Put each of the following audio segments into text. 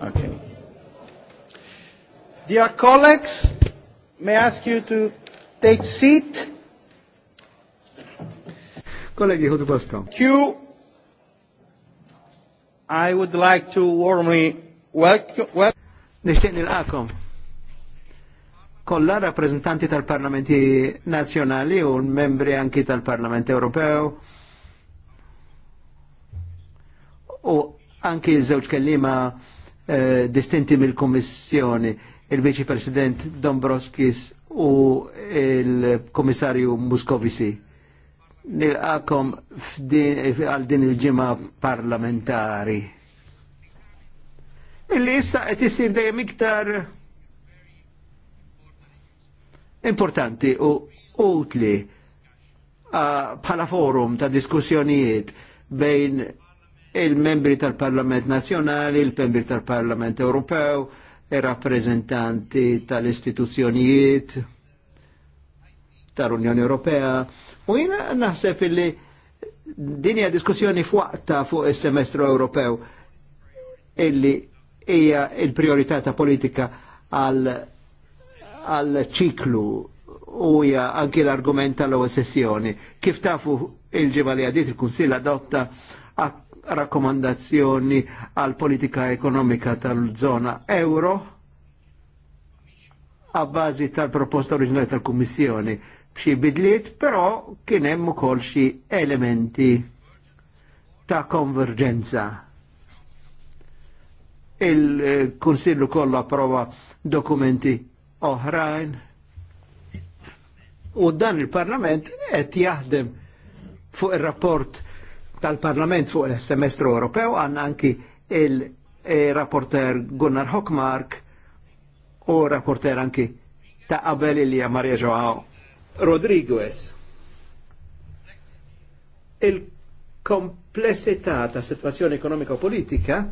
Okay. Dear colleagues, may I ask you to take seat? Kollegi, hudu paska. Q. I would like to warmly welcome. Wel Nishtiq nilqakom. Kolla rappresentanti tal-parlamenti nazjonali u membri anki tal-parlament europeo. u anki żewġ kellima Eh, distinti mill-Kommissjoni, il vice President Dombrovskis u il-Komissarju Muscovici. Nilqakom għal din il-ġimgħa parlamentari. Illi issa qed isir dejjem iktar importanti u utli ah, bħala forum ta' diskussjonijiet bejn il-membri tal-Parlament nazjonali, il-membri tal-Parlament Ewropew, il-rappresentanti tal-istituzzjonijiet tal-Unjoni Ewropea. U jina naħseb illi dinja diskussjoni fuqta fuq il-semestru Ewropew illi hija il-priorità ta' politika għal ċiklu u hija anki l-argument tal-ewwel Kif tafu il-ġimgħa għadit il-Kunsill adotta rakkomandazzjoni għal politika ekonomika tal zona euro a bazi tal-proposta oriġinali tal-Kummissjoni b'xi bidliet, però kien hemm ukoll xi elementi ta' konverġenza. Il-Kunsillu kollu approva dokumenti oħrajn u dan il-Parlament qed jaħdem fuq ir-rapport il tal-Parlament fuq l semestru Ewropew għanna anki il-rapporter e, Gunnar Hockmark u rapporter anki ta' qabel li Maria Joao Rodriguez. Il-komplessità ta' situazzjoni ekonomika u politika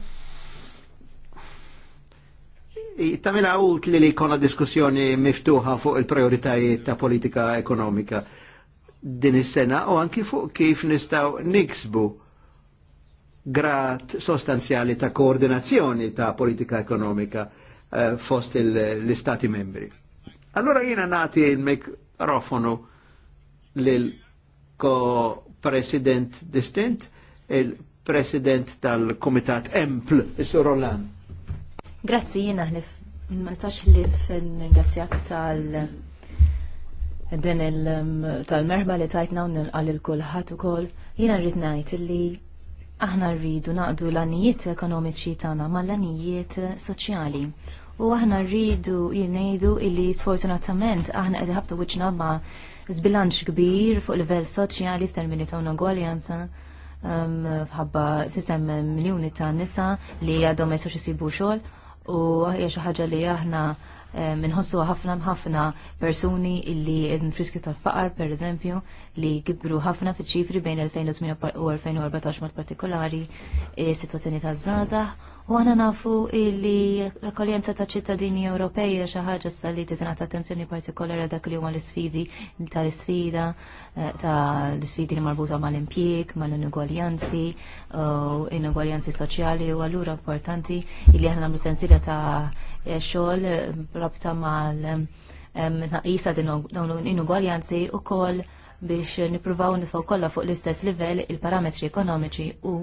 tamila utli li kona diskussjoni miftuħa fuq il-prioritajiet ta' politika ekonomika din is-sena u anki fuq kif nistgħu niksbu grat sostanzjali ta' koordinazzjoni ta' politika ekonomika eh, fost l-istati membri. Allora jina nati il mikrofonu l lil-ko-president distint, il-president tal-komitat EMPL, il-sur Roland. Grazie jina, ħlif, ma nistax ħlif ringrazzjak tal- din um, tal-merħba li tajtna u nilqal il-kulħat ukoll, jiena rrid ngħid li aħna rridu naqdu l-anijiet ekonomiċi tagħna mal-anijiet soċjali. U aħna rridu jingħidu illi sfortunatament aħna qed ħabtu wiċċna ma' zbilanċ kbir fuq livell soċjali f'termini ta' unagwaljanza um, fħabba fissem miljoni ta' nisa li għadhom ma jistgħux isibu xogħol u jaxa xi ħaġa li aħna Eh, minħossu ħafna ħafna persuni illi nfriskju tal-faqar, per eżempju, li kibru ħafna fi ċifri bejn 2008 u 2014 mod partikolari, e, situazzjoni ta' zaza, u għana nafu illi l-akkoljenza ta' ċittadini Ewropej xi ħaġa sa li titinata attenzjoni partikolari dak li huma l-isfidi tal-isfida e, ta' l-isfidi li marbuta mal-impjieg, mal-inugwaljanzi, inugwaljanzi soċjali u allura importanti illi aħna nagħmlu sensira ta' Eh, xogħol eh, rabta mal eh, naqisa dawn l-inugwaljanzi u kol biex nipruvaw nitfaw kollha fuq l-istess livell il-parametri ekonomiċi u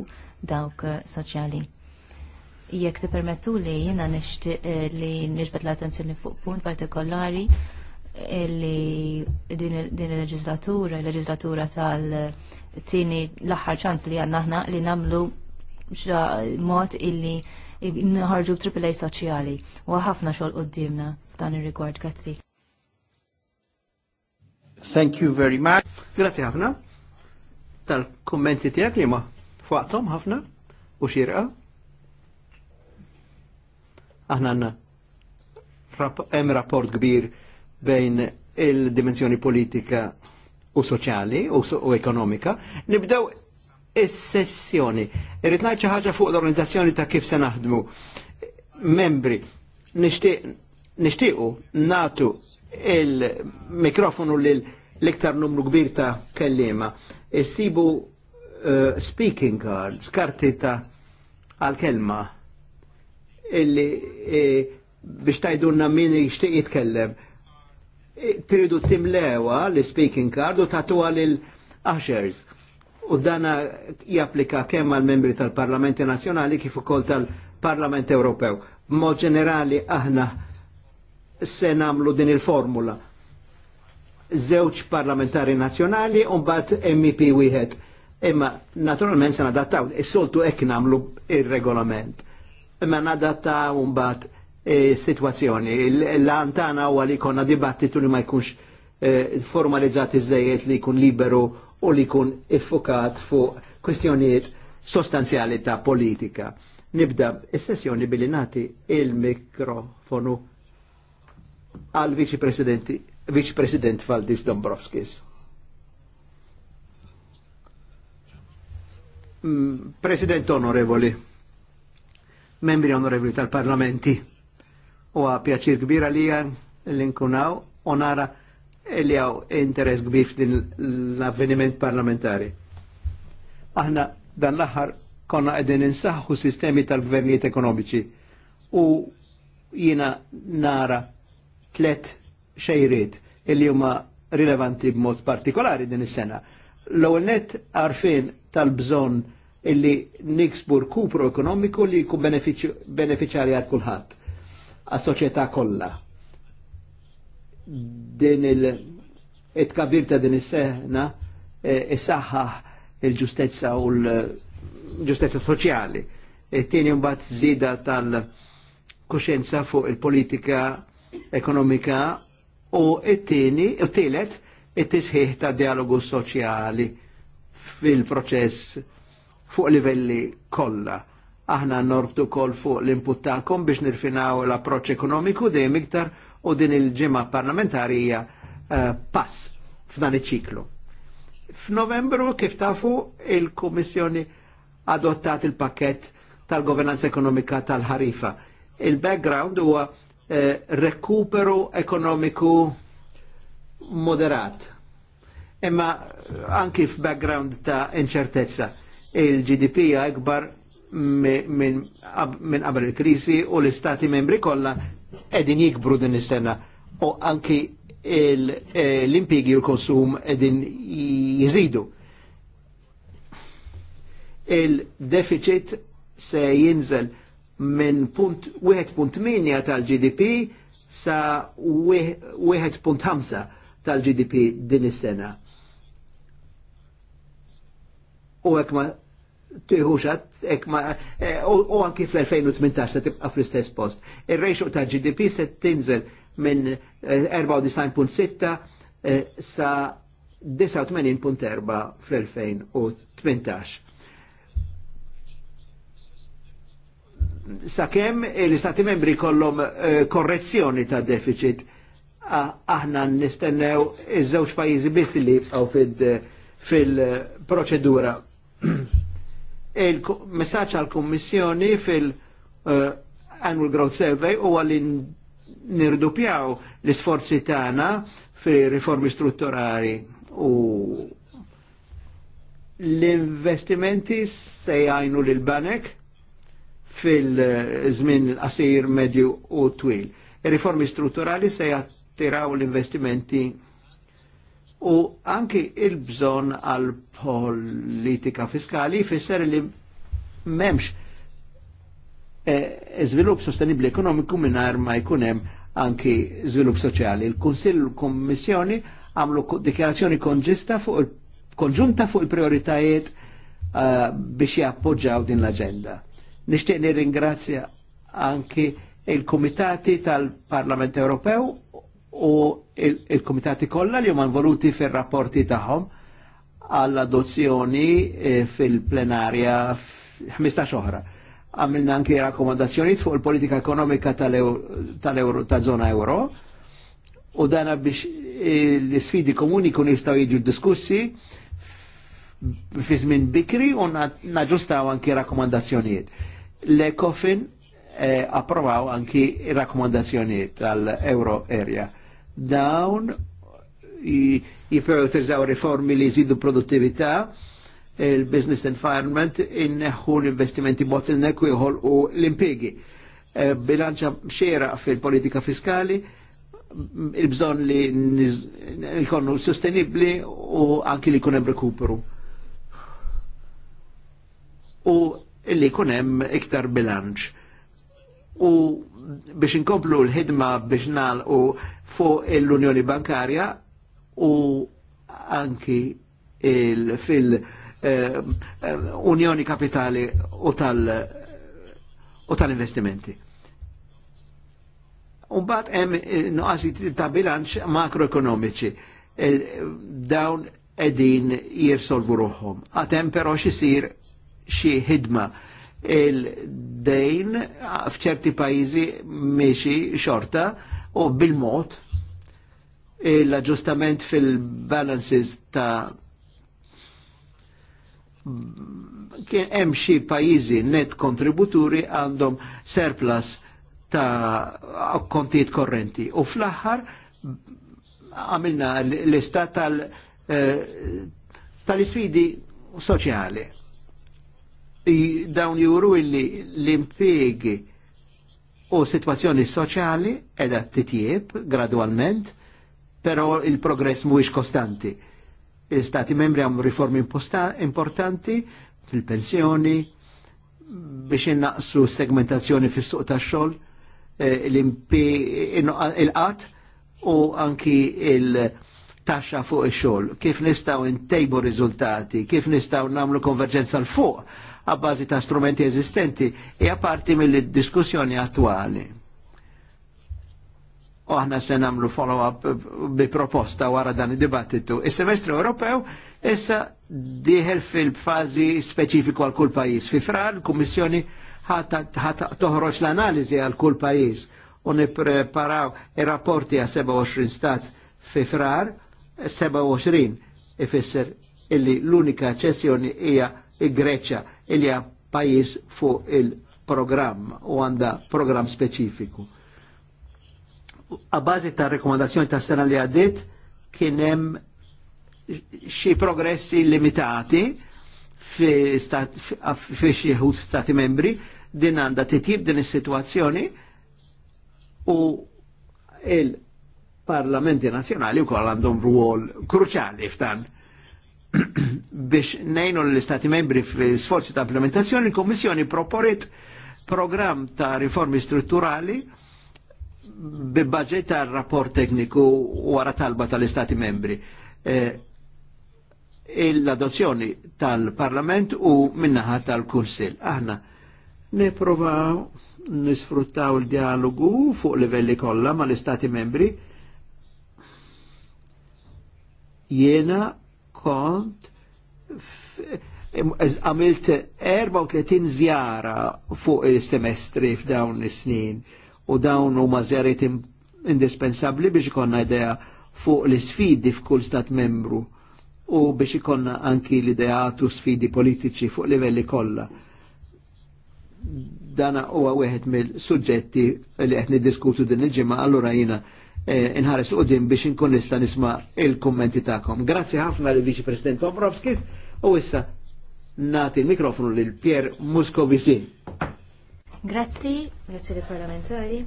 dawk soċjali. Jekk permettu li jiena nixtieq li nixbet l-attenzjoni fuq punt partikolari li din il-leġislatura, il-leġislatura tal-tini l-aħħar ċans li għanna ħna li namlu mod illi nħarġu AAA soċjali. U ħafna xogħol qudiemna f'dan ir-rigward, grazzi. Thank you very much. Grazzi ħafna tal-kommenti tiegħek li ma fuqthom ħafna u xirqa. Aħna għandna hemm rapport kbir bejn il-dimensjoni politika u soċjali u ekonomika. Nibdew is-sessjoni. Irrid ngħid xi ħaġa fuq l-organizzazzjoni ta' kif se naħdmu. Membri, nixtiequ natu il-mikrofonu lil l-iktar numru kbir ta' kellima. Issibu uh, speaking cards, karti ta' għal-kelma illi e, biex tajdunna min jixtieq jitkellem. E, Tridu timlewa l-speaking card u tatuha lil ushers u dana japplika kemm għal membri tal-Parlamenti Nazzjonali kif ukoll tal-Parlament Ewropew. Mod ġenerali aħna se namlu din il-formula. Żewġ parlamentari nazzjonali u mbagħad MEP wieħed. Imma naturalment se nadattaw, is-soltu hekk namlu ir-regolament. Imma nadattaw mbagħad E situazzjoni. L-antana huwa li konna dibattitu li ma jkunx e, formalizzati żejjed li jkun liberu u li kun iffukat fu kwestjoniet sostanzjali ta' politika. Nibda s-sessjoni billi nati il-mikrofonu għal viċi presidenti Vice President Valdis Dombrovskis. Mm, president onorevoli, membri onorevoli tal-parlamenti, u għapjaċir pjaċir kbira li għan l-inkunaw onara E li għaw interess kbir f'din l-avveniment parlamentari. Aħna dan l-aħħar konna għedin insaħħu sistemi tal-gvernijiet ekonomiċi u jina nara tlet xejriet illi huma rilevanti b'mod partikolari din is-sena. L-ewwel net għarfien tal-bżonn illi niksbu kupru ekonomiku li jkun benefiċjarja għal kulħadd għas-soċjetà kollha din il-tkabir ta' din is-seħna e, is-saħħa il-ġustezza u l-ġustezza soċjali. It-tieni e, mbagħad żieda tal-kuxjenza fuq il-politika ekonomika u it-tieni, u tielet it-tisħiħ ta' dialogu soċjali fil-proċess fuq livelli kollha. Aħna nortu kol fuq l-input tagħkom biex nirfinaw l-approċċ ekonomiku dejjem iktar u din il-ġimgħa parlamentari hija eh, pass f'dan iċ-ċiklu. F'Novembru kif tafu il-Kummissjoni adottat il-pakket tal-governanza ekonomika tal-ħarifa. Il-background huwa eh, rekuperu ekonomiku moderat. Imma anki f'background ta' inċertezza. Il-GDP akbar minn qabel il-krisi u l-istati membri kollha edin jikbru din istenna u anki l eh, impiegi u l-konsum edin jizidu. Il-deficit se jinżel minn punt 1.8 tal-GDP sa 1.5 tal-GDP din is-sena. U hekk ma tiħuxat ek ma u e, anki fl-2018 se tibqa fl-istess post. Ir-ratio ta' GDP se tinżel minn 94.6 e, e, sa 89.4 fl-2018. Sakemm l-Istati membri kollom korrezzjoni ta' deficit aħna nistennew iż-żewġ pajjiżi biss li jibqgħu fil-proċedura il-messaċ għal-Kommissjoni fil-Annual eh, Growth Survey u għal nirdupjaw l-isforzi tagħna fil-riformi strutturali u l-investimenti se jgħajnu l-banek fil-żmien qasir medju u twil. Il-riformi strutturali se jattiraw l-investimenti u anki il-bżon għal politika fiskali fisser li memx iżvilupp eh, sostenibli ekonomiku minar ma jkunem anki zvilup soċjali. il konsil l-Kommissjoni għamlu dikjarazzjoni konġista fuq il konġunta fuq il-prioritajiet uh, biex jappoġġaw din l-agenda. Nishtiq nirringrazzja anki il-Komitati tal-Parlament Ewropew u il-komitati kollha li huma involuti fir-rapporti tagħhom għall-adozzjoni eh, fil-plenarja 15 oħra. Għamilna anki rakkomandazzjoni fuq il-politika ekonomika tal-zona euro euro u dana biex eh, l-sfidi komuni kun jistaw jiġu diskussi fi żmien bikri u naġustaw anki rakkomandazzjonijiet. L-ECOFIN eh, approvaw anki rakkomandazzjonijiet tal-euro area dawn jiprioritizzaw riformi li jżidu produttività, il-business environment inneħu l-investimenti bottleneck u jħol u l-impiegi. E, bilanċa xera fil-politika fiskali, il-bżon li jkunu sostenibli u anki li kunem rekuperu. U li kunem iktar bilanċ. U biex inkomplu l-ħidma biex nalqu fuq l-Unjoni Bankarja u anki fil- uh, Unjoni Kapitali u tal- investimenti tal Un bat hemm noqasi ta' bilanċ makroekonomiċi. E, dawn edin jirsolvu ruħom. Għatem pero xisir xie hidma il-dejn fċerti pajizi miexi xorta u bil-mod l-aġustament fil-balances ta' kien hemm xi pajjiżi net kontributuri għandhom surplus ta' kontijiet korrenti. U fl-aħħar għamilna l-istat eh, tal-isfidi soċjali dawn juru illi l-impiegi u situazzjoni soċjali edha titjieb gradualment, pero il-progress mhuwiex kostanti. Il-Stati membri għam riformi importanti fil-pensjoni, biex innaqsu segmentazzjoni fis suq ta' xol, il-qat u anki il-taxxa fuq ix-xogħol. Kif nistgħu ntejbu riżultati, kif nistgħu nagħmlu konverġenza l fuq għabbażi ta' strumenti eżistenti hija e għaparti mill-diskussjoni attuali. U aħna se nagħmlu follow-up bi proposta wara dan id-dibattitu. il semestru Ewropew issa diħel fil fazi speċifiku għal kull pajis. Fi frar l-Kummissjoni toħroġ l analizi għal kull pajis u nippreparaw il rapporti għal 27 stat fi frar 27 ifisser illi l-unika ċessjoni hija il-Greċja ilja pajis fuq il program u għanda program specifiku. A bazi ta' rekomandazzjoni ta' sena li għaddit kienem xi progressi limitati fi xi hud stati membri din għanda titjib din is situazzjoni u il-parlamenti nazjonali u għandhom ruol kruċali f'dan. biex nejnu l-Istati membri fil-sforzi ta' implementazzjoni, il-Kommissjoni proporit program ta' riformi strutturali budget tal rapport tekniku wara talba tal-Istati membri. Eh, l-adozzjoni tal-Parlament u minnaħat tal kursil Aħna neprovaw nisfruttaw il-dialogu fuq livelli kollha mal-Istati membri jena kont għamilt 34 zjara fuq il-semestri f'dawn is-snin u dawn huma żjarit indispensabbli biex ikonna idea fuq l-sfidi f'kull stat membru u biex ikonna anki l-ideat u sfidi politiċi fuq livelli kollha. Dana huwa wieħed mill-suġġetti li qed niddiskutu din il-ġimgħa allura jiena Eh, inħares l-qudiem biex inkun nista' nisma' il-kummenti tagħkom. Grazzi ħafna li Viċi President Dombrovskis u issa nagħti l-mikrofonu lil Pier Muscovici. Grazzi, grazzi li parlamentari.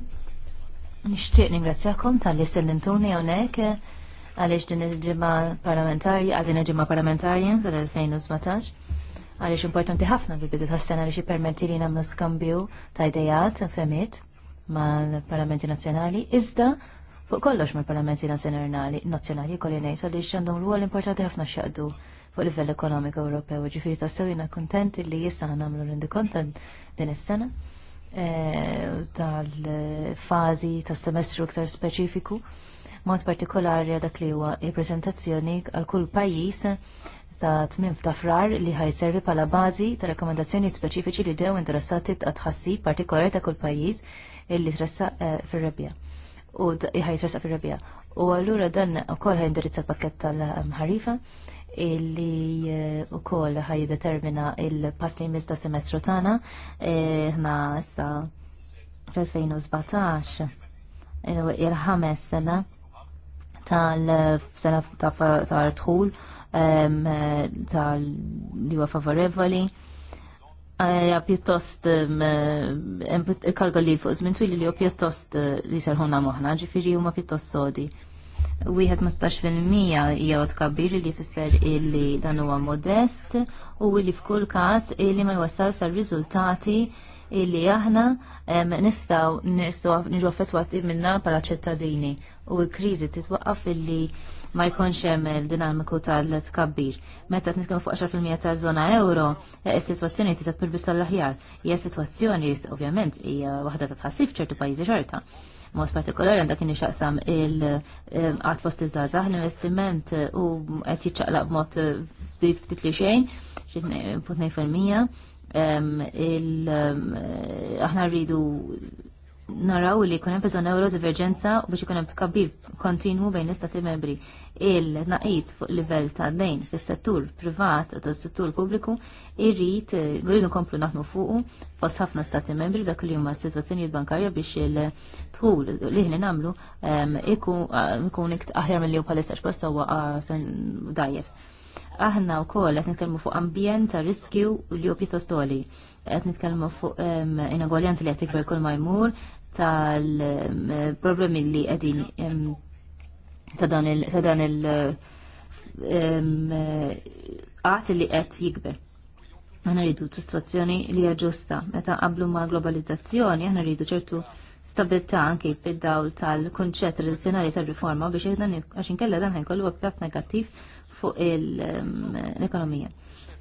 Nixtieq ningrazzjakom tal-li stellintuni hawnhekk għaliex din il-ġimgħa parlamentari għal din il-ġimgħa parlamentari tal-2017 għaliex importanti ħafna bil-bidu tas-sena li jippermetti li nagħmlu skambju ta' idejat ma' mal-Parlamenti Nazzjonali iżda Fuq kollox mal-parlamenti nazjonali, nazjonali kolli ngħid għaliex għandhom rwol importanti ħafna xaqdu fuq livell ekonomiku Ewropew. Ġifieri tassew jiena kuntent li issa nagħmlu rendi kontent din is-sena e, tal-fażi tas-semestru iktar speċifiku mod partikolari dak li huwa i prezentazzjoni għal kull pajjiż ta' tmim ta' frar li ħajservi pala bażi ta' rekomendazzjoni speċifiċi li ġew interessati ta' tħassib partikolari ta' kull pajjiż illi tressa e, fir-rebja u jħajtresa fil rabija U għallura dan u kol ħaj l-pakket tal-ħarifa illi eh, u kol determina il-pass li mizda semestru tana eh, ħna sa fil 2017 eh, il-ħames sena tal-sena tal-tħul tal-li huwa favorevoli Ja, pjuttost karga li fuq żmien twili li hu pjuttost eh, li serħuna moħna, ġifieri huma pjuttost sodi. Wieħed mistax fil-mija hija tkabbir li jfisser illi dan huwa modest u li f'kull każ illi ma jwassal sar-riżultati illi aħna nistgħu nistgħu niġu affettwati minna bħala ċittadini u l-kriżi titwaqqaf illi ma jkunx hemm il-dinamiku tal-tkabbir. Meta qed fuq 10% taż-żona euro, eh, is-sitwazzjoni tista' tpirbis tal-aħjar. Hija sitwazzjoni ovvjament hija waħda ta' tħassib ċertu pajjiżi xorta mod partikolari għandak kien ixaqsam il-għat eh, fost iż-żazah, l-investiment eh, u qed jiċċaqlaq mod żid ftit li xejn, xitnej fil-mija, aħna rridu naraw li kunem bżon euro diverġenza u biex kunem tkabbir kontinu bejn l-istati membri il-naqis fuq livell ta' dejn fis settur privat u tas settur pubbliku irrit għuridu eh, komplu naħnu fuqu fost ħafna stati membri dak li huma situazzjonijiet bankarja biex il-tħul li ħni namlu ehm, ikun eh, ikt aħjar mill-li u palissa u għasen ah, dajjef. Aħna u koll għet nitkellmu fuq ambjent ta' riskju li u pjuttost għet nitkellmu fuq ehm, inagwaljanza li għet ikber kull jmur, tal-problemi li għedin ta' dan il-għat li għed jikber. Għana rridu situazzjoni li għagġusta. Meta qablu ma' globalizzazzjoni, għana rridu ċertu stabilta anke bid dawl tal konċet tradizjonali tal-riforma biex għax inkella dan ħajkollu għabbat negattiv fuq l-ekonomija.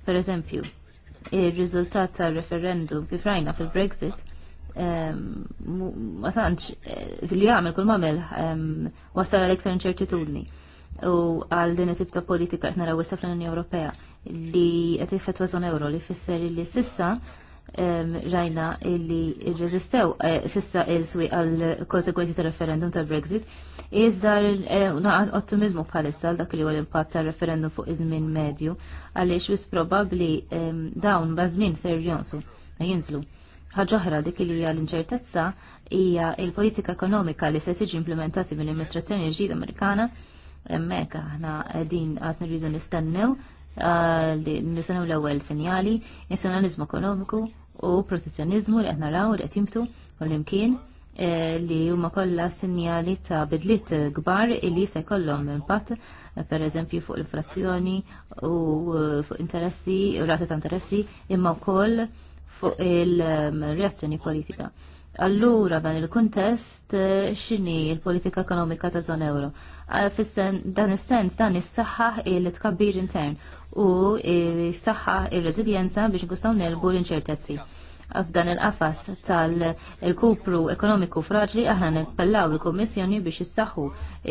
Per eżempju, il-rizultat tal-referendum kif rajna fil-Brexit ma tantx eh, li għamil kull mamil, wasal għal iktar inċertitudni u għal din it-tip ta' politika għetna naraw issa fl-Unjoni Ewropea li qed iffettwa żon euro li fisser li sissa rajna li rreżistew eh, sissa il-swi għal konsekwenzi ta' referendum ta' Brexit iżda eh, naqgħod ottimizmu bħalissa dak li huwa l-impatt ta' referendum fuq iż-żmien medju għaliex wis probabbli dawn bażmin ser jonsu jinżlu ħaġoħra dik li hija l-inċertezza hija l politika ekonomika li se tiġi implementati mill-amministrazzjoni ġdida Amerikana hemmhekk aħna qegħdin qatt nirridu nistennew ah, nistennew l-ewwel sinjali, nazzjonaliżmu ekonomiku u protezzjonizmu li qed naraw li qed jimtu kullimkien eh, li huma kollha sinjali ta' bidliet kbar li se jkollhom impatt per eżempju fuq l-inflazzjoni u eh, fuq interessi, u rata ta' interessi imma wkoll fuq il-reazzjoni politika. Allura dan il-kuntest eh, x'inhi l-politika ekonomika ta' żon euro. Eh, dan is-sens dan is-saħħaħ il-tkabbir intern u eh, saħħaħ il reżiljenza biex nistgħu nelbu l-inċertezzi f'dan il-qafas tal-kupru ekonomiku fraġli aħna nippellaw il komissjoni biex jissaħħu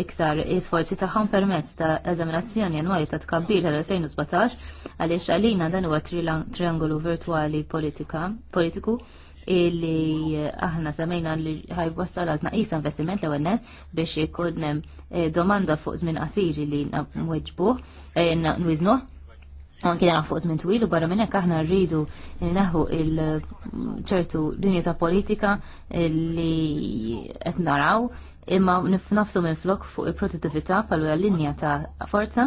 iktar isforzi tagħhom permezz ta' eżaminazzjoni annwali ta' tkabbir tal-2017 għaliex għalina dan huwa triangolu virtwali politika politiku illi aħna semejna li wassal għal naqis investiment l għennet biex ikun eh, domanda fuq żmien qasir li nweġbuh eh, nwiznuh Anki dan fuq żmien twil u barra minn hekk aħna rridu naħu il-ċertu dinja ta' politika li qed naraw imma nifnafsu minn flok fuq il-produttività bħalura linja ta' forza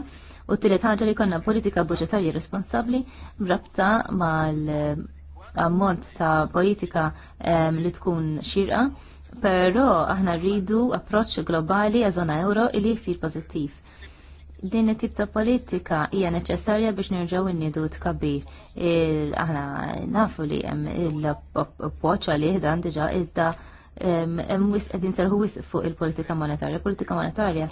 u t-tielet ħaġa li konna politika budġetarja responsabbli rabta mal eh, ammont ta' politika eh, li tkun xirqa però aħna rridu approċċ globali għażona euro li jsir pożittiv din it-tip ta' politika hija neċessarja biex nerġgħu nnidu tkabbir. Aħna nafu li hemm il-appoġġ għalih dan diġà iżda hemm qegħdin serħu wisq fuq il-politika monetarja. Politika monetarja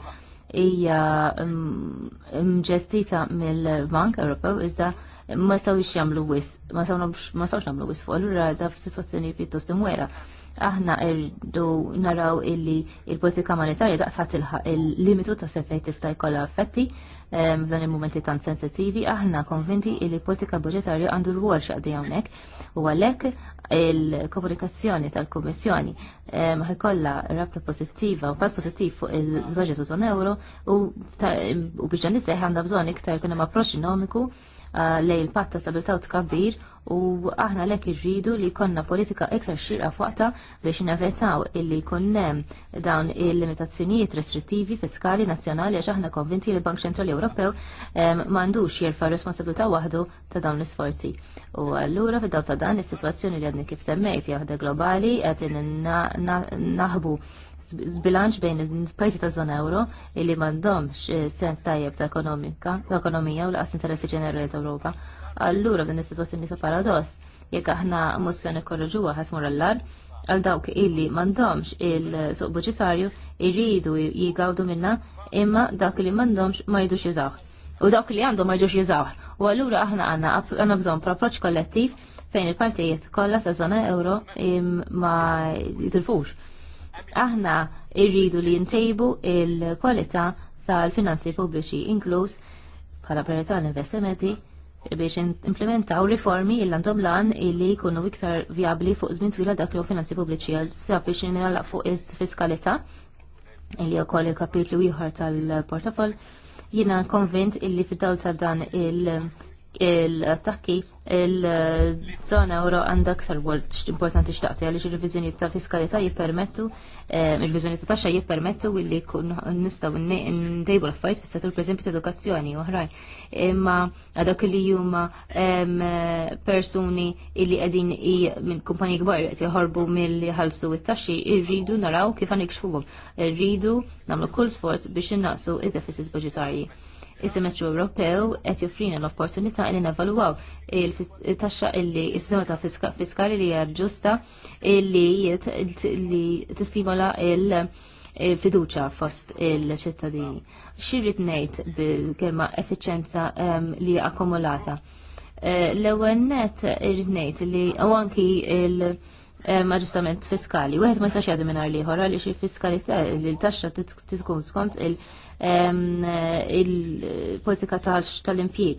hija mġestita mill-Bank Ewropew iżda ma stawx jagħmlu wisq, ma stawx nagħmlu wis fuq allura da f'sitwazzjoni pjuttost imwera aħna irdu naraw illi il-politika monetarja daqsħat il-limitu ta' seffejt tista' jkollha affetti f'dan il-momenti tant sensitivi, aħna konvinti il politika budgetarja għandu l-wol xaqdi għonek u għalek il-komunikazzjoni tal-Komissjoni ħajkolla rabta pozittiva u pass pozittiv fuq il-budget u zon euro u biex għandisseħ għanda bżon iktar kunem approċ dinamiku lej il-patta stabilta u tkabbir u aħna lek irridu li konna politika iktar xirqa fuqta biex navetaw illi konnem dawn il-limitazzjonijiet restrittivi fiskali nazzjonali għax aħna konvinti li bank Ċentrali Ewropew mandux ehm, jirfa responsabilità waħdu ta' dawn l-isforzi. U allura fid-daw ta' dan is-sitwazzjoni li għadni kif semmejt jahda globali qed naħbu zbilanċ bejn il-pajzi ta' zona euro illi mandomx eh, sens tajjeb ta' ekonomika, ta' ekonomija u laqas interessi ġenerali ta' Ewropa. Allura din is-sitwazzjoni ta' paradoss jekk aħna mhux se nikkorreġuha ħadd mur għal dawk illi mandomx il-suq budġetarju jridu jigawdu minna imma dak li mandomx ma jidux jużawh. U dawk li għandhom ma jidux jużawh. U allura aħna għandna bżonn approċċ kollettiv fejn il-partijiet kollha ta' zona euro ma jitilfux Aħna irridu li ntejbu il-kwalità tal-finanzi pubbliċi inkluż bħala priorità l-investimenti biex implementaw riformi il għandhom lan illi jkunu iktar viabli fuq żmien twila dak li finanzi pubbliċi għal biex nagħlaq fuq iż fiskalità illi wkoll il-kapitlu ieħor tal-portafol jiena konvint illi fid-dawl ta' dan il- il-attakki il-zona euro għandha aktar importanti xtaqti għalix il-revizjoni ta' fiskalità jippermettu eh, il-revizjoni ta' taxxa jippermettu illi nistaw ndejbu l affajt fis settur preżempju ta' edukazzjoni u oħrajn. Imma għadak li juma persuni illi qegħdin minn kumpanji kbar qed jħorbu mill-ħalsu it-taxxi irridu naraw kif għandek xfuhom. Irridu nagħmlu kull sforz biex innaqsu id deficit budġetarji Is-semestru Ewropew qed joffrina l-opportunità li nevalwaw il-taxxa illi s-sistema ta' fiskali li hija ġusta li tistimola il-fiduċa fost il-ċittadini. Xirrit ngħid bil-kelma effiċenza li akkumulata. Eh, l-ewwel net irrid ngħid li u anki il- maġistament fiskali. Wieħed ma jistax jgħaddi minn għar liħor għaliex il-fiskalità li l-taxxa tkun skont il- il-politika tax tal impjeg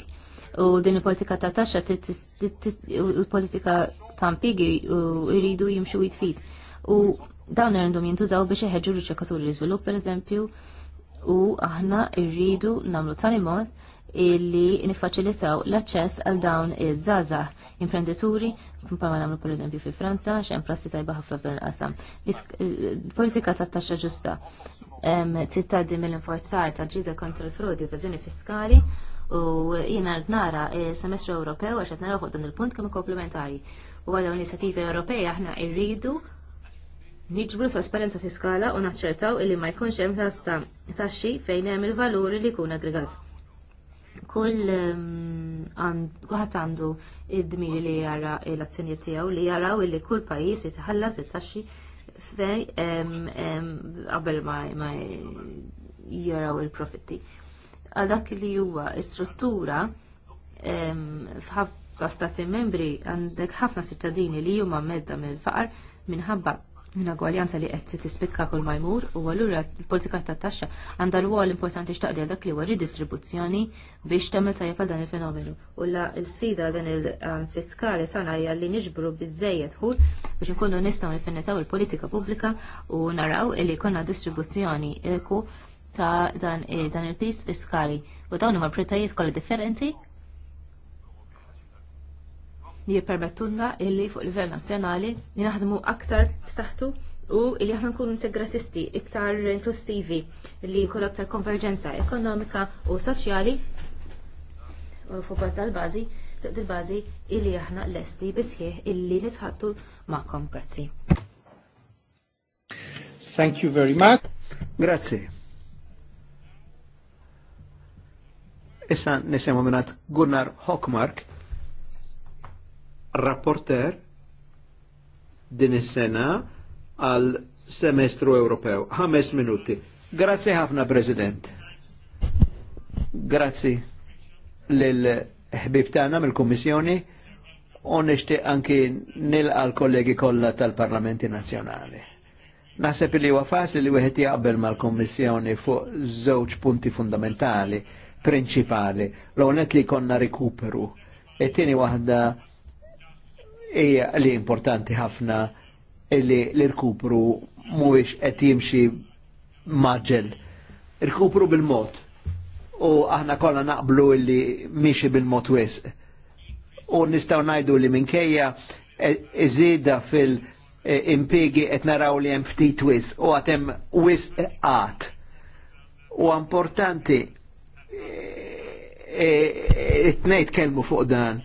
u din il-politika ta' taxxa il politika ta' impjiegi jridu jimxu jitfit. U dawn irrendum jintużaw biex l ċekaturi l per eżempju, u aħna rridu nagħmlu tali mod illi nifaċilitaw l-aċċess għal dawn iż-żgħażagħ imprenditori, kumpa nagħmlu pereżempju fi Franza x'hemm prassi tajba ħafna f'dan qasam Politika ta' taxxa ġusta tittaddi mill-inforzar ta' ġida kontra l-frodi u evażjoni fiskali u jina nara semestru Ewropew għax qed naraw dan il-punt kemm komplementari. U għadaw inizjattivi Ewropej aħna irridu niġbru trasparenza fiskala u naċċertaw illi ma jkunx hemm ta' taxxi fejn hemm il valur li jkun aggregat. Kull ħadd għandu id-dmiri li jara l-azzjonijiet tiegħu li jaraw illi kull pajjiż jitħallas it-taxxi fej qabel ma jaraw il-profitti. Għal dak li huwa struttura f'ħafna stati membri għandek ħafna sittadini li huma medda mill-faqar minħabba minna gwaljanza li qed tispikka kull majmur u allura l-politika ta' taxxa għandha rwol importanti xtaqdi dak li għarri distribuzzjoni biex tagħmel tajjeb għal dan il-fenomenu. U la sfida dan il-fiskali ehm, ta' hija li niġbru bizzejiet ħur biex inkunu nistgħu nifinanzaw il-politika pubblika u naraw li jkollna distribuzzjoni eku ta' dan, il-pis fiskali. U dawn huma prittajiet kollha differenti li jippermettunna illi fuq livell nazzjonali li naħdmu aktar f'saħħtu u illi aħna nkunu integratisti, iktar inklusivi, li jkun aktar konverġenza ekonomika u soċjali fuq tal-bażi, fuq il-bażi illi aħna lesti bisħieħ illi nitħattu magħkom. Grazzi. Thank you very much. Grazie. Issa nisimu minnat Gunnar Hockmark rapporter din is-sena għal semestru Ewropew. Ħames minuti. Grazzi ħafna, President. Grazzi lil ħbib tagħna mill-Kummissjoni u nixtieq anki nilqa l-kollegi kollha tal-Parlamenti Nazzjonali. Naħseb li huwa faċli li wieħed jaqbel mal-Kummissjoni fuq żewġ punti fundamentali, prinċipali, l-għonet li konna rikuperu. E tieni waħda hija li importanti ħafna li l-irkupru mhuwiex qed jimxi maġġel. Irkupru bil-mod. U aħna kollha naqblu li miexi bil-mod wisq. U nistgħu ngħidu li minkejja e- iżida fil- impiegi qed naraw li hemm ftit wis u għat hemm wis qatt. U importanti e- e- tnejt kelmu fuq dan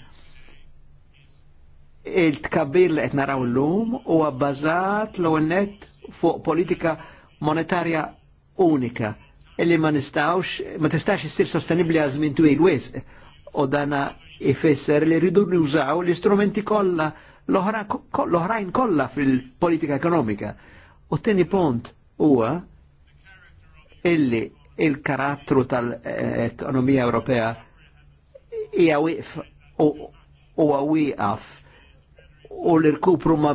il-tkabbir li qed naraw llum huwa bbażat l net fuq politika monetarja unika illi ma nistgħux ma tistax issir sostenibbli għal żmien twil wisq u dana ifisser li rridu nużaw l-istrumenti kollha l-oħrajn kollha fil-politika ekonomika. U t-tieni punt huwa illi il-karattru tal-ekonomija Ewropea hija wieqf u huwa wieqaf u l-irkupru ma,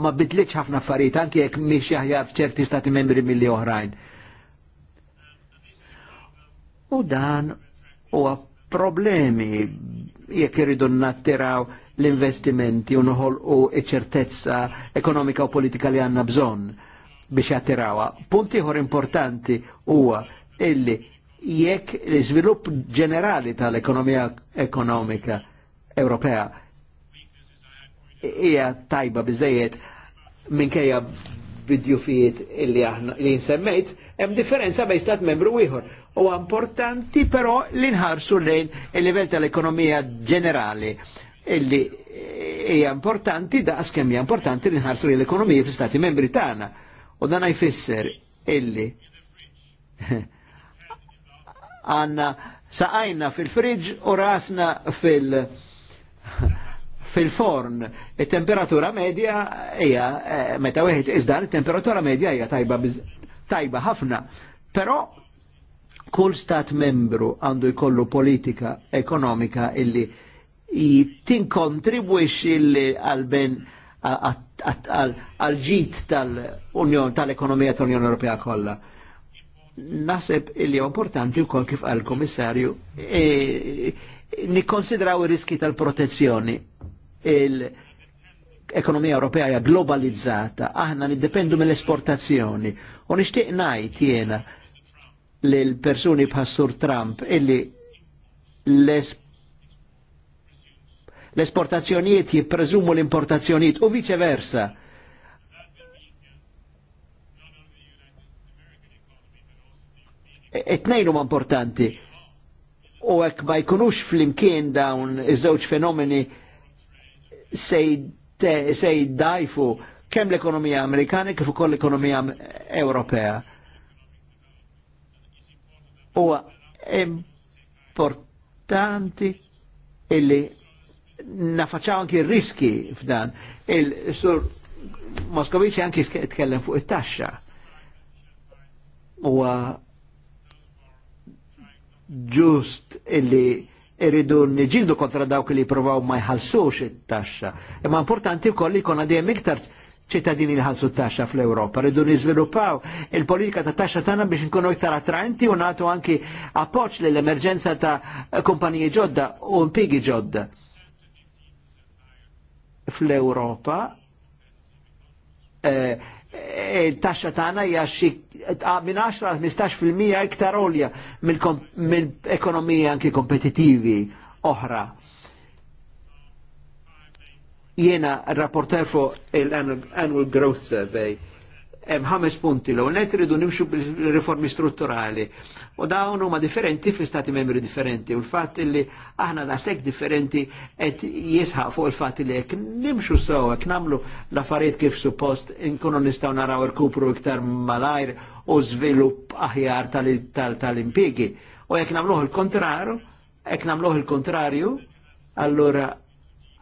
ma bidlitx ħafna affarijiet anke jekk mhix jaħjar f'ċerti stati membri milli oħrajn. U dan huwa problemi jekk iridu nattiraw l-investimenti u noħolqu ċertezza ekonomika u politika li għandna bżonn biex jattirawa. Punt ieħor importanti huwa illi jekk l-iżvilupp ġenerali tal-ekonomija ekonomika Ewropea hija tajba biżejjed minkejja bidjufijiet illi aħna li nsemmejt, hemm differenza bejn stat membru ieħor. U importanti però li nħarsu lejn il-livell tal-ekonomija ġenerali illi hija importanti daqs kemm hija importanti li nħarsu lejn l-ekonomija fl-Stati membri tagħna. U dan jfisser illi għanna saqajna fil-friġ u rasna fil- fil-forn. Il-temperatura medja hija eh, meta wieħed iżdan il-temperatura medja hija tajba tajba ħafna. Però kull stat membru għandu jkollu politika ekonomika illi tinkontribwix għal-ben għal-ġit tal-Unjon, tal-ekonomija tal-Unjon Ewropea kollha. Naseb illi importanti wkoll kif għal-Komissarju eh, nikkonsidraw il riski tal-protezzjoni l-ekonomija Ewropea hija globalizzata, aħna niddependu mill-esportazzjoni. U nixtieq ngħid jiena lil persuni bħassur Trump illi l-esportazzjonijiet jippreżumu l-importazzjonijiet u viċeversa. Etnejn huma importanti u hekk ma jkunux flimkien dawn iż-żewġ fenomeni se jdajfu kem l-ekonomija Amerikana kif ukoll l-ekonomija Ewropea. U importanti illi nafaċaw anki riski f'dan. Il-sur Moskovici anki tkellem fuq it-taxxa. U ġust illi irridu nġildu kontra dawk li jippruvaw ma jħalsux it-taxxa. Imma importanti wkoll li jkun dejjem iktar ċittadini li ħalsu t taxxa fl ewropa Rridu niżviluppaw il-politika ta' taxxa tagħna biex nkunu iktar attraenti u nagħtu anki appoġġ lill emerġenza ta' kumpaniji ġodda u impigi ġodda. fl ewropa eh, eh, il-taxxa tagħna hija xi Ah, minn 10-15% iktar olja minn ekonomija anki kompetitivi oħra. Jena rapporter fuq il-Annual Growth Survey hemm ħames punti l-ewwel ngħid iridu nimxu bil-riformi strutturali. U dawn huma differenti fl-istati membri differenti u l-fatt li aħna da differenti qed jisħaq fuq il-fatt li hekk nimxu sew hekk nagħmlu l-affarijiet kif suppost inkunu nistgħu naraw irkupru iktar malajr u żvilupp aħjar tal-impjiegi. U jekk nagħmluh il-kontrarju, jekk nagħmluh il-kontrarju, allura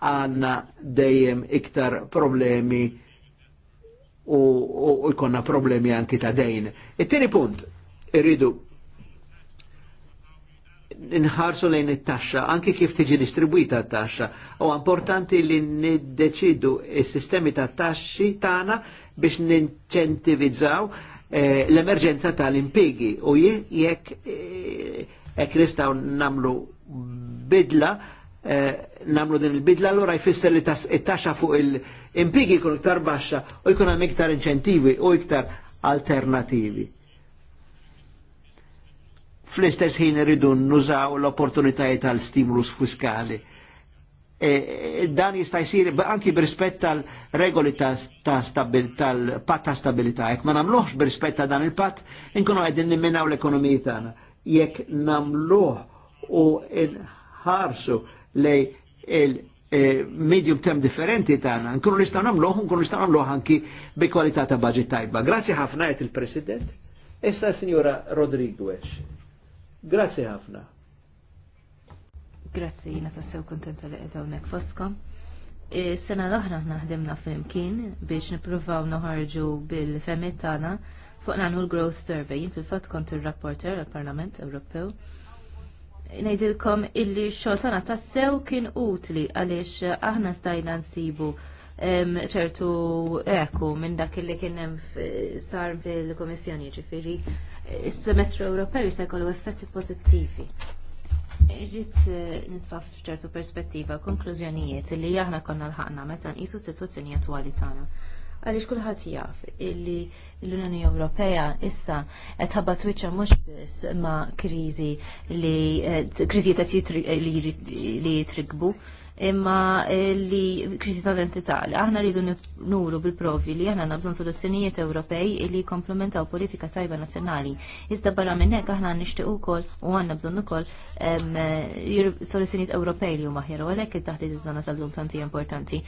għandna dejjem iktar problemi u jkonna problemi anki ta' dejn. It-tieni punt, irridu nħarsu lejn it-taxxa, anki kif tiġi distribuita t-taxxa. U importanti li niddeċidu is-sistemi ta' taxxi tagħna biex ninċentivizzaw eh, l-emerġenza tal-impigi u jekk jekk eh, nistgħu namlu bidla Eh, namlu din il-bidla, allora jfisser li it taxa fuq il-impigi jkun iktar baxxa u jkun hemm iktar inċentivi u iktar alternativi. Fl-istess ħin irridu nużaw l-opportunitajiet tal stimulus fiskali. E, e, dan jista' jsir anki b'rispett tal-regoli tal pat ta' stabilità. Jekk ma nagħmluhx b'rispett ta' dan il-patt, inkunu qegħdin nimminaw l ekonomija tagħna. Jekk nagħmluh u inħarsu li il-medium eh, term differenti tagħna, nkunu nistgħu nagħmluh, nkunu nistgħu nagħmluh anki bi kwalità ta' baġit tajba. Grazzi ħafna qed il-President. Issa Signora Rodriguez. Grazzi ħafna. Grazzi, jina tassew kontenta li qed hawnhekk foskom. E, sena l-oħra naħdimna fl biex nippruvaw noħarġu bil-femmit tagħna fuq nagħmlu l-Growth Survey. Jien fil-fatt kont ir-rapporter għall-Parlament Ewropew ngħidilkom illi xosana xogħol tagħna tassew kien utli għaliex aħna stajna nsibu ċertu eku minn dak illi kien hemm sar fil komissjoni ġifiri s semestru Ewropew se jkollu effetti pożittivi. Ġit eh, nitfaf f'ċertu perspettiva konklużjonijiet li aħna konna l ħakna meta nqisu s-sitwazzjoni attwali tagħna. Għaliex kulħadd jaf illi l-Unjoni Ewropea issa qed ħabat wiċċa mhux biss ma' kriżi li eh, kriżi ta' li jitrikbu imma eh, li kriżi ta' entità li aħna rridu nuru bil-provi li aħna nabżon soluzzjonijiet Ewropej li komplementaw politika tajba nazzjonali. Iżda barra minn hekk aħna nixtieq ukoll u għandna bżonn ukoll eh, soluzzjonijiet Ewropej li huma u għalhekk it-taħdiet iż-żona tal-lum tanti importanti.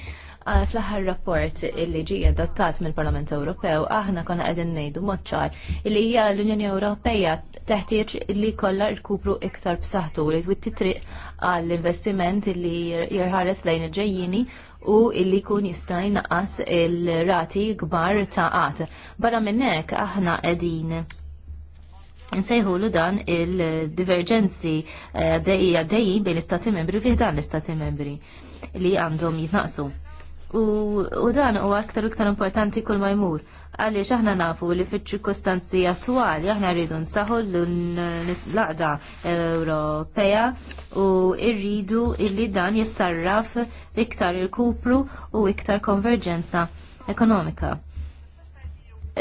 Ah, fl-aħħar rapport illi ġie adattat mill-Parlament Ewropew aħna konna qegħdin ngħidu moċċar illi hija l-Unjoni Ewropea teħtieġ li kollha rkupru iktar b'saħħtu li twitti triq għall-investiment illi jirħares lejn il-ġejjini u illi kun jista' jinqas il-rati kbar ta' qatt. Barra minn hekk aħna qegħdin l dan il-divergenzi eh, dejja dejjin bejn l-istati membri u fih dan l-istati membri li għandhom jitnaqsu. U, dan huwa aktar iktar importanti kull ma jmur. Għaliex aħna nafu li fit ċirkostanzi attwali aħna rridu nsaħu l-laqda Ewropea u rridu illi dan jissarraf iktar il-kupru u iktar konverġenza ekonomika.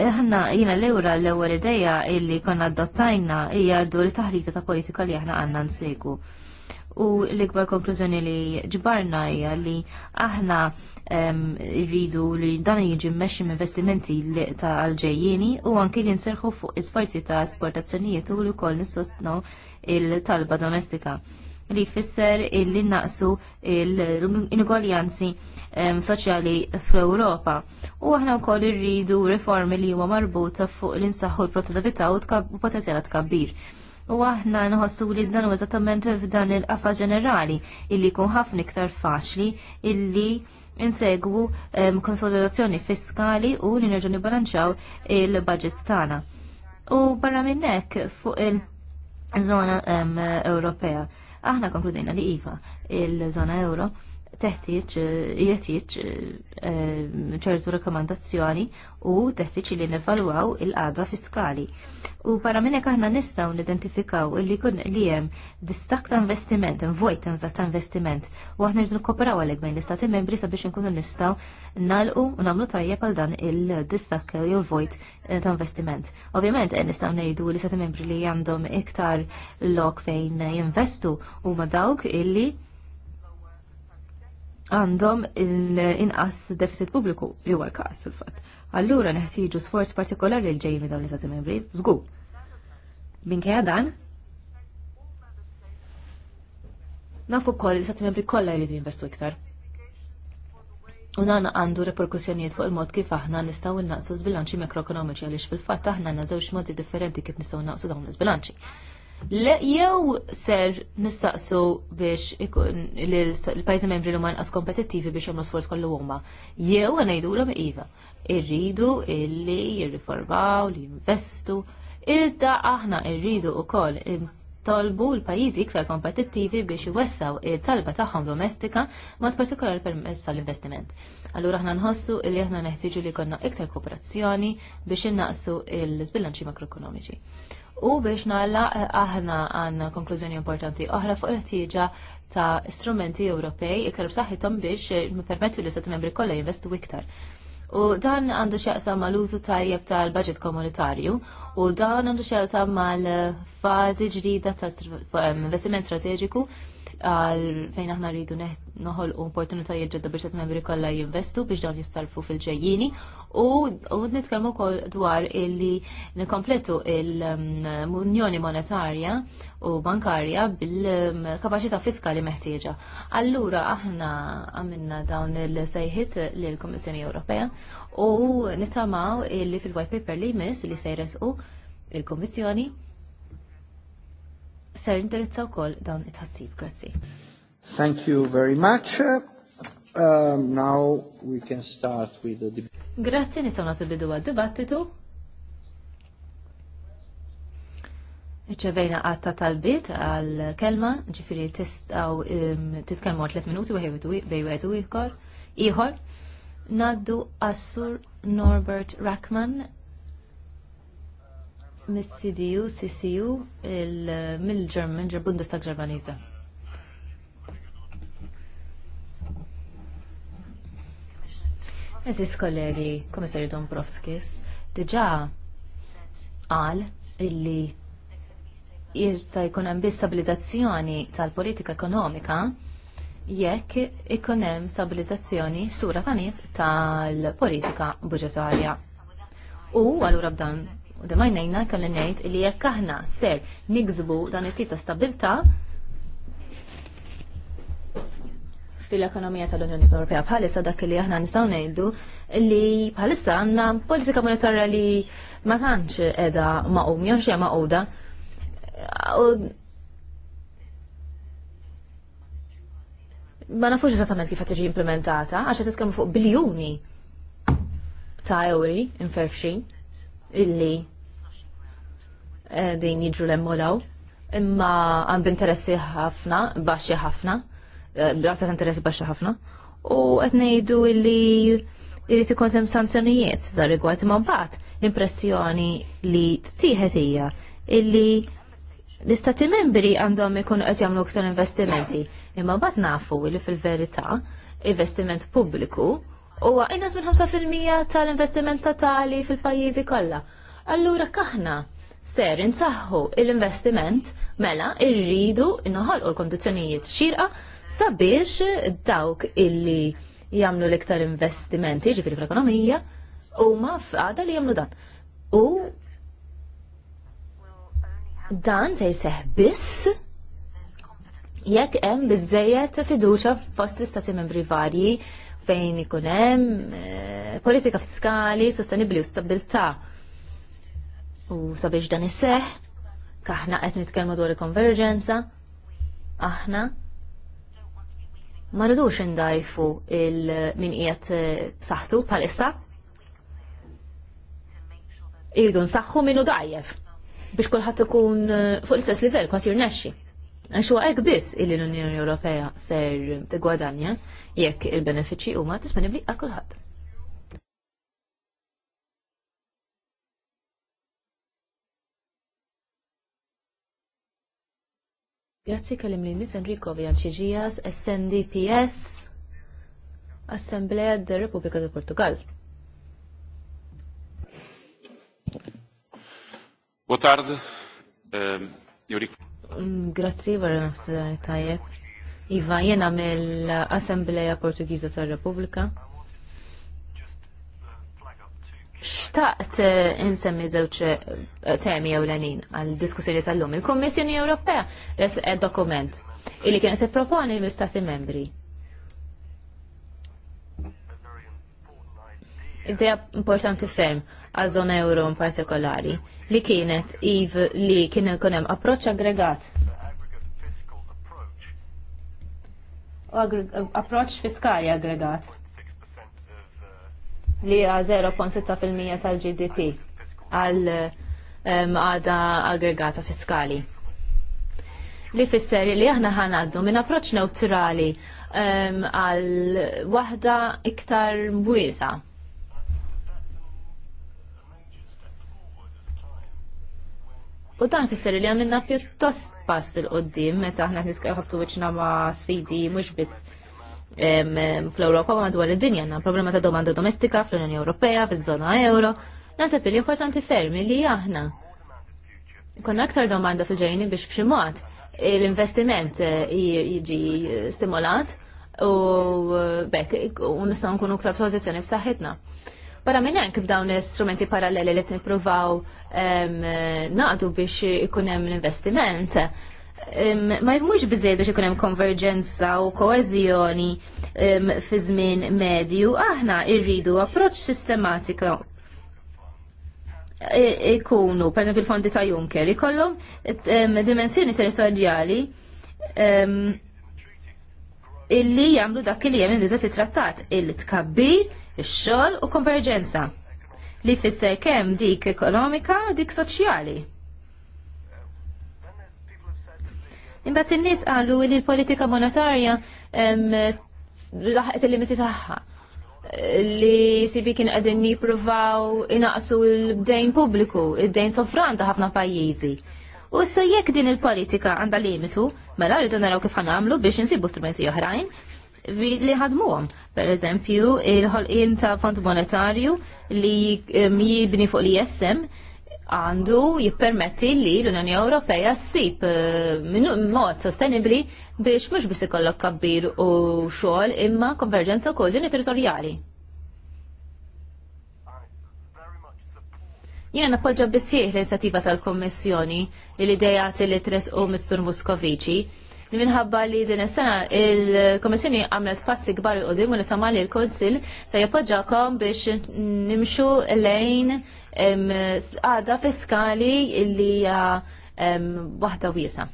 Aħna jina l-ewra l-ewwel ideja illi konna adottajna hija dwar taħlita ta' politika li aħna għandna nsegu. U l-ikbar konklużjoni li ġbarna hija li aħna rridu li dan jiġi mmexxi investimenti ta' għalġejjieni u anki li nserħu fuq isforzi ta' esportazzjonijiet u li wkoll nissostnu il-talba domestika li jfisser illi naqsu l-ingoljanzi soċjali fl-Ewropa. U aħna wkoll irridu riformi li huma marbuta fuq l-insaħħu l-produttività u potenzjala tkabbir. kabbir U aħna nħossu li dan u eżattament f'dan il-qafa ġenerali illi kun ħafna iktar faċli illi insegwu ehm, konsolidazzjoni fiskali u li nerġu nibalanċaw il-budget tagħna. U barra minnek fuq il-żona ehm, Ewropea. Aħna konkludejna li iva il-żona Euro teħtieġ eh, jeħtieġ eh, ċertu rekomandazzjoni u teħtieġ li nevalwaw il-qadra fiskali. U para minn hekk aħna nistgħu nidentifikaw illi kun li hemm distak ta' investiment, vojt ta' investiment, u aħna rridu nkoperaw għalhekk bejn l-istati membri sabiex inkunu nistgħu nagħlqu u nagħmlu tajjeb għal dan il-distak jew il-vojt eh, ta' investiment. Ovvjament nistgħu ngħidu li stati membri li għandhom iktar lok fejn jinvestu huma dawk illi għandhom il-inqas deficit pubbliku li huwa l-każ fil-fatt. Allura neħtieġu sforz partikolari l ġejmi dawn l-istati membri, żgur. Minkejja dan, nafu koll li stati membri kollha jridu jinvestu iktar. U nana għandu reperkussjonijiet fuq il-mod kif aħna nistgħu innaqsu żbilanċi makroekonomiċi għaliex fil-fatt aħna għandna żewġ modi differenti kif nistgħu naqsu dawn l bilanċi jew ser nistaqsu biex ikun l-pajzi membri l-huma nqas kompetittivi biex jagħmlu sforz kollu huma. Jew ngħidulhom iva, irridu illi jirriformaw, li jinvestu, iżda aħna irridu wkoll tolbu l-pajjiżi iktar kompetittivi biex iwessaw it-talba tagħhom domestika mod partikolar permezz tal-investiment. Allura aħna nħossu li aħna neħtieġu li konna iktar kooperazzjoni biex innaqsu l-sbilanċi makroekonomiċi. U biex nalla eh, aħna għan konklużjoni importanti oħra fuq il-ħtieġa ta' strumenti Ewropej iktar b'saħħithom biex eh, permettu li stati membri kollha jinvestu iktar. U dan għandu x'jaqsam mal-użu tajjeb tal-budget komunitarju u dan għandu x'jaqsam mal-fażi ġdida ta' eh, investiment strateġiku għal fejn aħna rridu noħol opportunitajiet ġodda biex qed membri kollha jinvestu biex dawn jistalfu fil-ġejjini u nitkellmu wkoll dwar illi nikkompletu l-Unjoni um, Monetarja u Bankarja bil-kapaċità fiskali meħtieġa. Allura aħna għamilna dawn il-sejħit lill-Kummissjoni Ewropea u nittamaw illi fil-white paper li jmiss li se jresqu il-Kummissjoni ser indirizzaw kol dawn it-ħassib. Grazzi. Thank you very much. Um, now we can start with the debate. Grazzi nistaw natu bidu għad-dibattitu. ċevejna għatta tal-bit għal-kelma, ġifiri tistaw um, titkelmu għal 3 minuti bejwetu iħor. Iħor, naddu assur Norbert Rackman mis-CDU, CCU, mill-German, Bundestag Ġermaniza. Eżis kollegi, komissarju Dombrovskis, diġa għal illi jirta jkun hemm stabilizzazzjoni tal-politika ekonomika jekk ikun hemm stabilizzazzjoni sura ta' nies tal-politika budġetarja. U allura b'dan U da jina kalli ngħid li jekk aħna ser nigżbu dan it-tip ta' stabilta fil-ekonomija tal-Unjoni Ewropea bħalissa dak li aħna nistgħu ngħidu li bħalissa għandna politika monetarja li ma tantx qiegħda maqum jew xejn maquda. ma nafux eżattament kif qed tiġi implementata għax qed titkellmu fuq biljuni ta' euri inferfxin illi eh, din jidru l-emmolaw, imma għand interessi ħafna, baxxi ħafna, eh, b'rata ta' interessi baxxi ħafna, u qed ngħidu illi jrid ikun hemm sanzjonijiet dar rigward imma mbagħad l-impressjoni li tieħed hija illi l-istati membri għandhom ikunu qed jagħmlu aktar investimenti, imma mbagħad nafu li fil-verità investiment pubbliku huwa inqas minn 5% tal-investiment totali fil-pajjiżi kollha. Allura kaħna ser insaħħu l-investiment mela irridu inħolqu l-kondizzjonijiet xirqa sabiex dawk illi jagħmlu l-iktar investimenti ġifieri fl-ekonomija huma f'għada li jagħmlu dan. U dan se jseħ biss jekk hemm biżejjed fiduċa fost l-istati membri varji fejn ikun hemm eh, politika fiskali sostenibbli u stabilità. U sabiex dan isseħ, kaħna qed nitkellmu dwar il-konverġenza, aħna ma rridux indajfu il-min qiegħed eh, saħtu bħalissa. Irridu nsaħħu minnu dajjef biex kulħadd ikun eh, fuq l-istess livell kważi jirnexxi. Għax huwa hekk biss illi l-Unjoni Ewropea ser tigwadanja jekk il-benefiċċji huma disponibbli għal kulħadd. Grazzi kellim li Miss Enrico Vianċiġijas, SNDPS, Assemblea de Repubblica de Portugal. Boa tarde. Um, Grazzi, barra nafsa tajjeb. Iva, jena mill-Assembleja Portugiza tal-Repubblika. Xtaqt eh, insemmi zewċ eh, temi ewlenin għal diskussjoni tal-lum. Il-Kommissjoni Ewropea res eh, dokument illi kien se proponi l-Istati membri. Ideja importanti ferm għal zona euro in partikolari li kienet iv li kien hemm approċċ aggregat u approċ fiskali aggregat li għa 0.6% tal-GDP għal għada aggregata fiskali. Li fisser li aħna ħanaddu minn approċ neutrali għal waħda iktar bwisa U dan fisser li għamilna pjuttost pass il-qoddim, meta aħna nitkaftu wiċna ma' sfidi mux biss fl-Europa ma' dwar id-dinja, għanna problema ta' domanda domestika fl-Unjoni Ewropea, fil-zona euro. Nasib li importanti fermi li aħna. Konna aktar domanda fil-ġejni biex b'xi mod l-investiment eh, jiġi stimolat u bekk u nistgħu nkunu aktar f'pożizzjoni f'saħħitna. Para minn hekk b'dawn l-istrumenti paralleli li t niprovaw naqdu biex ikun hemm investiment. Ma mhux bizzej biex ikun hemm konverġenza u koezjoni fi żmien medju, aħna rridu approċċ sistematiku e, ikunu, per esempio il-fondi ta' Juncker, ikollhom dimensjoni territorjali illi jagħmlu dak li hemm fit-trattat, il-tkabbir, ix-xogħol u konverġenza li fisser kemm dik ekonomika u dik soċjali. Imbat in-nies qalu li l-politika monetarja laħqet il-limiti tagħha li sibi kien qegħdin jippruvaw inaqsu l bdejn pubbliku, id-dejn sofran ta' ħafna pajjiżi. U s jekk din il-politika għandha limitu, mela rridu naraw kif ħanamlu biex insibu strumenti oħrajn li ħadmuhom. Per eżempju, il-ħolqien ta' fond monetarju li jibni fuq li jessem għandu jippermetti li l-Unjoni Ewropea ssib mod sostenibli biex mhux biss ikollok kabbir u xogħol imma konverġenza u kożjoni territorjali. Jiena nappoġġa bissieħ l-inizjattiva tal-Kommissjoni li l-idejat li tresqu Mr. Muscovici minħabba li din is-sena il-Komissjoni għamlet passi kbar il-qudiem u li tamal il-Konsil se jappoġġakom biex nimxu lejn għada fiskali li hija waħda wiesa.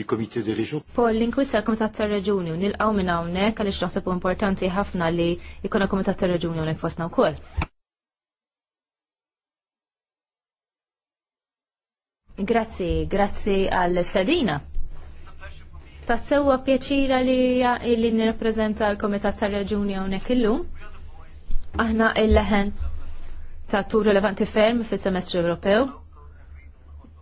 di komite di reġun. Paul, l-inkwista l-Komitat tar reġuni nilqgħu minn hawnhekk għaliex naħseb importanti ħafna li jkun il-Komitat tar reġuni hawnhekk fostna wkoll. Grazzi, grazzi għall-istadina. Tassewa pjaċira li li nirrapprezenta l-Komitat tal-Raġuni hawnhekk illum. Aħna il-leħen ta' tur relevanti ferm fis-semestru Ewropew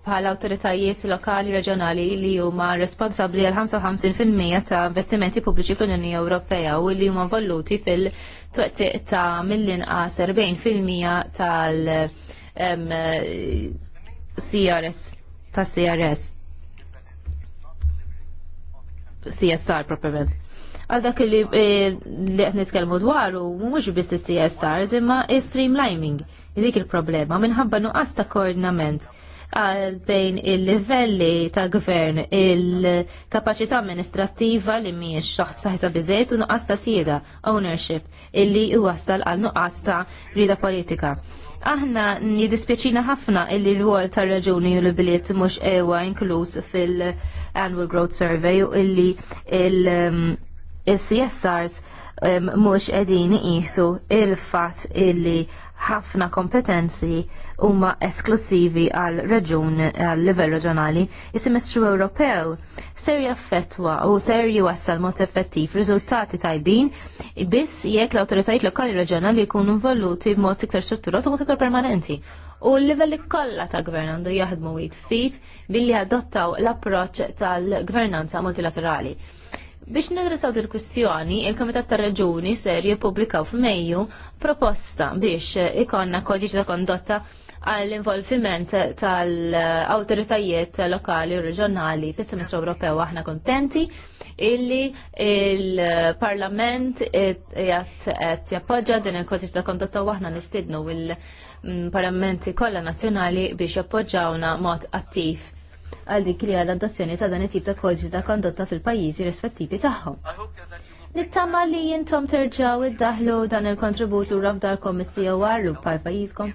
bħal awtoritajiet lokali reġjonali li huma responsabbli għal 55% ta' investimenti pubbliċi fl-Unjoni Ewropea u li huma voluti fil twettiq ta' mill-inqas 40% tal- CRS ta' CRS CSR propriament. Għal dak li eh, li qed nitkellmu dwaru mhux biss csr imma streamlining dik il-problema minħabba nuqqas ta' koordinament għal bejn il-livelli ta' gvern il-kapacità amministrattiva li mhijiex saħta biżejt u nuqqas ta' sieda ownership illi iwassal għal nuqqas ta' rida politika. Aħna jidispjaċina ħafna illi l għol tar raġuni u l-biliet mux ewa inkluż fil-Annual Growth Survey u illi um, il-CSRs mux um, edin jisu il-fat illi ħafna kompetenzi huma esklusivi għal reġun għal livell reġjonali, is-semestru Ewropew ser jaffettwa u ser jwassal mod effettiv riżultati tajbin biss jekk l-awtoritajiet lokali reġjonali jkunu involuti b'mod iktar strutturat u mod iktar permanenti. U l-livelli kollha ta' gvernandu jaħdmu jitfit billi adottaw l-approċċ tal-gvernanza multilaterali. Biex nidrisaw il kwistjoni il-Komitat tar Reġuni ser jippubblikaw f'Mejju proposta biex ikonna kodiċi ta' kondotta għall-involviment tal-autoritajiet lokali u reġjonali fis-semestru Ewropew aħna kontenti illi il-Parlament qed jappoġġa din il-kodiċ ta' kondotta u aħna nistidnu il-parlamenti kollha nazzjonali biex jappoġġawna mod attiv għal dik li għal-adozzjoni ta' dan it-tip ta' kodiċi ta' kondotta fil-pajjiżi rispettivi tagħhom. Nittama li jintom terġaw id-daħlu dan il-kontribut l-ura f'darkom missijaw għarlu pal pajizkom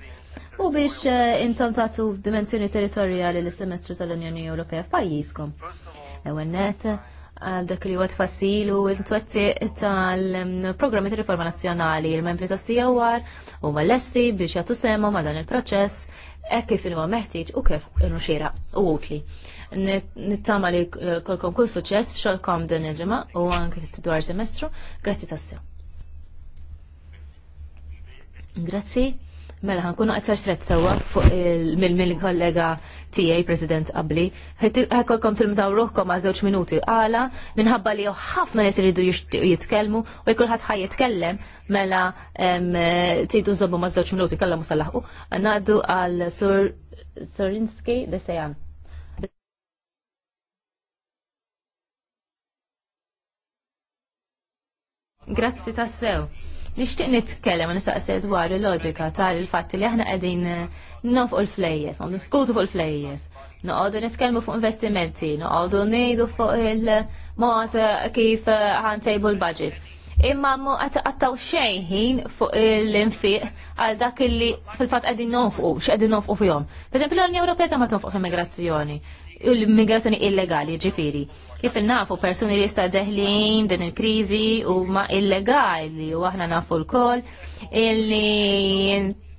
u biex eh, intom tagħtu dimensjoni territorjali l semestru tal-Unjoni Ewropea f'pajjiżkom. Ewwel net għal dak li huwa tfassil u l-twetti tal-programmi ta' riforma nazzjonali, il-membri ta' COR u mal lessi biex jagħtu semmu ma' dan il-proċess hekk kif huwa meħtieġ u kif irnuxira u utli nittama li kolkom kull suċess f'xolkom din il-ġimgħa u anke fis-dwar semestru. Grazzi tassew. Grazzi. Mela, ħankunu aktar stret sewa fuq mill-kollega tiegħi President Għakolkom Ħekkolkom tilmtaw ruħkom għal minuti. Għala, minħabba li ħafna nies iridu jitkellmu u kulħadd ħaj jitkellem, mela e, tridu żobbu ma' minuti minuti kellha musallaħqu. Ngħaddu għal Sorinski de Sejan. Grazzi tassew. Nixtieq nitkellem u nistaqsi dwar il-loġika tal-fatt li aħna qegħdin eh, nofqu l-flejjes, għandu skutu fuq il-flejjes. Noqogħdu nitkellmu fuq investimenti, noqogħdu ngħidu fuq il-mod eh, kif eh, ħantejbu l-budget. Imma mu għattaw xejn fuq l-infiq għal dak li fil-fat għedin nonfqu, x'qegħdin nonfqu fihom. Per l-Unja Ewropea ma tonfoq immigrazzjoni. L-immigrazzjoni illegali ġifiri. Kif il-nafu personi li sta deħlin din il-krizi u ma illegali u aħna nafu l-kol illi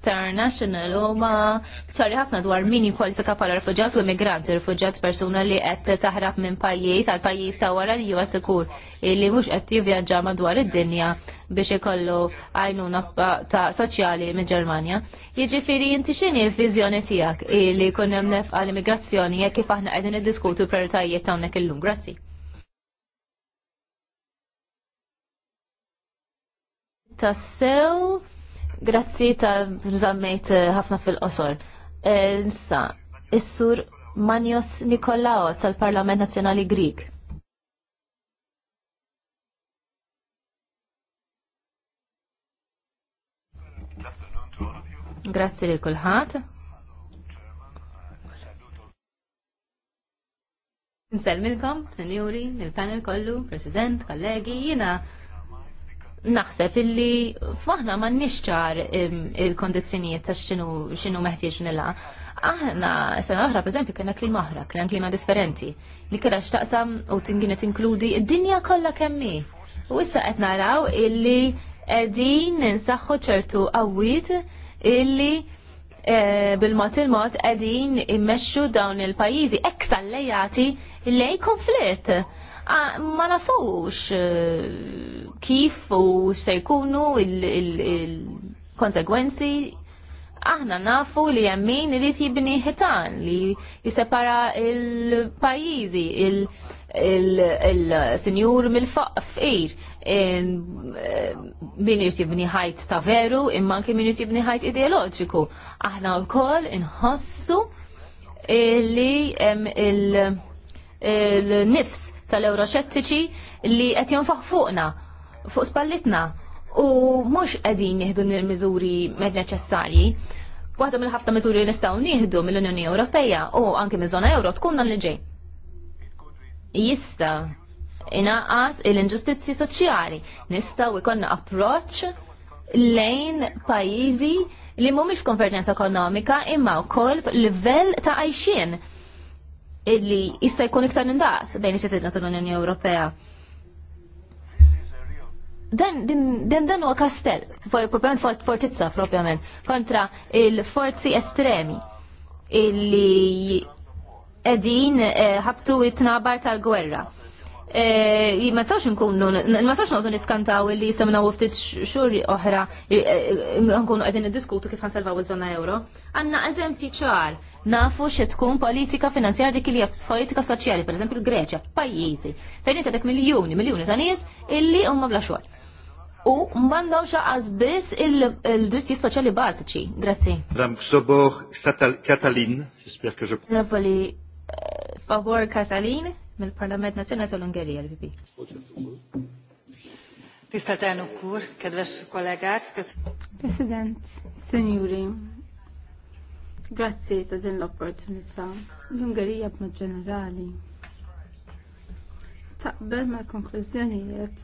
International huma ċari ħafna dwar min jikkwalifika bħala rifuġjat u immigranti, rifuġjat persuna li qed taħrab minn pajjiż għal pajjiż ta' wara li huwa sikur li mhux qed jivvjaġġa madwar id-dinja biex ikollu għajnuna ta' soċjali minn Ġermanja. Jiġifieri inti x'inhi l-viżjoni tiegħek li jkun hemm nefqa l-immigrazzjoni jekk kif aħna qegħdin niddiskutu prioritajiet hawnhekk illum. Grazzi. Tassew. Grazzi ta' nżammejt eh, ħafna fil-qosor. Nsa, eh, is-sur Manios Nikolaos tal-Parlament Nazzjonali Grik. Grazzi li kulħadd. Nselmilkom, senjuri, il-panel kollu, president, kollegi, jina naħseb illi faħna ma nixċar il kondizjoniet ta' xinu xinu meħtieġ nilha. Aħna sena oħra pereżempju kena klima oħra, kena klima differenti li kera x'taqsam u tingienet inkludi id-dinja kollha kemmi. U issa qed naraw illi qegħdin ninsaħħu ċertu qawwiet illi e, bil-mod il-mod qegħdin immexxu dawn il-pajjiżi eks allejati lej konflitt Ah, ma nafux eh, kif u se jkunu il-konsekwenzi aħna nafu li jemmin li tibni ħitan li jisepara il-pajizi, il-senjur mill-faqfir, eh, min jirtibni ħajt ta' veru, imman kim min jirtibni ħajt ideoloġiku. Aħna u kol inħossu eh, li il-nifs tal-euroxettiċi li qed jonfaħ fuqna, fuq spallitna u mhux qegħdin jieħdu l-miżuri neċessarji. Waħda mill-ħafna miżuri li nistgħu nieħdu mill-Unjoni Ewropea u anke miż-żona Ewro tkun dan li ġej. Jista' inaqas il inġustizzji soċjali. Nistaw ikonna approċ lejn pajizi li mumiex konverġenza ekonomika imma wkoll livell ta' għajxien illi jista' jkun iktar indaqs bejn iċ-ċittadina tal-Unjoni Ewropea. Dan dan dan huwa kastell, propjament fortizza propjament, kontra il-forzi estremi illi qegħdin eh, ħabtu it-tnabar tal-gwerra Eh, ma sawx nkunu, ma sawx eh, eh, nkunu niskantaw li jisemna u ftit xurri oħra nkunu għedin id diskutu kif għansalvaw iż zona euro. Għanna eżempji ċar, nafu xe tkun politika finanzjar dik li politika soċjali, per eżempju l-Greċja, pajizi, fejn inta dak miljoni miljuni ta' nis illi huma bla xor. U m'għandhom xaqas biss il-dritti soċjali bażiċi. Grazzi. Ram Sobor Katalin, j'espère que Napoli, Favor Katalin mill-Parlament Nazzjonali tal-Ungerija l-VP. Tista' elnök úr, kedves kollégák! President, seniori, grazie ta' din l-opportunità. L-Ungerija b'mod ġenerali. Taqbel ma' konklużjonijiet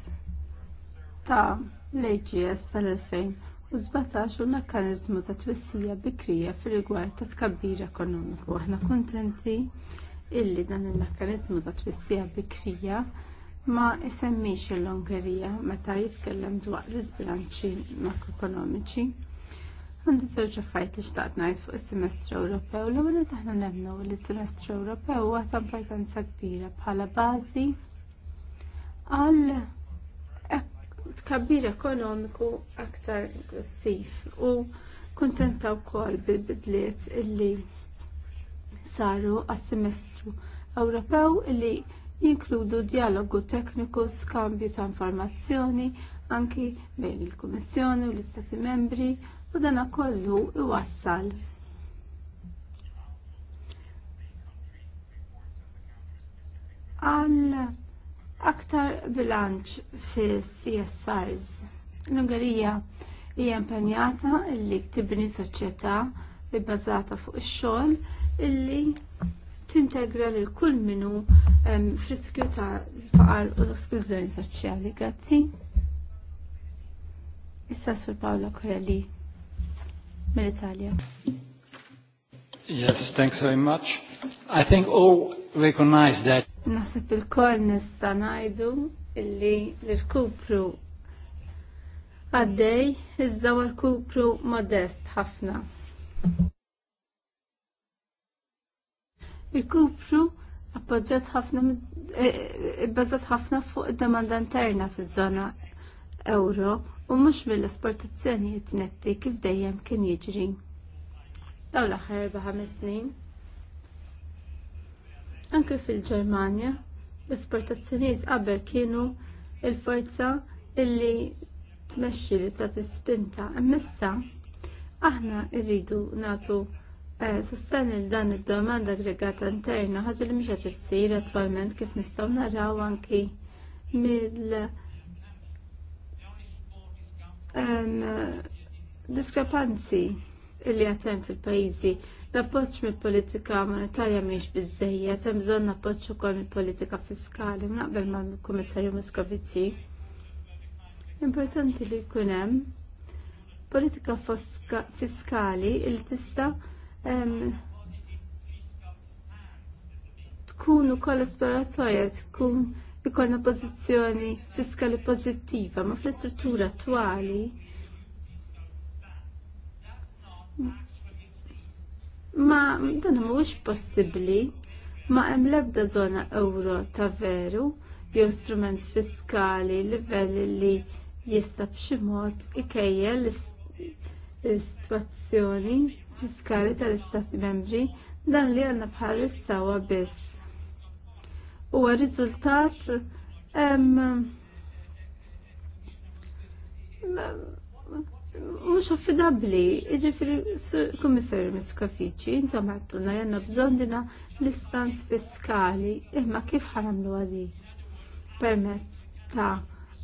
ta' l-AGS tal-2017 u l-mekkanizmu ta' twissija bikrija fil-rigward ta' tkabbir ekonomiku. Aħna kontenti illi dan il-mekkanizmu ta' twissija bikrija ma isemmix l-Ungerija meta jitkellem dwar l-isbilanċi makroekonomiċi. Għandi żewġ affarijiet li xtaqt ngħid fuq is-semestru Ewropew l ewwel aħna nemmnu li s-semestru Ewropew huwa ta' importanza kbira bħala bażi għal kabir ekonomiku aktar inklusiv u kuntenta wkoll bil-bidliet illi saru għas-semestru Ewropew li jinkludu dialogu tekniku, skambju ta' informazzjoni anki bejn il-Kummissjoni u l-Istati membri u dan kollu iwassal għal aktar bilanċ fi csrs L-Ungerija hija impenjata li tibni soċjetà bbażata fuq ix-xogħol illi tintegra lil kull minnu friskju ta' faqar u l-eskużjoni soċjali. Grazzi. Issa sur Paolo Corelli mill-Italja. Yes, thanks very much. I think all recognize that. Nasib il-koll nista' ngħidu illi l-irkupru għaddej iżda kupru modest ħafna. Il-kupru appoġġat ħafna e, e, bbażat ħafna fuq domanda interna fiż-żona euro u mhux mill-esportazzjonijiet netti kif dejjem kien jiġri. Daw l-aħħar ħames snin. Anke fil-Ġermanja, l-esportazzjonijiet qabel kienu il-forza illi tmexxi li ta' tispinta. Imma issa aħna rridu nagħtu Eh, Sistan il-dan id-domanda aggregata interna ħaġa ehm, li mhix qed issir kif nistgħu naraw anki mill diskrepanzi li għatem fil-pajizi. L-appoċ mill politika monetarja miex bizzejiet, hemm bżonn appoċ ukoll mill-politika fiskali, naqbel ma' kummissarju Muskovici. Importanti li jkun hemm politika fiskali li tista' tkun ukoll esploratorja, tkun ikolna pożizzjoni fiskali pozittiva ma fl-istruttura attuali. ma dan mhuwiex possibbli ma hemm l-ebda żona euro ta' veru jew strument fiskali livell li jista' b'xi mod ikejjel l-istwazzjoni fiskali tal-Istati membri dan li għanna bħal sawa biss. U għal-rizultat mux affidabli, fil kummissarju Miskofiċi, intom għattuna jenna bżondina l-istans fiskali, imma kif ħanamlu għadi? Permezz ta'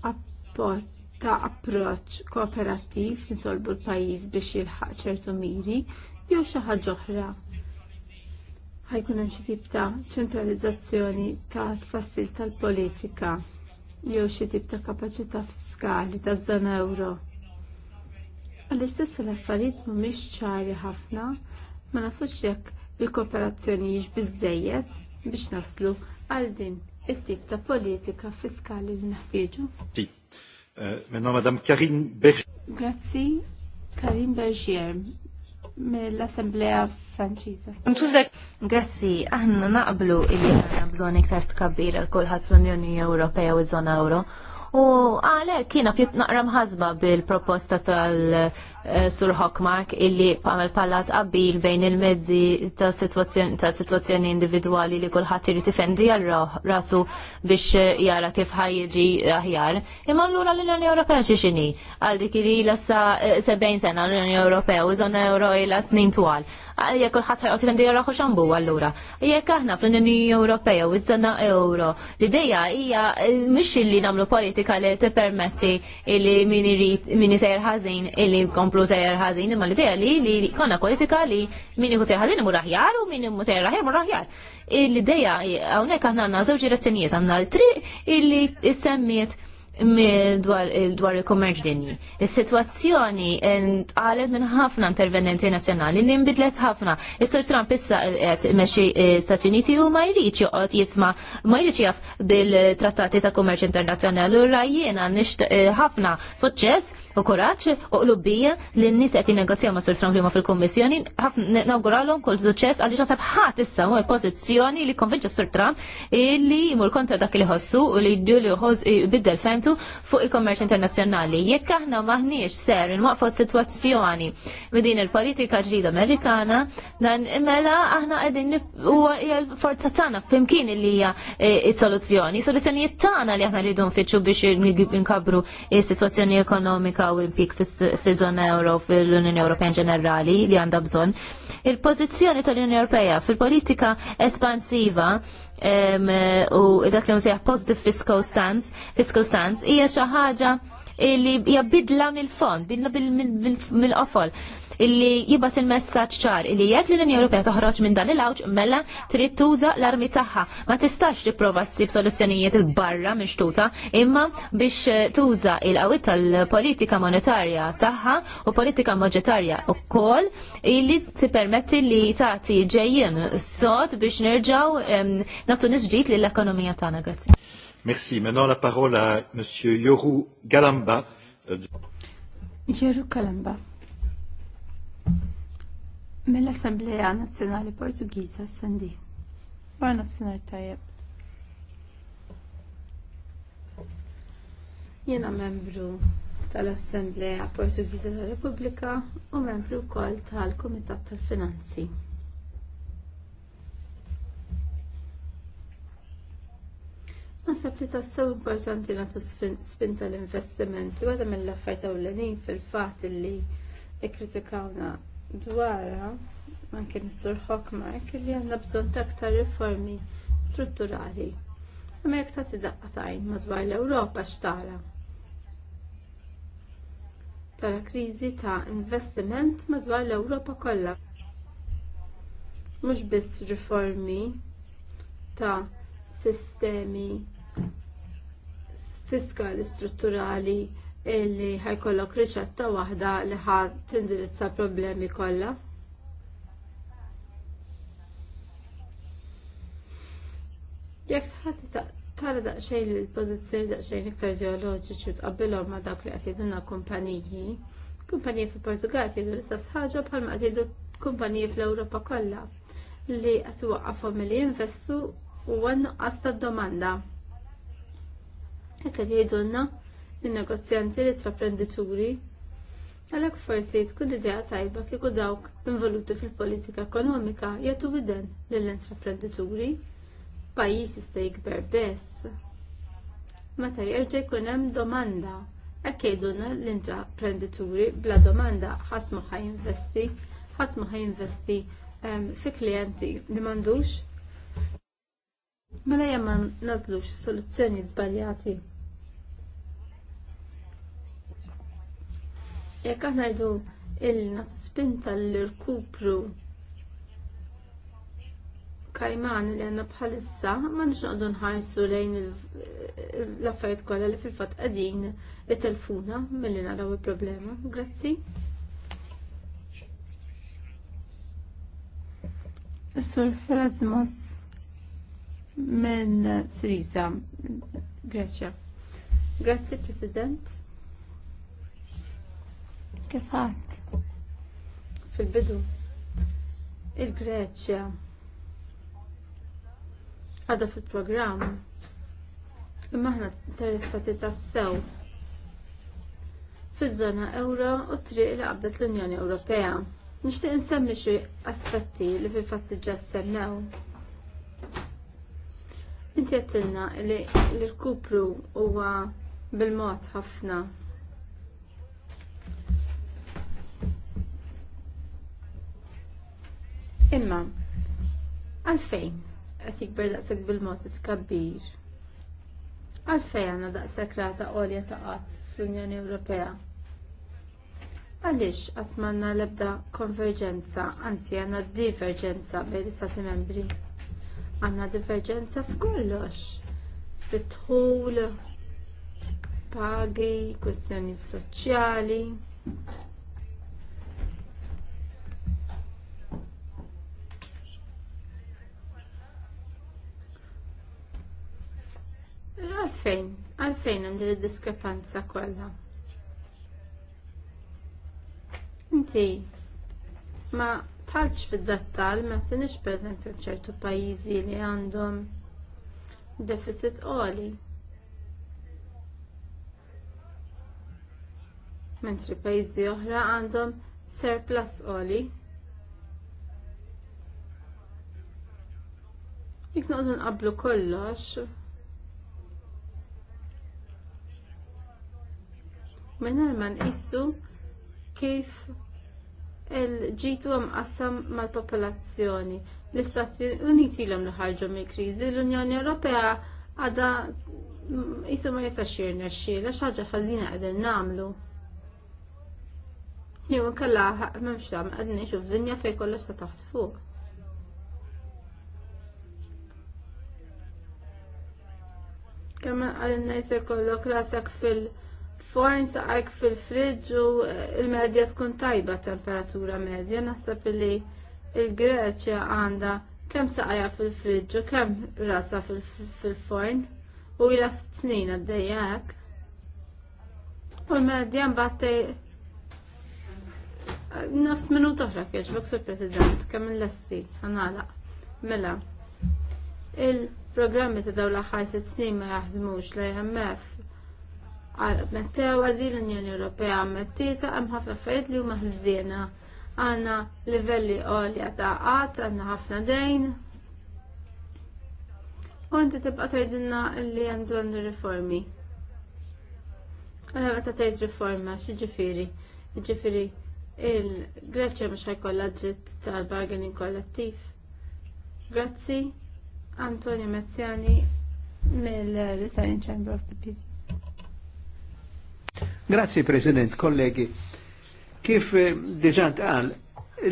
apport ta' approċċ kooperattiv li tolbu l-pajjiż biex jilħaq ċertu miri jew xi ħaġa oħra. Ħajkun hemm xi tip ta' ċentralizzazzjoni ta' tfassil tal-politika jew xi tip ta' kapaċità fiskali taż-żona euro. Għaliex stess l-affarijiet mhumiex ċari ħafna, ma nafux jekk il-kooperazzjoni hix biżejjed biex naslu għal din it-tip ta' politika fiskali li naħtieġu. Menna euh, maintenant, Madame Karine Berger. Grazie. Karine Bergier, mill-Assemblea Franċiża. Grazzi, aħna naqblu illi għana bżon iktar tkabbir għal kulħadd fl-Unjoni Ewropea u ż-żona Ewro. U għalek kiena pjut naqram ħazba bil-proposta tal Eh, Sur Hockmark illi pamel palat qabil bejn il-mezzi ta' situazzjoni individwali li kulħadd irid tifendi għal rasu biex eh, jara kif ħajjiġi aħjar. Imma allura l-Unjoni Ewropea xi xini għal dik li lassa 70 eh, sena l-Unjoni Ewropea u żona euro ilha snin twal. Jekk kulħadd ħajqos jifendi jara xambu allura. Jekk aħna fl-Unjoni Ewropea u ż-żona euro l ideja hija mhix illi nagħmlu politika li tippermetti illi min irid min isejjer ħażin illi nkomplu sejjer ħażin imma l-idea li li konna politika li min ikun sejjer ħażin imur aħjar u min imur sejjer aħjar imur aħjar. L-idea hawnhekk aħna għandna żewġ direzzjonijiet għandna l-triq illi semmiet dwar il-kommerċ dinji. Is-sitwazzjoni għalet minn ħafna intervenenti nazzjonali li nbidlet ħafna. Is-Sur Trump issa qed meċi eh, Stati Uniti u ma jridx joqgħod jisma' ma jridx jaf bil-trattati ta' kummerċ internazzjonali u rajjiena nixtieq eh, ħafna suċċess u kuraġġ u qlubbija li n-nies qed jinnegozjaw ma' Sur Trump li fil-Kummissjoni nawguralhom kol suċċess għalli ħaseb ħadd issa huwa pozizjoni li konvinċa Sur Trump li jmur kontra dak li ħossu u li jdu li biddel femtu fuq il-kommerċ internazzjonali. Jekk aħna maħniex ser inwaqfu s-sitwazzjoni din il-politika ġdida Amerikana dan mela aħna qegħdin huwa forza tagħna flimkien li hija e, soluzzjoni, soluzzjonijiet t'ana li aħna rridu nfittxu biex nkabru is-sitwazzjoni ekonomika il-pik fiż zona euro fil-Unjoni Ewropea ġenerali li għandha bżonn. Il-pożizzjoni tal-Unjoni Ewropea fil-politika espansiva u dak li msejjaħ positive fiscal stance, fiscal stance hija xi ħaġa li jabbidla mill-fond, bidla mill-qofol illi jibat il-messaċ ċar illi jekk l-Unjoni Ewropea toħroġ minn dan il-awċ mela trid tuża l-armi tagħha. Ma tistax tipprova ssib soluzzjonijiet il-barra mixtuta imma biex eh, tuża il-qawit tal-politika monetarja tagħha u politika monetarja wkoll illi tippermetti li tagħti ġejjin sod biex nerġgħu nagħtu nisġid lill-ekonomija tagħna. Grazzi. Merci. Maintenant, la parole à Yoru Galamba. Euh, Yoru Galamba. Mill-Assemblea Nazzjonali Portugiża Sandi. Barna f'sinar tajab. Jena membru tal-Assemblea Portugiża tal-Repubblika u membru wkoll tal-Kumitat tal-Finanzi. tal komitat tal finanzi Nasab li tassew importanti nagħtu spin tal-investimenti, għadha mill-affarijiet ewlenin fil-fatt li ikkritikawna dwarha anke Mr. Hockmark li għandna bżonn ta' riformi strutturali. Imma jekk tagħti daqqatajn madwar l-Ewropa x'tara. Tara kriżi ta' investiment madwar l-Ewropa kollha. Mhux biss riformi ta' sistemi fiskali strutturali illi ħajkollok riċetta waħda li ħad tindirizza problemi kollha. Jekk ħadd tara daqsxejn il-pożizzjoni daqsxejn iktar ideoloġiċi u tqabbilhom ma' dawk li qed jgħidulna kumpaniji, kumpaniji fil Portugal jgħidu l-istess ħaġa bħalma qed jgħidu kumpaniji fl-Ewropa kollha li qed waqafhom li jinvestu u għannu nuqqas tad-domanda. Ekk qed jgħidulna in-negozjanti li traprendituri għalhekk forsi tkun idea tajba kieku dawk involuti fil-politika ekonomika jagħtu bidden lill-intraprendituri pajjiż jista' jikber biss. Meta jerġa' jkun hemm domanda hekk jgħidulna l-intraprendituri bla domanda ħadd ma ħajinvesti, ħadd ma ħajinvesti ehm, fi klijenti li m'għandux Mela jemma nazlux soluzzjoni zbaljati. Jekk aħna jdu il-natu spinta l-irkupru kajman li għanna bħalissa, ma nix nħarsu lejn l-affarijiet kollha li fil-fatt qegħdin it-telfuna milli naraw il-problema. Grazzi. Is-sur Razmas minn Syriza, Greċja. Grazzi, President. Kif għat? Fil-bidu. Il-Greċja. Għada fil-programm. Imma ħna interessati tassew. Fiż-żona euro u triq li qabdet l-Unjoni Ewropea. Nixtieq insemmi xi aspetti li fil-fatt ġa semmew Inti għattilna li l irkupru huwa bil-mod ħafna. Imma, għalfejn qed jikber daqshekk bil-mod tkabbir. Għalfejn għandna daqshekk rata għolja ta' qatt fl-Unjoni Ewropea. Għaliex qatt m'għandna l-ebda konverġenza, anzi għandna diverġenza bejn l-Istati Membri. Għanna diverġenza f'kollox. Fit-tħul, pagi, kwistjoni soċjali. Għalfejn, għalfejn din id-diskrepanza kollha. Inti, ma' dħalx fid-dettal ma tinix pereżempju ċertu pajjiżi li għandhom deficit qoli. Mentri pajjiżi oħra għandhom surplus qoli. Jek noqdu nqablu kollox. Minn ma nqissu kif il-ġitu għam qassam mal-popolazzjoni. L-Istati Uniti l-għam nħarġu mill-krizi, l-Unjoni Ewropea għada mm, jisum ma jista xirna xirna, xaġa fazina għadin namlu. Jew kalla memx tam għadni xuf dinja fej kollox ta' taħt fuq. Kemm għadin najse kollok rasak fil- fil-forn saqajk fil fridġ u eh, il-medja tkun tajba temperatura medja naħseb li il-Greċja għandha kemm saqajja fil fridġ u kemm rasa fil-forn u ila snin għaddejjak. U l-medja mbagħad nofs minut oħra kieġbok sur President kemm l lesti għanala, Mela, il-programmi ta' dawn l-aħħar snin ma jaħdmux l-IMF Mettewa di l-Unjoni Ewropea mettita hemm ħafna affarijiet li huma ħżiena. Għandna livelli għolja ta' qatt, għandna ħafna dejn. U inti tibqa' tgħidilna li hemm bżonn riformi. Għalha meta tgħid riforma xiġifieri? Jiġifieri il-Greċja mhux ħajkollha dritt tal-bargaining kollettiv. Grazzi, Antonio Mezzjani mill-Italian Chamber of Deputies. Grazie President, kollegi. Kif eh, diġant għal,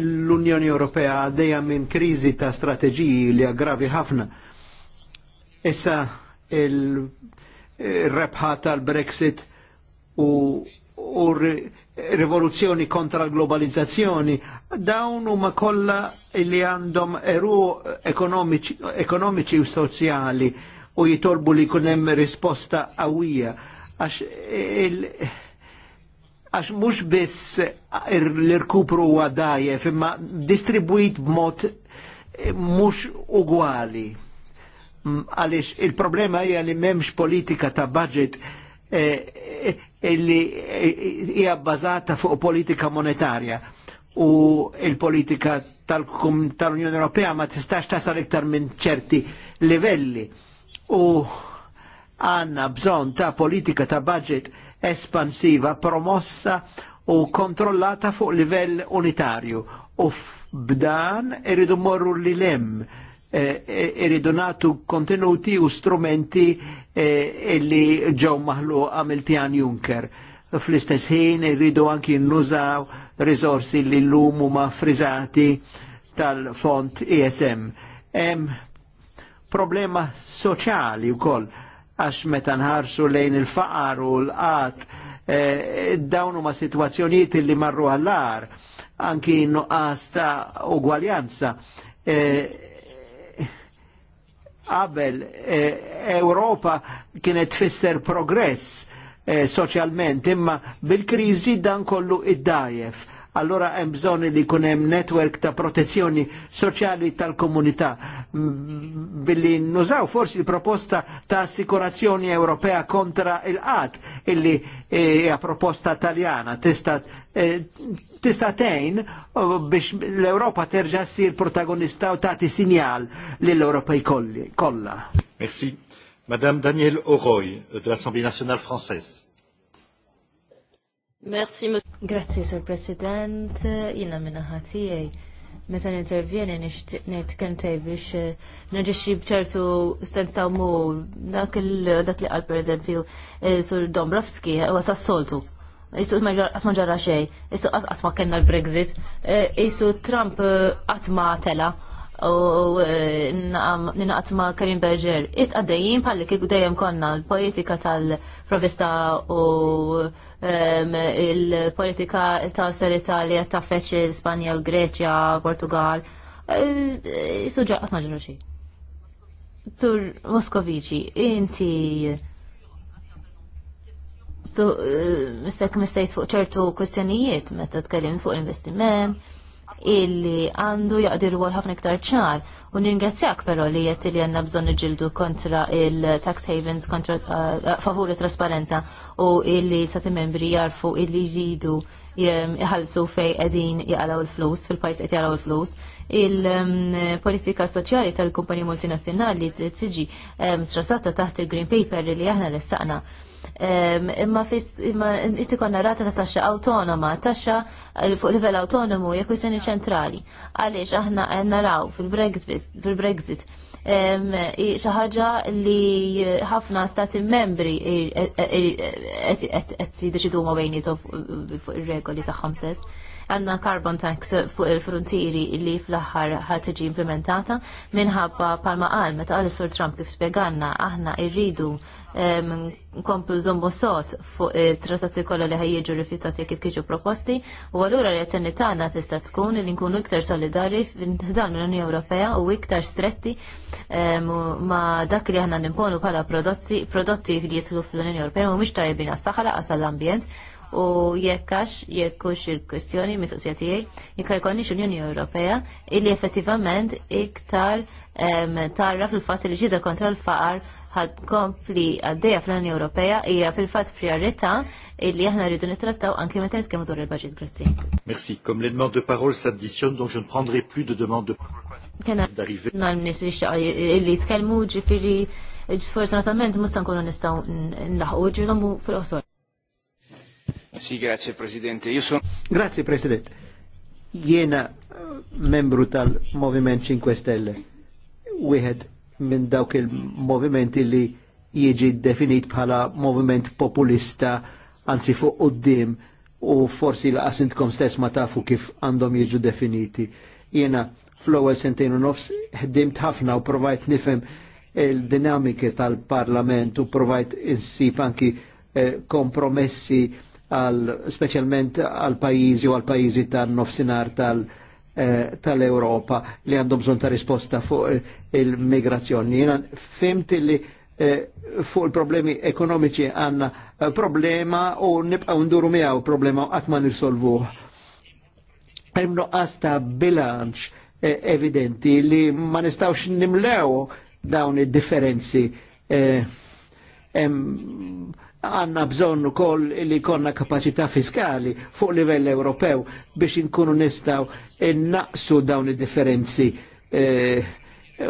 l-Unjoni Ewropea għaddeja minn krizi ta' strateġiji li aggravi ħafna. Issa il-rebħa eh, tal-Brexit u, u rivoluzzjoni kontra l-globalizzazzjoni, dawn huma kollha li għandhom eru ekonomiċi u soċjali u jitolbu li kunem risposta għawija għax il għax mux biss l-irkupru għadaje fimma distribuit b'mod eh, mux ugwali għalix il-problema hija li memx politika ta' budget eh, eh, illi hija bbażata fuq politika monetarja u il-politika tal-Unjoni tal Ewropea ma tistax tasal iktar minn ċerti livelli. U għanna bżon ta' politika ta' budget espansiva promossa u kontrollata fuq livell unitarju. U b'dan irridu morru li lem, irridu e, e natu kontenuti u strumenti e, e li ġew maħlu għamil pjan Juncker. Fl-istess ħin irridu anki nużaw rizorsi li l lumu ma frizzati tal-font ESM. Em, problema soċjali u koll għax meta nħarsu lejn il-faqar u l-qat e, eh, dawnu ma situazzjonijiet li marru għallar anki nuqqas ta' ugwaljanza eh, qabel eh, Ewropa kienet tfisser progress soċjalment imma bil-kriżi dan kollu id-dajef allora hemm bżonn li jkun hemm network ta' protezzjoni soċjali tal-komunità billi nużaw forsi l-proposta ta' assikurazzjoni Ewropea kontra il-qat illi hija proposta taljana tista' eh, tista' tgħin eh, biex l-Ewropa terġa' ssir protagonista u tagħti sinjal lill-Ewropej kollha. Merci. Madame Danielle Oroy de l'Assemblée nationale française. Merci, Grazie, Sir President. Jina minna ħatijaj. Meta n-intervjeni nishtiq nitkentej biex eh, nerġiċi bċertu sens ta' mur dak li għal per eżempju eh, sur Dombrovski eh, u tas soltu. Isu għatma ġarra xej, isu ma' kena l-Brexit, isu Trump ma' tela u ma' Karim Berger. It għaddejjien palli kik dejjem konna l-politika tal-provista u um, il-politika ta' serita li qed taffeċċi l-Spanja u l-Greċja, Portugal, eh, suġġa għatma ma Tur Moskoviċi, inti eh, mistek mistejt fuq ċertu kwestjonijiet meta tkellim fuq investiment, illi għandu jaqdir għal ħafna iktar ċar. U ningrazzjak però li jett li għanna bżon iġildu kontra il-tax havens, kontra uh, uh favuri trasparenza u illi sati membri jarfu illi jridu jħalsu um, fej edin jgħalaw il-flus, fil-pajs qed jgħalaw il-flus. Il-politika soċjali tal-kumpani multinazzjonali tiġi um, trattata taħt il-Green Paper li aħna l-saqna imma fis imma itikonna rata ta' taxxa autonoma, taxxa fuq livell autonomu hija kwistjoni ċentrali. Għaliex aħna naraw fil-Brexit xi ħaġa li ħafna stati membri qed jiddeċidu ma bejniethom fuq ir-regoli tagħhom stess għanna carbon tax fuq il-frontieri li fl-aħħar ħatġi tiġi implementata minħabba palma qal meta għal sur Trump kif spjeganna aħna rridu nkomplu zombo sot fuq it-trattati kollha li ħajjiġu rifjutati kif kiġu proposti u allura reazzjoni tagħna tista' tkun li nkunu iktar solidari f'dan l-Unjoni Ewropea u iktar stretti ma' dak li aħna nimponu bħala prodotti prodotti li jidħlu fl-Unjoni Ewropea u mhux tajbin għas-saħħa għas l-ambjent u jekkax jekkux il-kwestjoni mistoqsija tiegħi jekk jkollniex Unjoni Ewropea illi effettivament iktar tarra fil-fatt li ġida kontra l-faqar ħad kompli għaddeja fl-Unjoni Ewropea hija fil-fatt priorità illi aħna rridu nittrattaw anke meta nitkellmu dwar il-budget. Grazzi. Merci. Comme les demandes de parole s'additionnent, donc je ne prendrai plus de demandes de parole Kena Nal-ministri illi jitkellmu ġifieri fortunatament musta nkunu nistgħu nlaħqu ġiżommu fil-qosor. Sì, grazie Presidente. Io sono... Grazie Presidente. Jena eh, membru tal-Moviment 5 Stelle, wieħed minn dawk il-movimenti li jieġi definit bħala moviment populista, anzi fuq qoddim, u forsi laqasintkom stess ma tafu kif għandhom jieġu definiti. Jena fl-ewwel sentejn u nofs ħdimt ħafna u provajt nifhem il-dinamiki tal-parlament u provajt insib anki eh, kompromessi għal specialment għal pajizi u għal pajizi tan nofsinar tal eh, tal-Europa li għandhom bżon ta' risposta fuq il-migrazzjoni. Jena fimt li eh, fuq il-problemi ekonomiċi għanna eh, problema u nibqaw nduru miegħu problema u għatma nirsolvuh. Hemm noqqas ta' bilanċ evidenti li ma nistawx nimlew dawn id-differenzi. Hemm għanna bżonnu kol li konna kapacità fiskali fuq livell Ewropew biex inkunu nistaw innaqsu dawn id-differenzi eh,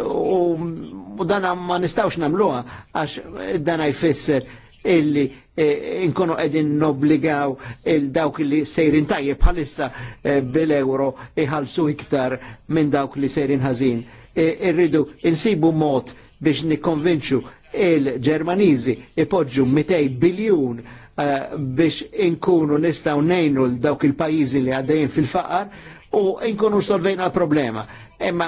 u dan ma nistawx namluha għax dan jfisser illi eh, inkunu qegħdin nobligaw il dawk li sejrin tajjeb bħalissa eh, bil-euro iħalsu iktar minn dawk li sejrin ħażin. Irridu insibu mod biex nikkonvinċu il-Ġermaniżi ipoġġu 200 biljun uh, biex inkunu nistaw nejnu l dawk il-pajizi li għaddejn fil-faqar u inkunu solvejna l-problema. Imma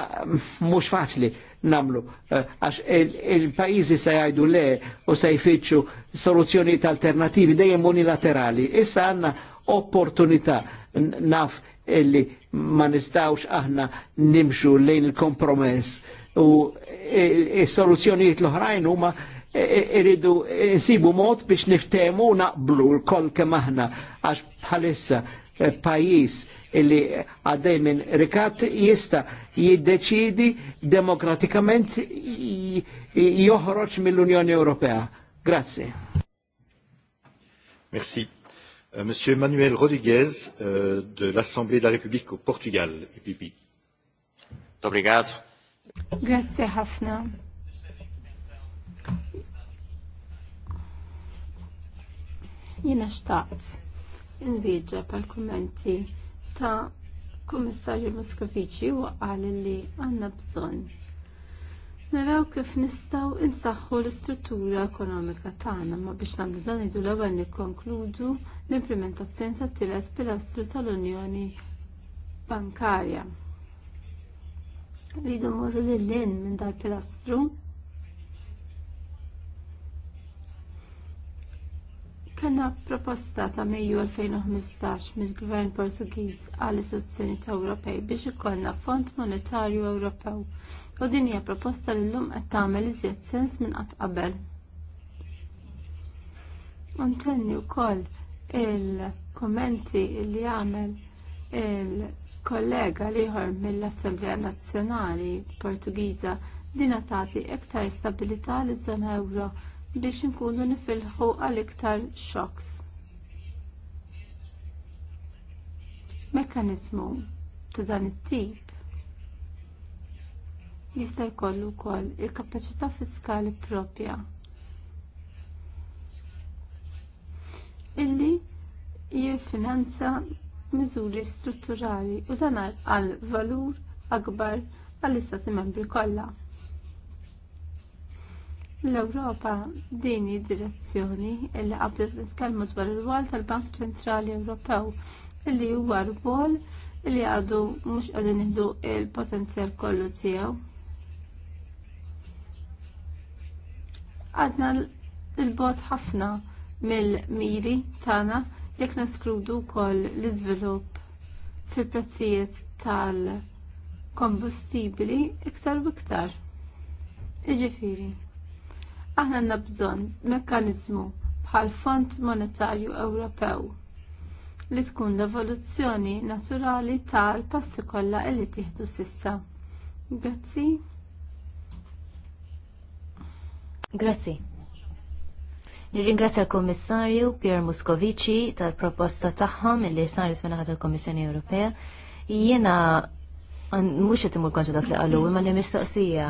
mux faċli namlu, eh, għax uh, il-pajizi il se jgħidu le u se jfittxu soluzzjonijiet alternativi dejjem unilaterali. Issa għanna opportunità naf illi ma nistawx aħna nimxu lejn il-kompromess u il-soluzzjonijiet e, e l-oħrajn huma e, irridu nsibu mod biex niftemu naqblu l-koll kemm aħna għax bħalissa pajis illi għaddej minn rikat jista jiddeċidi demokratikament joħroġ mill-Unjoni Ewropea. Grazie. Merci. Euh, Monsieur Manuel Rodriguez euh, de l'Assemblée de la République au Portugal, EPP. Obrigado. Grazie ħafna. Jena xtaqt inbieġa pal-kommenti ta' Kummissarju Moskoviċi u qal li għanna bżonn. Naraw kif nistaw insaħħu l-istruttura ekonomika tagħna ma biex nagħmlu dan idu l-ewwel nikkonkludu l-implementazzjoni tat-tielet pilastru tal-Unjoni Bankarja. Rridu morru l-lin minn dal-pilastru. Kanna proposta ta' Mejju 2015 mill-Gvern Portugiż għall istituzzjoni ta' Ewropej biex ikollna Fond Monetarju Ewropew u din hija proposta li llum qed tagħmel iżjed sens minn qatt qabel. Untenni wkoll il-kommenti li jagħmel il-, -kommenti il kollega liħor mill-Assemblea Nazzjonali Portugiża li tagħti iktar stabilità li żona euro biex inkunu nifilħu għal iktar xoks. Mekkaniżmu ta' dan it-tip jista' jkollu wkoll il-kapaċità fiskali propja illi jiffinanza miżuri strutturali u dan għal valur akbar għall-istati membri kollha. L-Ewropa din id-direzzjoni illi qablet nitkellmu dwar ir-rwol tal-Bank Ċentrali Ewropew illi huwa rwol illi għadu mhux qegħdin jieħdu l potenzjal kollu tiegħu. Għadna l-bot ħafna mill-miri tagħna jekk naskludu wkoll l-iżvilupp fil-prezzijiet tal-kombustibili iktar u iktar. Jiġifieri. aħna għandna bżonn mekkaniżmu bħal Fond Monetarju Ewropew li tkun l-evoluzzjoni naturali tal-passi kollha li tieħdu sissa. Grazzi. Grazzi. Nirringrazzja l-Kommissarju Pier Muscovici tal-proposta tagħhom li saret minn tal-Kommissjoni Ewropea. Jiena mhux qed imur kontra dak li qalu imma li mistoqsija.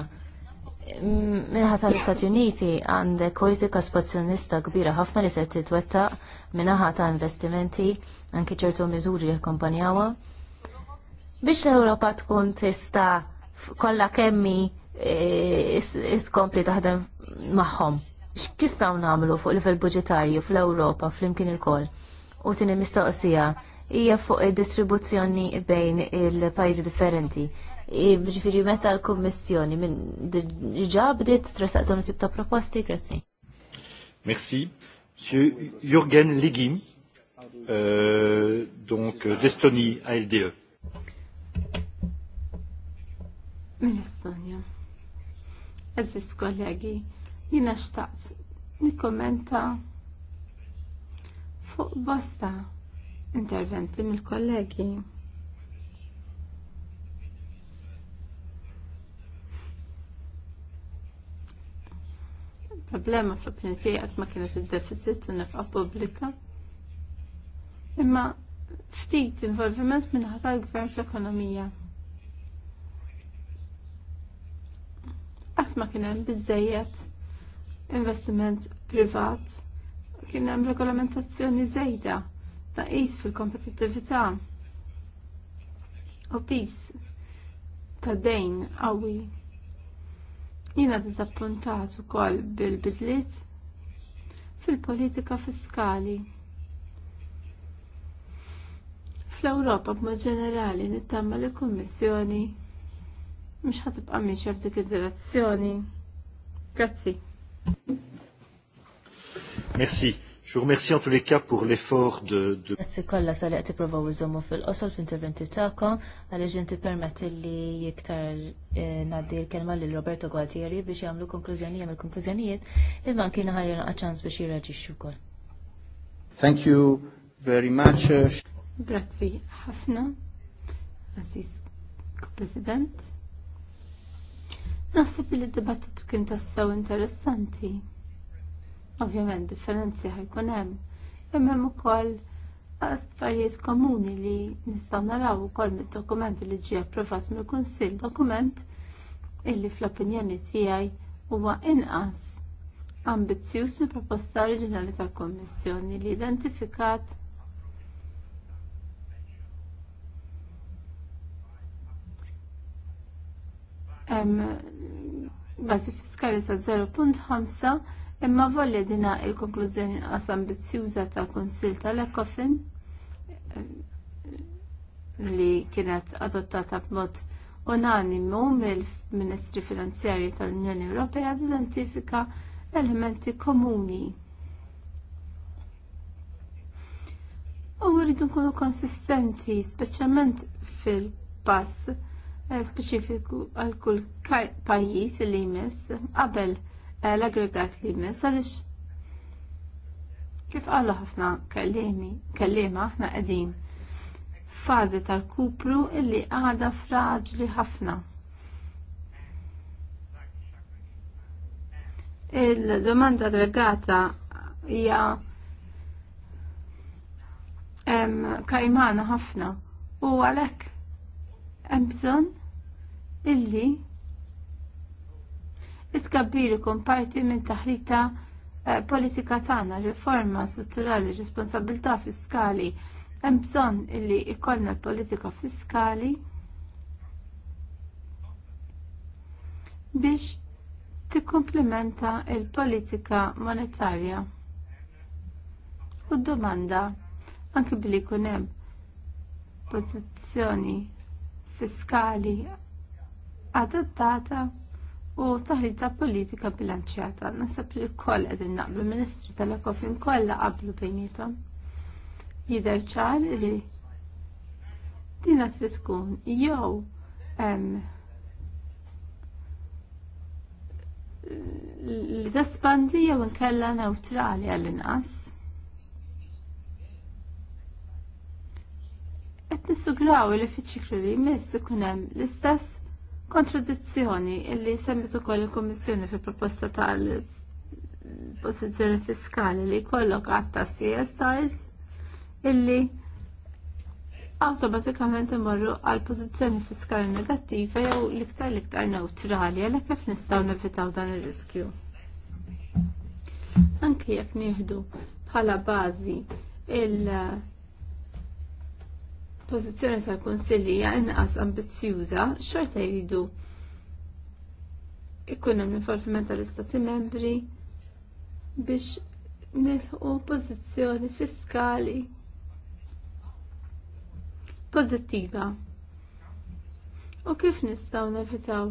Minħa tal-Istati Uniti għandek politika spazzjonista kbira ħafna li se minn minnaħa ta' investimenti anki ċertu miżuri jakkompanjawha. Biex l-Ewropa tkun tista' kollha kemmi eh, tkompli taħdem magħhom x'kistgħu nagħmlu fuq livell budgetarju fl-Ewropa flimkien il kol U tieni mistoqsija hija fuq id-distribuzzjoni bejn il-pajjiżi differenti. Ġifieri meta l-Kummissjoni minn ġa trasaq dawn tip ta' proposti, grazzi. Merci. Monsieur Jürgen Ligim, euh, donc d'Estonie, ALDE. Mill-Estonja. Aziz kollegi, Jina xtaqt nikkommenta fuq bosta interventi mill-kollegi. problema fl-opinjoni tiegħi ma kienet id-deficit u nefqa pubblika. Imma ftit involviment minħabba l-gvern fl-ekonomija. Qatt ma kien hemm investiment privat kien hemm regolamentazzjoni żejda taqis fil-kompetittività u pis ta' dejn qawwi. Jiena diżappuntat ukoll bil-bidliet fil-politika fiskali. Fl-Ewropa b'mod ġenerali nittamma li kummissjoni mhux ħatibqa' mixja f'dik id-direzzjoni. Grazzi. Merci. Je vous remercie en tous les cas pour l'effort de... de... Grazie kolla tal għati t-prova użomu fil-qosol fil-interventi ta'kom, għal ġinti permetti li jiktar eh, naddi l-kelma li Roberto Gualtieri biex jgħamlu konklużjoni jgħamlu konklużjonijiet, imman kienu ħajja għacċans biex jirraġiċu kol. Thank you very much. Grazie ħafna, Aziz President. Naħseb li d-dibattitu kien tassew interessanti. Ovvjament differenzi ħajkun hemm, hemm hemm ukoll affarijiet komuni li nistgħu naraw ukoll mid-dokument li ġie approvat mill-Kunsill dokument illi fl-opinjoni tiegħi huwa inqas ambizzjuż mill proposta oriġinali tal-Kommissjoni li identifikat um, bażi fiskali sa' 0.5 imma volli dina il-konklużjoni nqas ambizjuża ta' konsil tal-Ekofin eh, li kienet adottata b'mod unanimu mill-Ministri Finanzjari tal-Unjoni Ewropea identifika elementi komuni. U rridu nkunu konsistenti, speċjalment fil-pass Eh, speċifiku għal kull pajjiż li jmiss qabel eh, l-aggregat li jmiss għaliex kif qalu ħafna kellimi kellima aħna qegħdin fażi tal-kupru illi għada fraġli ħafna. Il-domanda aggregata hija kajmana ħafna u għalhekk hemm bżonn illi it kun parti minn taħlita eh, politika tagħna, riforma strutturali, responsabilità fiskali. Hemm bżonn illi ikollna l-politika fiskali biex tikkumplementa l politika monetarja. U domanda anke billi jkun hemm pożizzjoni fiskali adattata u taħlita politika bilanċjata. Nasab li koll għedin naqblu ministri tal-ekofin kolla qablu bejnietom. Jider ċar li dina triskun tkun jew li daspandi jew nkella neutrali għall-inqas. Qed nissugraw li li jmiss ikun hemm l-istess kontradizzjoni illi u koll il-Kummissjoni fi proposta tal-pożizzjoni fiskali li jkollok għatta CSRs illi automatikament imorru għal pożizzjoni fiskali negattiva jew l-iktar l-iktar neutrali għalhekk kif nistgħu nevitaw dan ir-riskju. Anki jekk nieħdu bħala bażi il- pożizzjoni tal-Kunsilli hija inqas ambizzjuża xorta jridu ikun hemm involviment tal-Istati Membri biex nilħu pożizzjoni fiskali pożittiva. U kif nistgħu nevitaw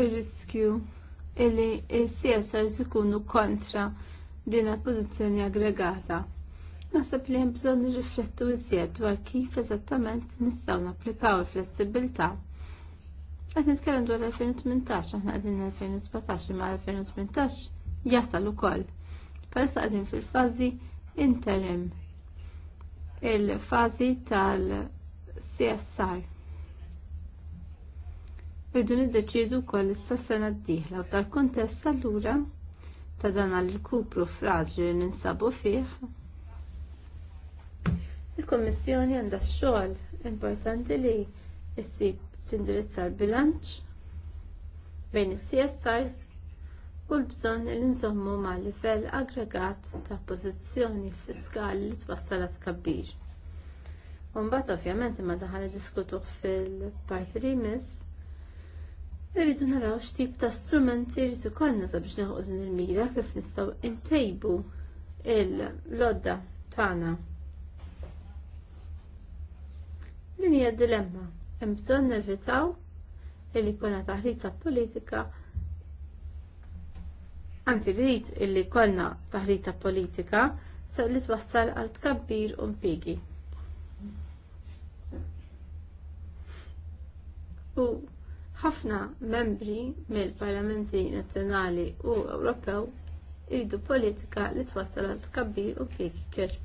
ir-riskju li illi il-CSRs ikunu kontra din il-pożizzjoni aggregata? Nasab li hemm bżonn nirriflettu iżjed dwar kif eżattament nistgħu napplikaw il-flessibilità. Qed nitkellem dwar 2018 aħna qegħdin 2017 ma 2018 jasal ukoll. Peress qegħdin fil-fażi interim il-fażi tal-CSR. Bidu niddeċidu wkoll issa sena d-dieħla u tal-kuntest allura ta' dan għal-kupru fraġli ninsabu fih Il-Kommissjoni għandha xogħol importanti li ssib tindirizza l-bilanċ bejn is-CSRs u l-bżonn li nżommu mal livell aggregat ta' pożizzjoni fiskali li twassalat kabbir. mbagħad ovvjament imma daħal diskutuh fil-parti li jmiss, irridu naraw x'tip ta' strumenti jrid ikollna sabiex naħuq din il-mira kif nistgħu ntejbu l-lodda tagħna Din hija dilemma. Hemm bżonn nevitaw illi jkollna taħlita politika Anzi, rrit illi jkollna taħlita politika sa li twassal għal tkabbir u mpigi. U ħafna membri mill-Parlamenti Nazzjonali u Ewropew iridu politika li twassal għal tkabbir u kif kif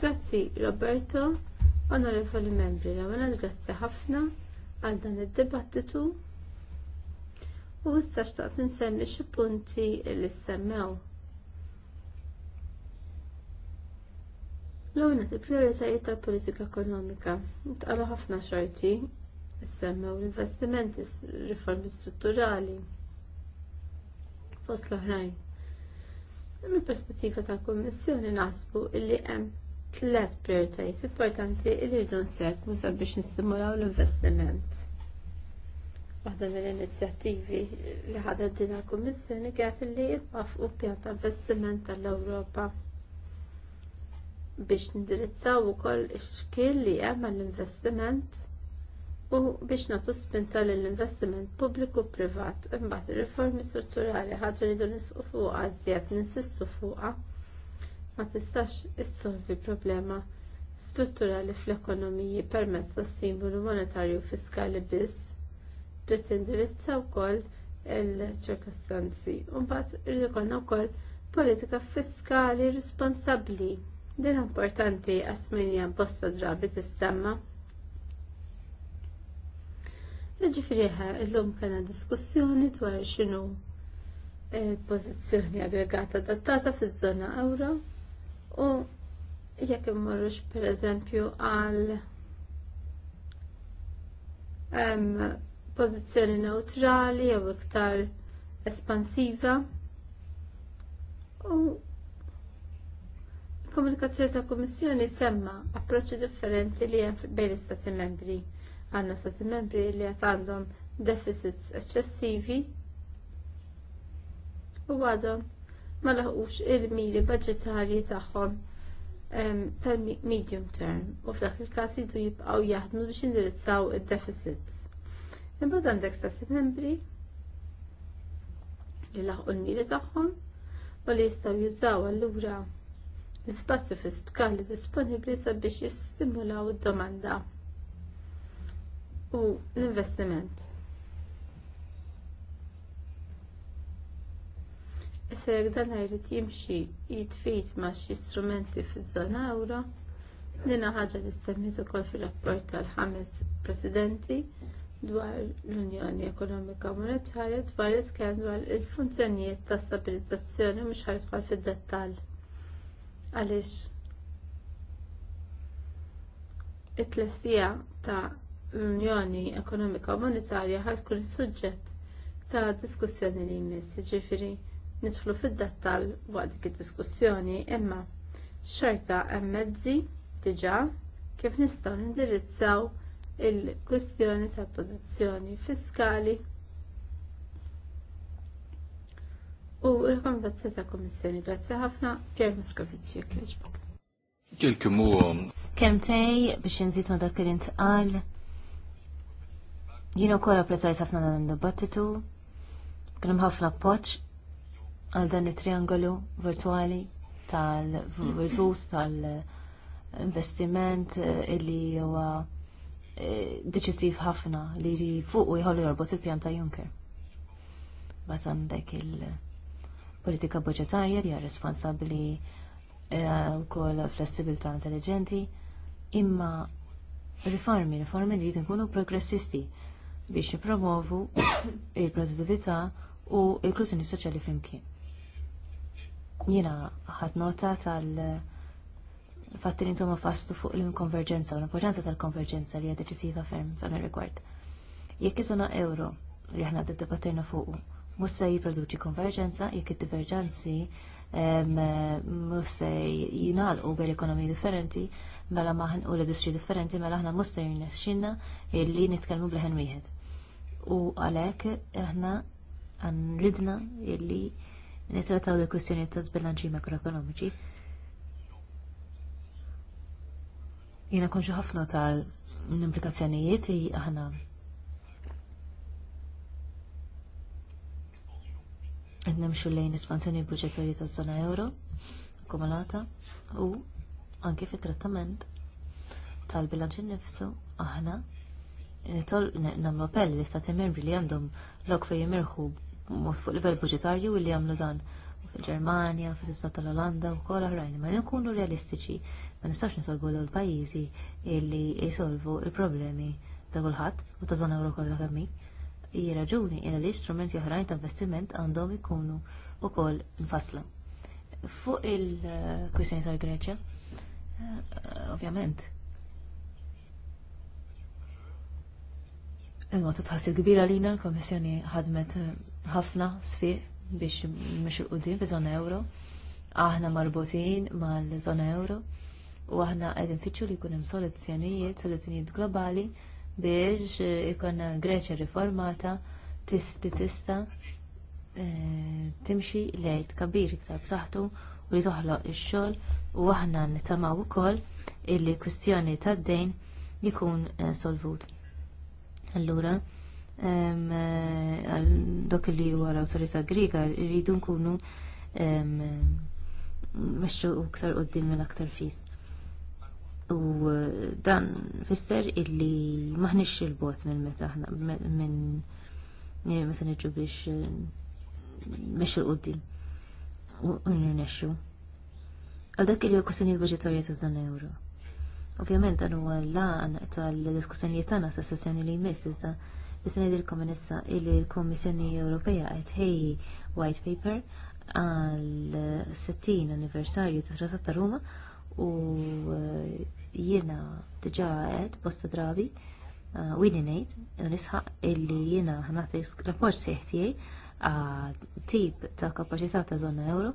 Grazzi Roberto, onorevoli membri, l grazzi ħafna għal dan id-dibattitu u issa xtaqt ninsemmi xi punti li semmew. L-għuna t-prioritajiet tal-politika ekonomika, tqalu ħafna xorti, semmew l-investimenti, riformi strutturali, fost l-oħrajn. Mill perspettiva tal kummissjoni nasbu illi hemm tlet prioritajiet importanti li rridu nsegwu sabiex nistimulaw l-investiment. Waħda mill-inizjattivi li ħadet din il-Kummissjoni kienet li jitwafqu pjan ta' investiment tal-Ewropa biex nindirizzaw ukoll ix-xkil li hemm għall-investiment u biex nagħtu spinta lill investiment pubbliku privat imbagħad ir-riformi strutturali ħaġa li dun nisqu fuqha iżjed ninsistu fuqha ma tistax issolvi problema strutturali fl-ekonomiji permezz tas simbolu monetarju fiskali biss, trid tindirizza wkoll il-ċirkostanzi. u mbagħad irid ikollna wkoll politika fiskali responsabbli. Din importanti għasminja bosta drabi tissemma. Ġifiri illum kena diskussjoni dwar x'inhu eh, pożizzjoni aggregata adattata fiż-żona euro U jekk imorrux pereżempju għal pożizzjoni neutrali jew iktar espansiva. U komunikazzjoni ta' kummissjoni semma approċċi differenti li hemm bejn l-istati membri. Għandna stati membri li qed għandhom deficits eċċessivi u għadhom ma laħqux il-miri budgetarji tagħhom tal-medium term u f'dak il-każ jidu jibqgħu jaħdmu biex indirizzaw id-deficits. Imbagħad għandek stati membri li laħqu l-miri tagħhom u li jistgħu jużaw allura l-ispazju fiskali disponibbli sabiex jistimulaw id-domanda u l-investiment. Isser dan jrid jimxi jitfit ma' xi strumenti fiż-żona euro Dina ħaġa li semmiz ukoll fir-rapport tal-ħames presidenti dwar l-Unjoni Ekonomika Monetarja dwar iskem dwar il-funzjonijiet ta' stabilizzazzjoni mhux ħarfal fid-dettall. Għaliex it-tlessija ta' l-Unjoni Ekonomika Monetarja ħal tkun suġġett ta' diskussjoni li jmiss, ġifiri nidħlu fid-dettall waqt dik id-diskussjoni imma xorta hemm mezzi diġà kif nistgħu nindirizzaw il-kwistjoni tal pożizzjoni fiskali u rekomendazzjoni ta' Kummissjoni. Grazzi ħafna, Pier Moscovici, kieġbok. Kelku Kem tej biex nżid ma dak li intqal. Jien ukoll apprezzajt ħafna dan il dibattitu Kien hemm ħafna poċ għal dan it-triangolu virtuali tal-virtus tal-investiment eh, illi huwa eh, deċisiv ħafna li jri fuq u jħollu jorbot il-pjan ta' Juncker. Bat għandek il-politika budgetarja li hija responsabbli eh, wkoll flessibilità intelligenti, imma riformi, riformi li jrid progressisti biex jipromovu il-produttività u l klusjoni soċjali flimkien. Jiena ħad nota tal- fatti li ntoma fastu fuq l-konverġenza u l-importanza tal-konverġenza li hija deċisiva ferm f'dan ir-rigward. Jekk iżona euro li aħna debattejna fuq mhux se jipproduċi konverġenza jekk id-diverġenzi musse se jingħalqu bejn ekonomiji differenti mela maħn u l-industri differenti mela aħna mhux se jirnexxinna illi nitkellmu bleħen wieħed. U għalhekk aħna għan ridna illi nitrataw li kwistjoni ta' zbilanċi makroekonomiċi. Jena konġu ħafna tal-implikazzjonijiet li aħna nemxu lejn espansjoni budġetarji ta' zona euro akkumulata u anke fit-trattament tal-bilanċi nifsu aħna nitol namlu appell l-istati membri li għandhom l-ok fej jimirħu fuq livell budgetarju li jagħmlu dan fil-Ġermanja, fil-Istat tal-Olanda u kol oħrajn, ma nkunu realistiċi, ma nistax nisolvu l pajjiżi illi jisolvu l problemi ta' kulħadd u ta' żona Ewropa kollha kemm hi raġuni era li strumenti oħrajn ta' investiment għandhom ikunu wkoll nfassla. Fuq il-kwistjoni tal-Greċja, eh, ovvjament, Il-mod tħassib kbira lina, l komissjoni ħadmet ħafna sfiq biex mhux il-qudiem fi żona euro. Aħna marbutin mal-żona euro u aħna għedin fitxu li jkun hemm soluzzjonijiet, soluzzjonijiet globali biex eh, ikonna Greċja riformata tisti tista eh, timxi lejt kabir iktar b'saħħtu u li toħloq ix-xogħol u aħna nitamaw ukoll illi kwistjoni tad-dejn jkun eh, solvut. Allura, dak li huwa l-awtorità Griega rridu nkunu mexxu iktar qoddim minn aktar fis. U dan fisser illi maħniex il-bot minn meta aħna minn meta niġu biex mexxu qoddim u nirnexxu. Għal dak li kwistjonijiet budġetarja ta' zan euro. Ovvjament dan huwa l-lan tal diskussjoni tagħna ta' sessjoni li jmiss iżda Issa ngħidilkom li l-Kummissjoni Ewropea qed ħejji white paper għal 60 anniversarju ta' Trattat ta' Ruma u eh, jiena diġà qed bosta drabi wieni eh, ngħid nisħaq illi jiena ħanati rapport sejħ tiegħi tip ta' kapaċità ta' żona euro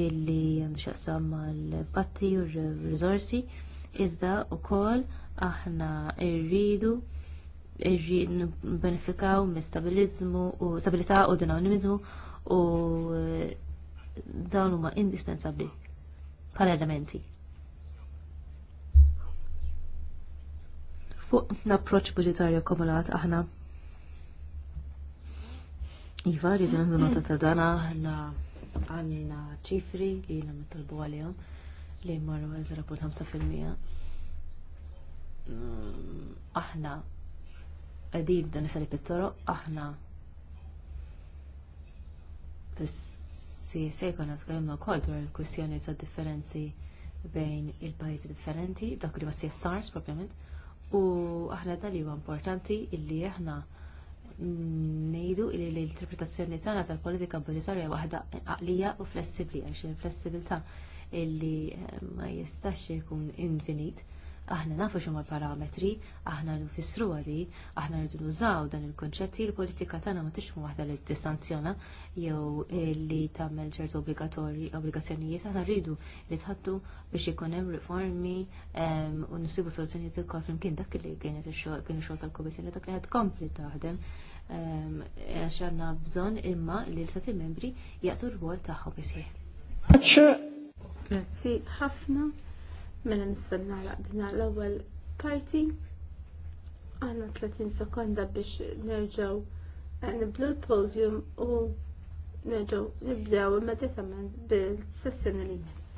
illi għandu xaqsam mal patti u r-rizorsi iżda wkoll aħna rridu irrid nbenefikaw minn stabilizmu u stabilità u dinamizmu u eh, dawn huma indispensabbli pal elementi. Fuq l approċ budgetarju akkumulat aħna Iva, li nħdu nota ta' dana, għanna għanna ċifri li jina mitolbu għalihom li marru għazra 5%. Aħna qegħdin dan is pittoro aħna fis-CSA konna tkellimna wkoll dwar il-kwistjoni ta' differenzi bejn il-pajjiżi differenti, dak li ma CSRs propjament, u aħna dan li huwa importanti illi aħna ngħidu li l-interpretazzjoni tagħna tal-politika budgetarja waħda għaqlija u flessibbli għax il-flessibilità illi eh, ma jistax jkun infinit aħna nafu xumma parametri, aħna nufissru għadi, aħna rridu nużaw dan il-konċetti, il-politika tagħna ma tixmu waħda li distanzjona jew li tagħmel ċertu obbligazzjonijiet, aħna rridu li tħattu biex ikun hemm riformi u nsibu soluzzjonijiet ukoll flimkien dak li kienet il xogħol tal-Kummissjoni dak li qed kompli taħdem għax għandna bżonn imma li l-stati membri jaqtu r-rwol tagħhom isih. Grazzi ħafna. Mela nistanna għala dina l-ewwel parti. Għanna 30 sekonda biex nerġgħu eh, niblu l-podium u nerġgħu nibdew immediatament bil-sessjoni li jmiss.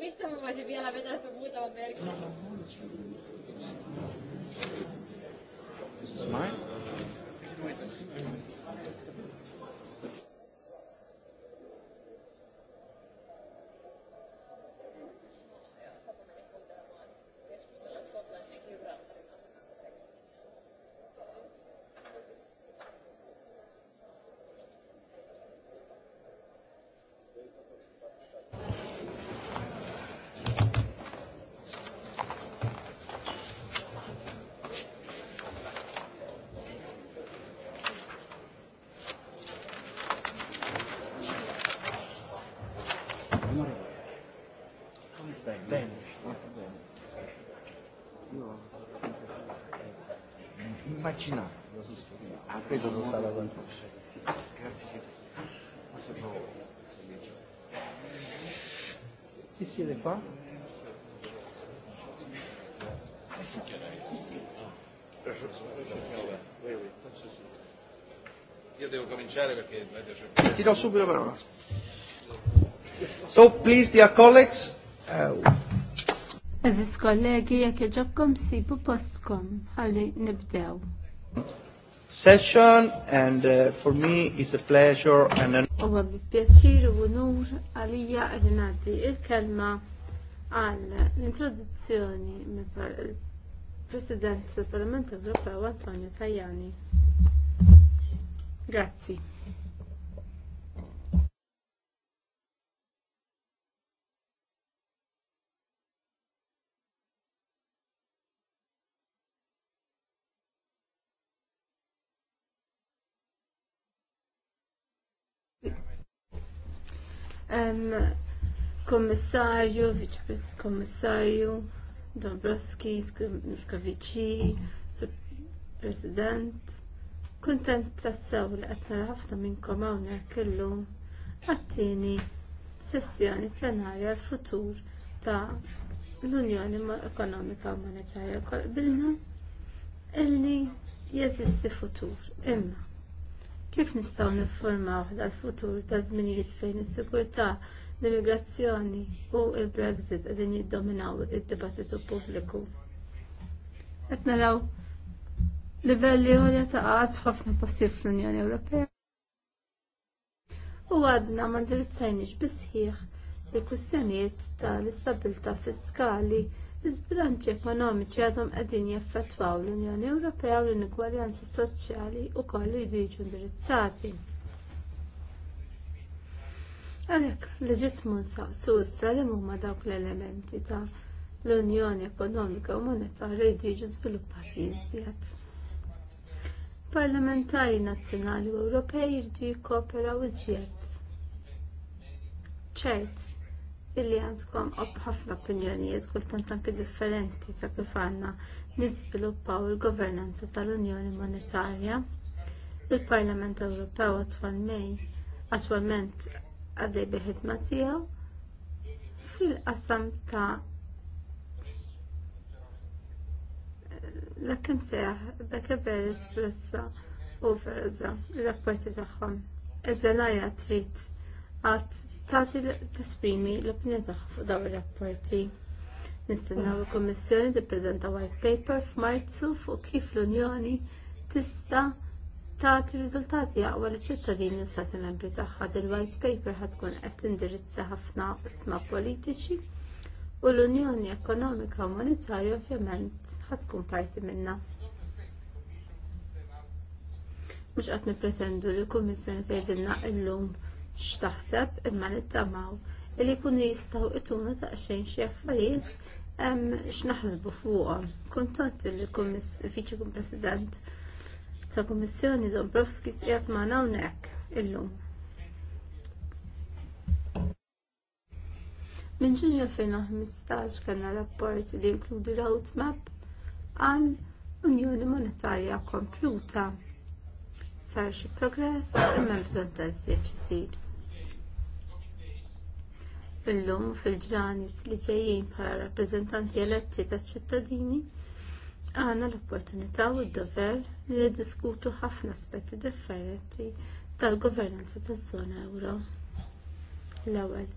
Mista ma maġi vielä vetää veda s-sabuta Smile? Immagina. sono stato con Grazie. Chi siete qua? Io devo cominciare perché... Ti do subito la parola. So, please, dear colleagues, Aziz kollegi, jekk iġobkom sibu postkom, ħalli nibdew. Session and uh, for me is a pleasure and an Uwa bi pjaċir u nur għalija li il-kelma għal l-introduzzjoni mifar il-President del Parlamento Europeo Antonio Tajani. Grazie. Kommissarju, Viċ Kommissarju, Dobroski, Skovici, President. Kuntent tassaw li għatna ħafna minnkom hawnhekk kellu għattini sessjoni plenarja l-futur ta' l-Unjoni Ekonomika u Monetarja kolbilna illi jeżisti futur imma Kif nistgħu niffurmaw għall futur ta' żminijiet fejn is-sigurtà, l-immigrazzjoni u l-Brexit qegħdin jiddominaw id-dibattitu pubbliku? Qed naraw livelli għolja ta' għad f'ħafna postijiet fl-Unjoni Ewropea. U għadna ma ndirizzajniex bisħiħ il-kustjonijiet tal-istabilta fiskali Iż-bilanċi ekonomiċi għadhom qegħdin jaffettwaw l-Unjoni Ewropea u l-inigwaljanzi soċjali wkoll jridu jiġu indirizzati. Għalhekk leġittmu nsaqsu issa li huma dawk l-elementi ta' l-Unjoni Ekonomika u Monetarja jridu jiġu żviluppati iżjed. Parlamentari nazzjonali u Ewropej jridu jikkooperaw iżjed. ċert illi għandkom ħafna opinjonijiet kultant anke differenti ta' kif għandna niżviluppaw il-governanza tal-Unjoni Monetarja. Il-Parlament Ewropew attwalment għaddej biħidma tiegħu fil-qasam ta' l-kem seħ Bekeber Espressa u Ferza, il-rapporti tagħhom. Il-plenarja trid għad tagħti tisprimi l-opinjoni tagħha fuq dawn ir-rapporti. Nistennaw il-Kummissjoni tippreżenta white paper f'Marzu fuq kif l-Unjoni tista' tagħti riżultati aqwa li ċittadini u stati membri tagħha din white paper ħad tkun qed tindirizza ħafna isma' politiċi u l-Unjoni Ekonomika u Monetarja ovvjament ħad tkun parti minnha. Mhux qed nippretendu li l-Kummissjoni tgħidilna llum x'taħseb imma nittamaw li jkunu jistgħu ituna taqxejn xi affarijiet x'naħsbu fuqhom. Kuntant il-Viċi President ta' Kummissjoni Dombrovski qiegħed magħna hawnhekk illum. Minn ġunju 2015 kellna rapport li jinkludi roadmap għal Unjoni Monetarja Kompluta. Sar xi progress imma bżonn ta' żied isir illum fil-ġranet li ġejjin bħala rappreżentanti eletti taċ ċittadini għandna l-opportunità u d-dover li niddiskutu ħafna aspetti differenti tal-governanza taż-żona Ewro. L-ewwel,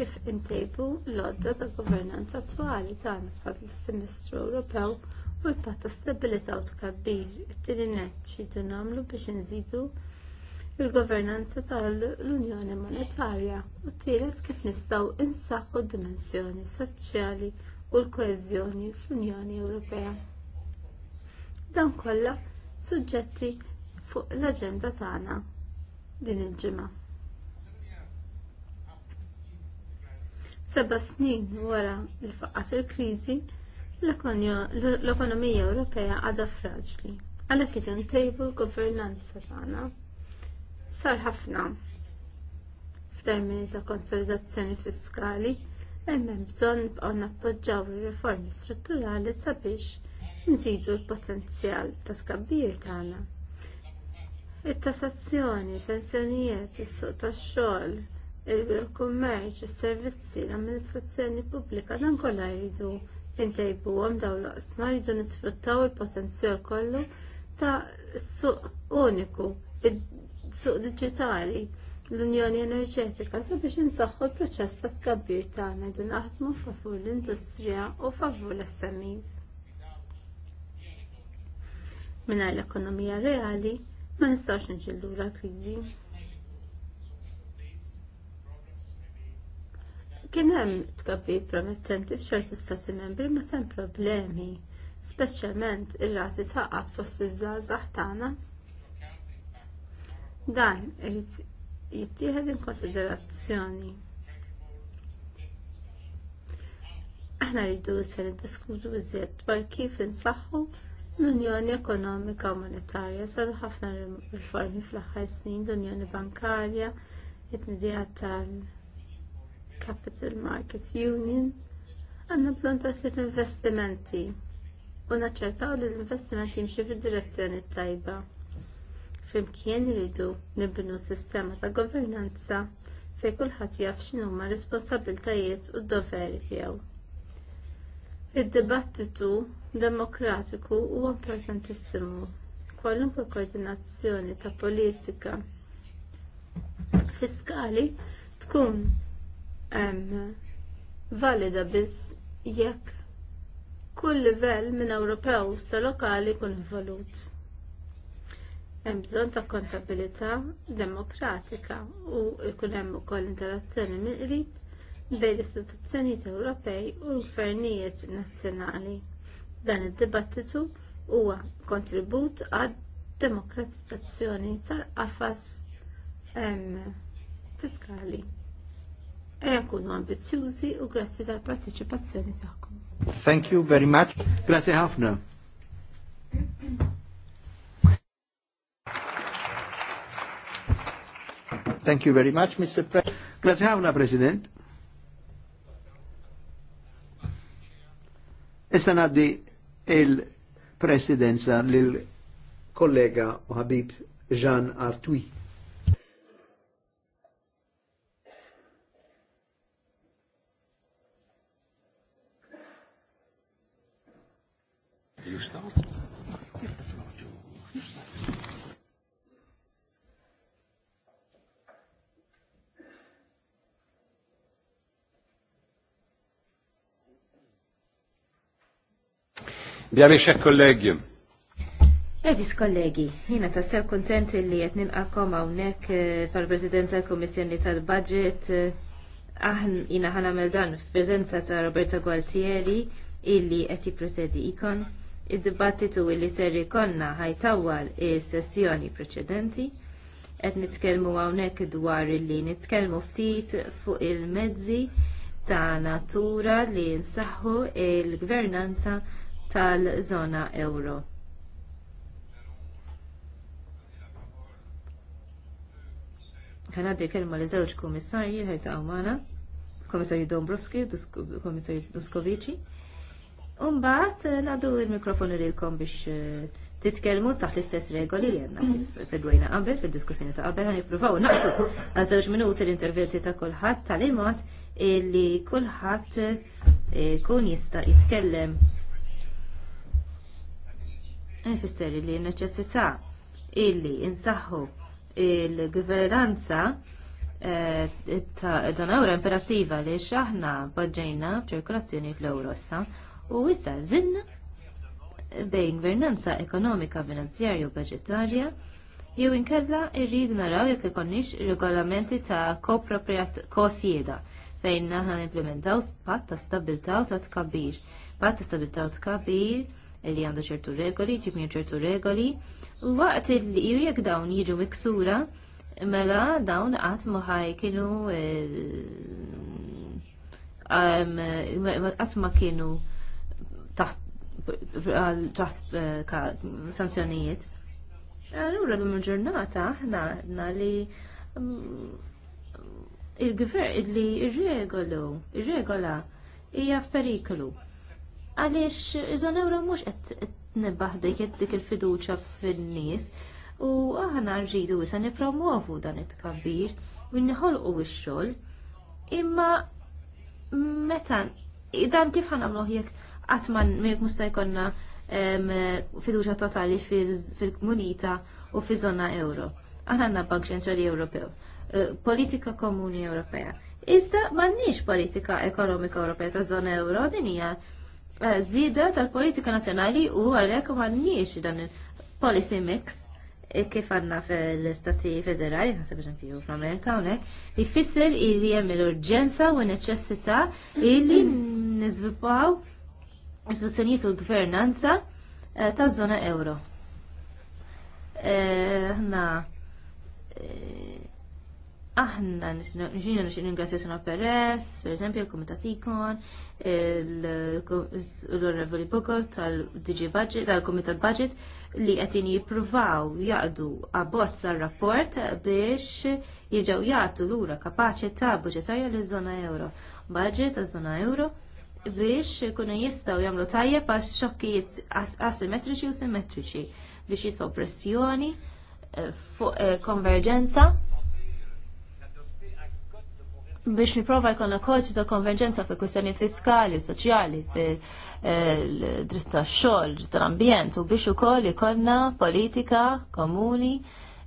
kif intejbu l-għodda ta' governanza attwali tagħna bħal is-Semestru Ewropew u l-patt ta' stabilità u tkabbir it-tieni nett nagħmlu biex inżidu il-governanza tal-Unjoni Monetarja u tielet kif nistgħu insaħħu d-dimensjoni soċjali u l-koeżjoni fl-Unjoni Ewropea. Dan kollha suġġetti fuq l-aġenda tagħna din il-ġimgħa. Seba' snin wara li faqqat il-kriżi, l-ekonomija Ewropea għadha fraġli. Għalhekk qed ntejbu l-governanza tagħna sar ħafna f'termini ta' konsolidazzjoni fiskali hemm hemm bżonn nibqgħu nappoġġjaw ir-riformi strutturali sabiex nżidu l-potenzjal ta' skabbir tagħna. It-tassazzjoni, pensjonijiet, is-suq tax-xogħol, il-kummerċ, is-servizzi, l-amministrazzjoni pubblika dan kollha jridu intejbuhom dawn l-oqsma jridu nisfruttaw il-potenzjal kollu ta' suq uniku suq digitali l-Unjoni Enerġetika sabiex insaħħu l-proċess ta' tkabbir tagħna dun naħdmu favur l-industrija u favur l-SMEs. Mingħajr l-ekonomija reali ma nistax niġildu l-kriżi. Kien hemm tkabbir promettenti f'ċertu stati membri ma sem problemi, speċjalment ir-rati saqat fost iż-żgħażagħ tagħna Dan irid jittieħed in konsiderazzjoni. Aħna rridu se niddiskutu iżjed dwar kif insaħħu l-Unjoni Ekonomika u Monetarja saru ħafna riformi fl-aħħar snin l-Unjoni Bankarja, it-nidija tal-Capital Markets Union, għanna bżonn ta' sitt investimenti u naċċertaw li l-investimenti jimxi fid-direzzjoni tajba. Flimkien iridu nibnu sistema ta' governanza fejn kulħadd jaf x'inhuma responsabiltajiet u d-doveri tiegħu. Id-dibattitu demokratiku huwa importantissimu. Kwalunkwe koordinazzjoni ta' politika fiskali tkun um, valida biss jekk kull livell minn Ewropew sa lokali jkun involut hemm bżonn ta' kontabilità demokratika u jkun hemm ukoll interazzjoni mill-qrib bejn l-istituzzjonijiet Ewropej u l-gvernijiet nazzjonali. Dan id-dibattitu huwa kontribut għad demokratizzazzjoni tal-qafas ehm, fiskali. Eja kunu ambizjużi u grazzi tal-partiċipazzjoni tagħkom. Thank you very much. ħafna. Thank you very much, Mr. President. Grazie ħafna, President. Issa naddi il-presidenza lil-kollega u ħabib Jean Artui. You start? Bien, mes kollegi. Eżis kollegi, jina tassew kontent li jett nilqakom għawnek pal-President eh, tal-Komissjoni tal-Budget. Eh, aħn jina meldan dan prezenza ta' Roberta Gualtieri illi qed jippresedi ikon. Id-dibattitu illi serri konna ħajtawal il sessjoni preċedenti. Qed nitkellmu hawnhekk dwar illi nitkellmu ftit fuq il-mezzi ta' natura li nsaħħu il-gvernanza il gvernanza tal-żona euro. Kan għaddi kelma li żewġ kummissarji ħajta għamana, kummissarju Dombrovski u kummissarju Duskovici. Umbat, eh, naddu il-mikrofonu lilkom biex eh, titkellmu taħt l-istess regoli li għedna segwejna qabel fil-diskussjoni ta' qabel għan jipruvaw naqsu għazzewġ minuti l-interventi ta' kulħadd tal-imot li kulħadd eh, kun jista' jitkellem Nfisser li neċessita illi insaħħu il-gvernanza eh, ta' dan ewra imperattiva li xaħna bħadġajna b'ċirkulazzjoni fl-euro issa u issa zinna bejn gvernanza ekonomika, finanzjarja u budgetarja, jew inkella irridu naraw jekk ikonniex regolamenti ta' kopropriat kosjeda fejn aħna nimplementaw patta ta' stabilta' u ta' tkabbir. Patta ta' stabilta' u tkabbir li għandu ċertu regoli, ġibni ċertu regoli, u waqt li jekk dawn jiġu miksura, mela dawn qatt ma kienu eh, qatt ma kienu taħt eh, sanzjonijiet. Allura l ġurnata aħna għadna li mm, il-gvern li il regolu ir-regola hija f'periklu għaliex iżon Ewro mux qed nibbaħ dik il-fiduċa fin-nies u aħna rridu issa nipromovu dan it kabbir u nħolqu x-xogħol imma meta dan kif ħanamluh jekk qatt ma musta jkollna fiduċa totali fil-komunità u fi żona euro. Aħna għandna Bank Ċentrali Ewropew, e, politika komuni Ewropea. Iżda m'għandniex politika ekonomika Ewropea ta' żona euro, din hija Eh, zida tal-politika nazjonali u għalek għannix dan il-policy mix eh, kif għanna fil-istati federali, għasab ġempju fl-Amerika unek, jfisser illi jem l-urġenza u neċessita illi nizvipaw istituzzjonijiet u l-gvernanza eh, ta' zona euro aħna nxinja nxin ingrazzja sena Perez, per eżempju, il-Komitat Ikon, l-Onorevoli Bogot tal-DG Budget, tal-Komitat Budget, li jin jippruvaw jaqdu għabbozza rapport biex jirġaw jagħtu l-ura kapaċi ta' budgetarja li zona euro. Budget ta' zona euro biex kunu jistaw jamlu tajjeb għax xokkijiet asimetriċi u simmetriċi biex jitfaw pressjoni eh, fuq eh, konverġenza biex niprofa jkollna koċi ta' konvenġenza fi kwistjonijiet fiskali, soċjali, fil-dritt eh, xol, xogħol, tal-ambjent u biex ukoll jkonna politika komuni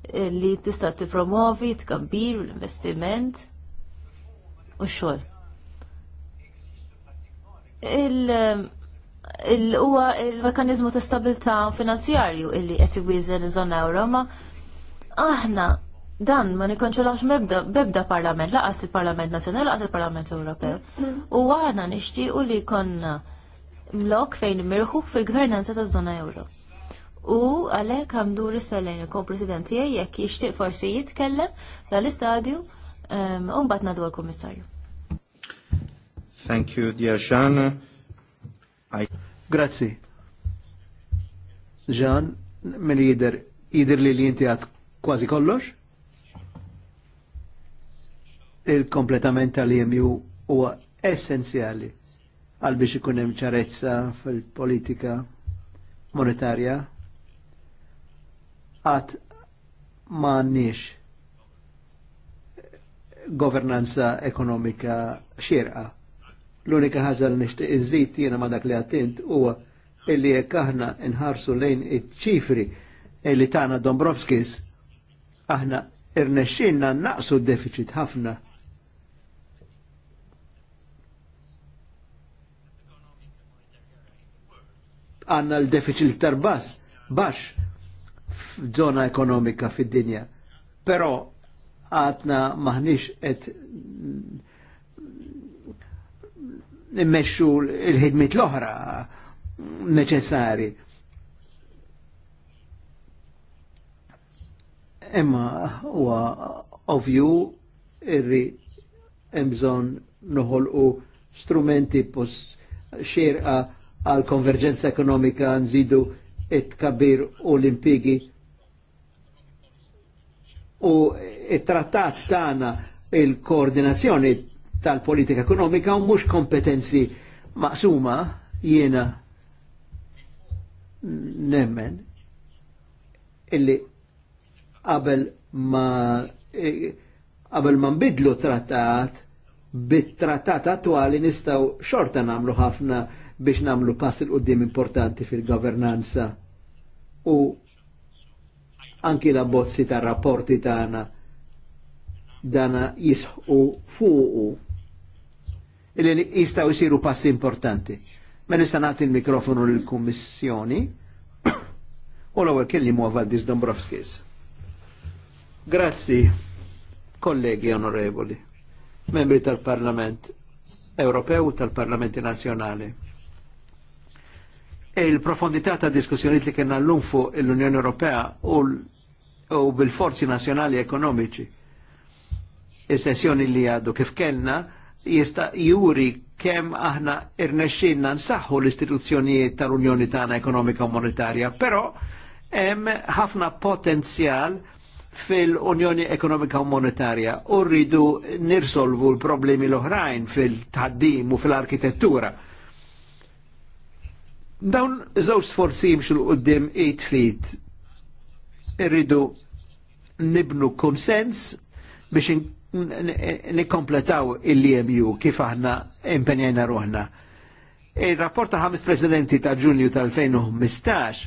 eh, li tista' tippromovi tkabbir l-investiment u xol. xogħol Il-huwa il-mekanizmu ta' stabilta' finanzjarju illi qed iwiżen iż-żona Roma. aħna dan ma nikontrollax mebda, bebda parlament, laqas il-Parlament nazjonal, laqas il-Parlament Ewropew. U għana nixtiequ li konna blok fejn mirħu fil-gvernanza ta' zona euro. U għalek għamdu risalajn il-kom-president tiegħi jekk jixtieq forsi jitkellem dal-istadju u mbagħad nadu għal kummissarju Thank you, dear Jean. I... Grazzi. Jean, mill jider, jider li li jinti għad kważi kollox? il-kompletament tal-EMU huwa essenzjali għal biex ikun hemm ċarezza fil-politika monetarja għat m'għandniex governanza ekonomika xirqa. L-unika ħaġa li nixtieq iżid jiena ma dak li għattint huwa illi jekk aħna nħarsu lejn iċ-ċifri illi tagħna Dombrovskis aħna irnexxinna naqsu d-deficit ħafna għanna l-deficit tarbas bass, bax f'żona ekonomika fid-dinja. Però għatna maħniex qed immexxu l-ħidmit l-oħra neċessari. Imma huwa ovju irri hemm bżonn noħolqu strumenti post xirqa għal konverġenza ekonomika nżidu it-kabir u l-impigi. U it-trattat tagħna il-koordinazzjoni tal-politika ekonomika u mhux kompetenzi maqsuma jiena nemmen illi qabel ma eh, qabel ma nbidlu trattat bit-trattat attwali nistaw xorta namlu ħafna biex namlu pass il qoddim importanti fil-governanza u anki la bozzi ta' rapporti tagħna dana jisħu fuqu li jistaw jisiru passi importanti. Ma mela nista' nagħti l-mikrofonu lill-Kummissjoni u l-ewwel kellimu Valdis Dombrovskis. Grazzi, kollegi onorevoli, membri tal-Parlament Ewropew u tal-Parlamenti Nazzjonali il-profondità ta' diskussjoniet li kena l-lum fuq l-Unjoni Ewropea u bil-forzi nazjonali ekonomiċi. Il-sessjoni li għaddu kif kellna jista juri kem aħna irnexxinna nsaħħu l-istituzzjonijiet tal-Unjoni tagħna Ekonomika u Monetarja, però hemm ħafna potenzjal fil-Unjoni Ekonomika u Monetarja u rridu nirsolvu l-problemi l-oħrajn fil-tħaddim u fil-arkitettura. Dawn żewġ sforzi jimxu l-qoddim it-tfid. Irridu nibnu konsens biex nikkompletaw il-LMU kif aħna impenjajna ruħna. Il-rapport ta' ħames presidenti ta' ġunju tal-2015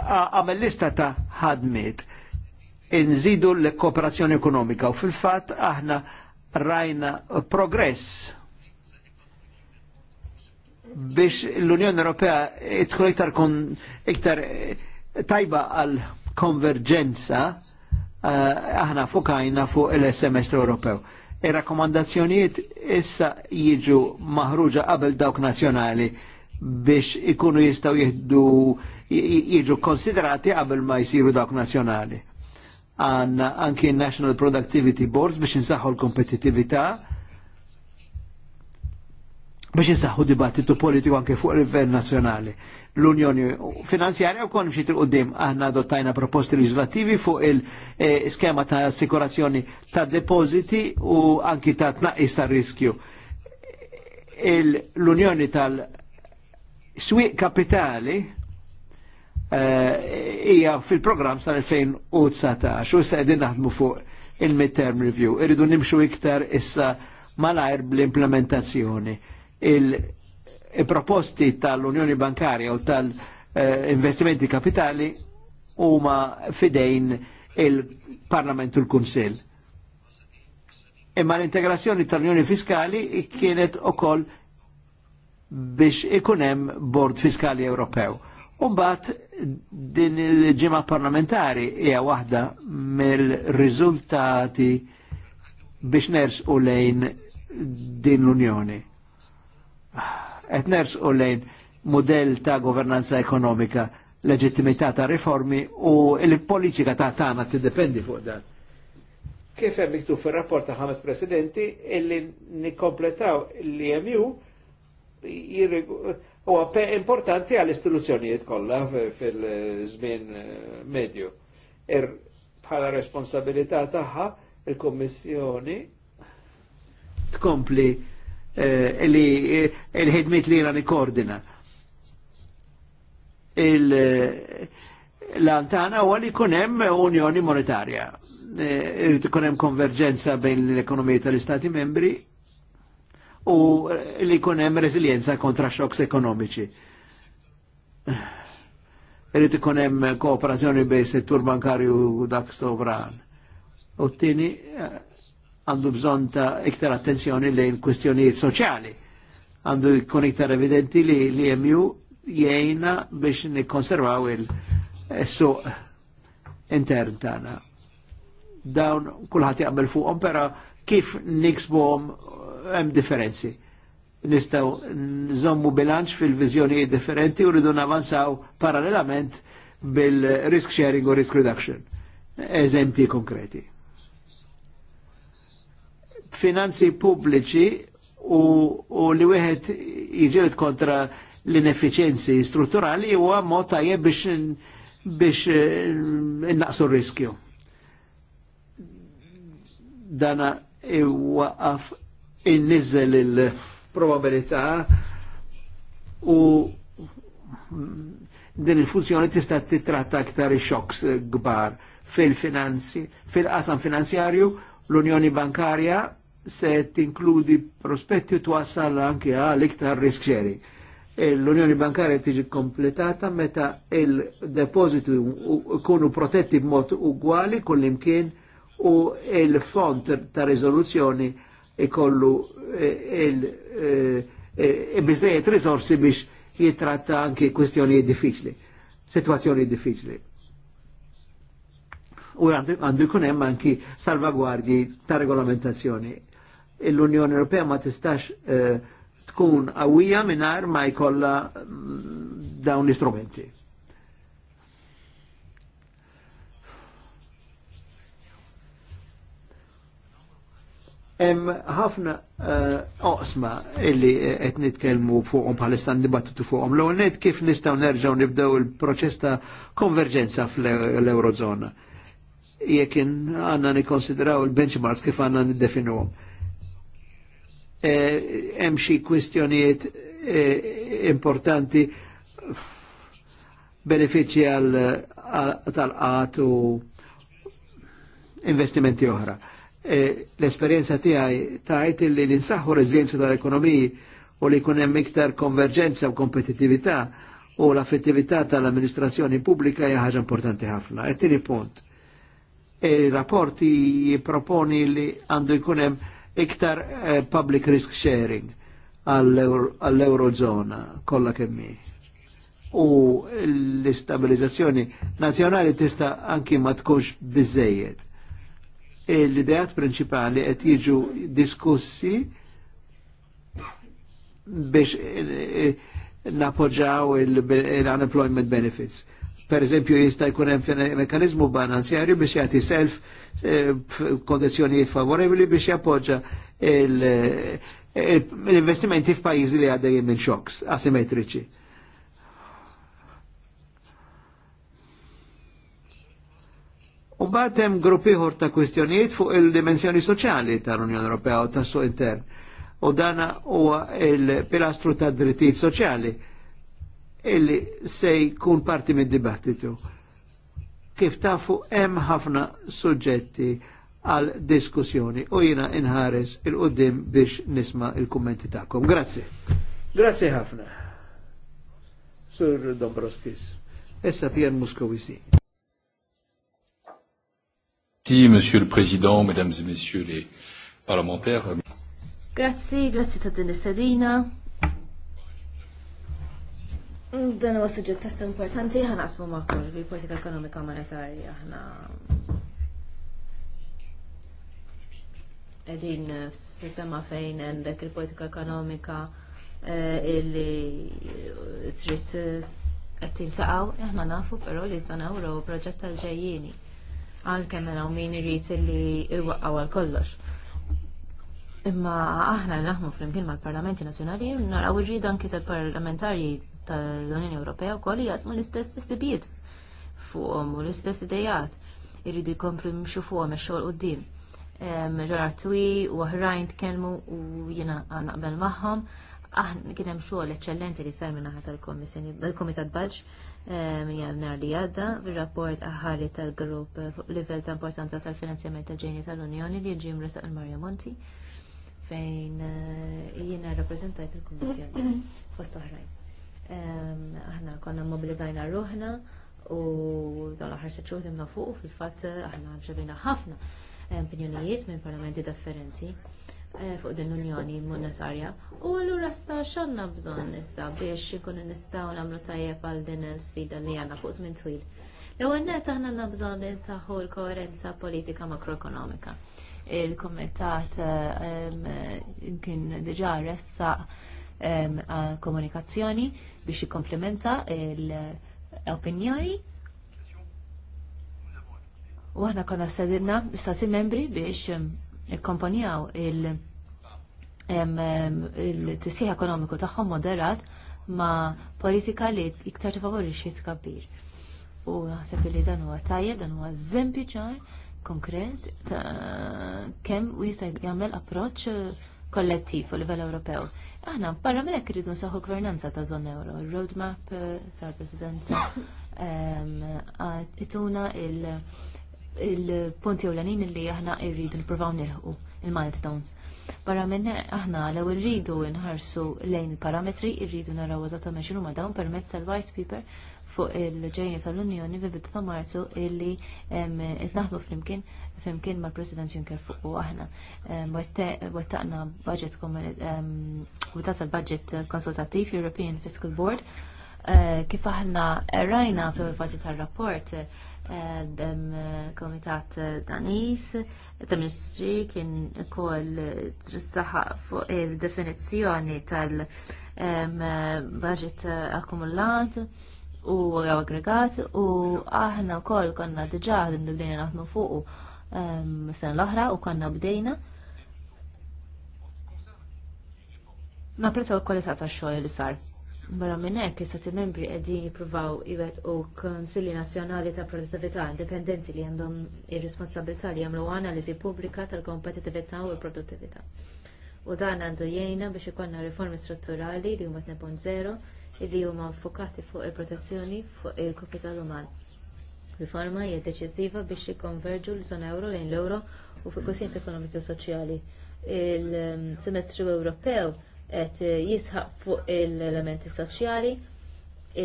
għamel lista ta' ħadmiet nżidu l-kooperazzjoni ekonomika u fil-fat aħna rajna progress biex l-Unjoni Ewropea idħol iktar, iktar eh, tajba għal konverġenza eh, aħna fukajna fuq il-semestru Ewropew. Ir-rakkomandazzjonijiet issa jiġu maħruġa qabel dawk nazzjonali biex ikunu jistaw jihdu jiġu konsiderati qabel ma jisiru dawk nazzjonali. Għanna anki National Productivity Boards biex nsaħħu l-kompetitività biex jisaħħu dibattitu politiku anke fuq livell nazzjonali. L-Unjoni Finanzjarja wkoll mxiet il-qoddim aħna adottajna proposti legislativi fuq il-skema ta' assikurazzjoni ta' depositi u anki ta' tnaqqis ta' riskju. L-Unjoni tal-Swiq Kapitali eh, hija fil-programm tal-2019 u s-sedin naħdmu fuq il-midterm review. Irridu nimxu iktar issa malajr bl-implementazzjoni il-proposti tal-Unjoni Bankarja u tal-investimenti kapitali huma fidejn il-Parlament u l-Kunsill. Imma l-integrazzjoni tal-Unjoni Fiskali kienet ukoll biex ikunem Bord Fiskali Ewropew. Umbat din il ġimgħa parlamentari hija waħda mill-riżultati biex nersqu lejn din l-Unjoni qed u lejn modell ta' governanza ekonomika, leġittimità ta' riformi u il-politika ta' tagħna tiddependi fuq dan. Kif hemm miktub fir-rapport ta' ħames presidenti illi nikkompletaw l-EMU huwa importanti għall istituzzjonijiet kollha fil-żmien eh, medju. Bħala responsabilità tagħha il kummissjoni tkompli Eh, li eh, il-ħidmit li jena nikordina. Eh, L-antana huwa li kunem unjoni monetarja. Irrid kunem konverġenza bejn l-ekonomija tal-Istati membri u li kunem reżiljenza kontra xoks ekonomiċi. Irrid ikunem kooperazzjoni bej settur bankarju dak sovran. U t-tini, għandu bżon ta' iktar attenzjoni l kwestjonijiet soċjali. Għandu jkun iktar evidenti li l-EMU jgħina biex nikkonservaw il-suq intern tagħna. Dawn kulħadd jaqbel fuqhom, però kif niksbuhom hemm differenzi. Nistgħu nżommu bilanċ fil-viżjonijiet differenti u rridu navanzaw parallelament bil-risk sharing u risk reduction. Eżempji konkreti finanzi pubbliċi u, u li wieħed jiġilet kontra l-inefficienzi strutturali huwa mod tajjeb biex biex eh, innaqsu riskju. Dana iwaqaf innizzel il-probabilità u din il-funzjoni tista' titratta aktar xoks gbar fil-finanzi, fil-qasam finanzjarju, l-Unjoni Bankarja se tinkludi prospetti u twassal anke għal iktar risk sharing. E L-Unjoni Bankarja tiġi kompletata meta il depositu kunu protetti b'mod ugwali kull-imkien u il-font ta' rizoluzzjoni ikollu e, il-bizzejiet e, risorsi biex jitratta anki kwestjoni diffiċli, situazzjoni diffiċli u għandu jkun hemm anki salvagwardji ta' regolamentazzjoni l-Unjoni Ewropea ma tistax eh, tkun qawwija mingħajr ma jkollha mm, dawn l-istrumenti. Hemm ħafna eh, oqsma illi eh, qed nitkellmu fuqhom bħalissa nibattitu fuqhom. L-ewwel ngħid kif nistgħu nerġgħu nibdew il-proċess ta' konverġenza fl-Eurozona. Jekk għandna nikkonsidraw il-benchmarks kif għandna niddefinuhom. Eh, hemm xi eh, importanti importanti għal tal-qat u investimenti oħra. Eh, l-esperienza tiegħi tajt li ninsaħħu reżiljenza tal-ekonomiji u li jkun hemm iktar konverġenza u kompetitività u l-affettività tal-amministrazzjoni pubblika hija ħaġa importanti ħafna. E punt. E il rapporti jiproponi li għandu jkun iktar eh, public risk sharing għall-Eurozona kollha kemmi. U l-istabilizzazzjoni nazjonali tista' anki ma tkunx biżejjed. L-ideat prinċipali qed jiġu diskussi biex eh, eh, napoġġaw l-unemployment benefits. Per eżempju, jista' jkun hemm meccanizmu bananzjarju biex jagħti self kondizjonijiet favorevoli biex jappoġġa l-investimenti f'pajjiżi li għaddej minn xoks asimetriċi. U batem gruppiħor ta' kwistjonijiet fuq il-dimensjoni soċjali tal-Unjoni Ewropea u tas-suq intern. U dan huwa il-pilastru ta' drittijiet soċjali illi se jkun parti mid-dibattitu. Kif tafu hemm ħafna suġġetti għal diskussjoni u jina inħares il-qoddim biex nisma il-kummenti tagħkom. Grazzi. Grazzi ħafna. Sur Dombrovskis. Essa Pier Muskowisi. Merci, Monsieur le Président, Mesdames et Messieurs les parlementaires. Grazie, grazie ta' din istedina. Dan huwa suġġett test importanti ħa naqsmu makkur bil-politika ekonomika monetarja aħna edin sistema fejn għandek il-politika ekonomika eh, illi trid qed tintaqgħu aħna eh, nafu però li żona proġett tal-ġejjieni għal kemm hawn min irid illi iwaqgħu għal kollox. Imma aħna naħmu flimkien mal-Parlamenti Nazzjonali naraw irrid rieda anki tal-parlamentarji tal-Unjoni Ewropea wkoll jgħatmu l-istess sibijiet fuqhom u l-istess idejat irridu jkomplu jimxu fuqhom ix-xogħol quddiem. Ġonar Twi u oħrajn tkellmu u jiena naqbel magħhom. Aħna kien hemm xogħol eċċellenti li sar minn naħa tal komissjoni tal-Kumitat Balx minn nar li għadda, bir rapport aħħari tal-grupp fuq livell ta' importanza tal-finanzjament tal-ġeni tal-Unjoni li ġim resaq il-Mario Monti fejn eh, jiena rappresentajt il kummissjoni fost oħrajn aħna konna mobilizajna ruħna u dan l-aħħar sitt timna fuq fil-fatt aħna ġabina ħafna eh, opinjonijiet minn parlamenti differenti eh, fuq din l-Unjoni Monetarja. U allura sta xanna bżonn issa biex ikunu nistgħu nagħmlu tajjeb għal din l-sfida li għandna fuq żmien twil. L-ewwel net aħna għandna bżonn insaħħu l-koerenza politika makroekonomika. Il-kumitat eh, kien diġà ressa komunikazzjoni biex jikkomplementa l-opinjoni. U aħna konna sedinna stati membri biex um, ikkomponjaw il-tisħiħ ekonomiku tagħhom moderat ma' politika li iktar xiet kabir. U naħseb li dan huwa tajjeb, dan huwa eżempju ċar konkret kemm u jista' jagħmel approċċ kollettiv u livell Ewropew. Aħna, barra minnek hekk irridu nsaħħu gvernanza ta' żon euro, il-roadmap eh, tal-presidenza ituna il-punti u l-għanin li aħna irridu nipprovaw nirħu il-milestones. Barra minn aħna law irridu nħarsu lejn il-parametri, irridu naraw eżattament meċinu ma dawn permezz tal-white paper fuq il-ġejni tal-Unjoni fi bidu ta' Marzu illi naħdmu flimkien flimkien mal president Juncker fuq u aħna. Wettaqna budget kumitat tal-budget konsultattiv European Fiscal Board eh, kif aħna rajna fl-fazi tal-rapport eh, komitat danis, ministri kien kol trissaħa fuq il-definizjoni tal-budget akkumulat u jew aggregat u aħna wkoll konna diġà bdejna naħdmu fuq ehm, sena l-oħra u konna bdejna. Napprezzaw ukoll sa' tax-xogħol li sar. Barra minn hekk is-stati membri qegħdin jippruvaw iwet u Konsilli Nazzjonali ta' Produttività Indipendenti li għandhom ir-responsabilità li jagħmlu analiżi pubblika tal-kompetitività u l-produttività. U dan għandu jgħinna biex ikonna riformi strutturali li huma 2.0 li huma fokati fuq il-protezzjoni fuq il-kapital uman. Riforma hija deċiżiva biex jikkonverġu l-żona euro lejn l-euro u fuq kwestjoni ekonomiku soċjali. Il-semestru Ewropew qed jisħaq fuq l-elementi soċjali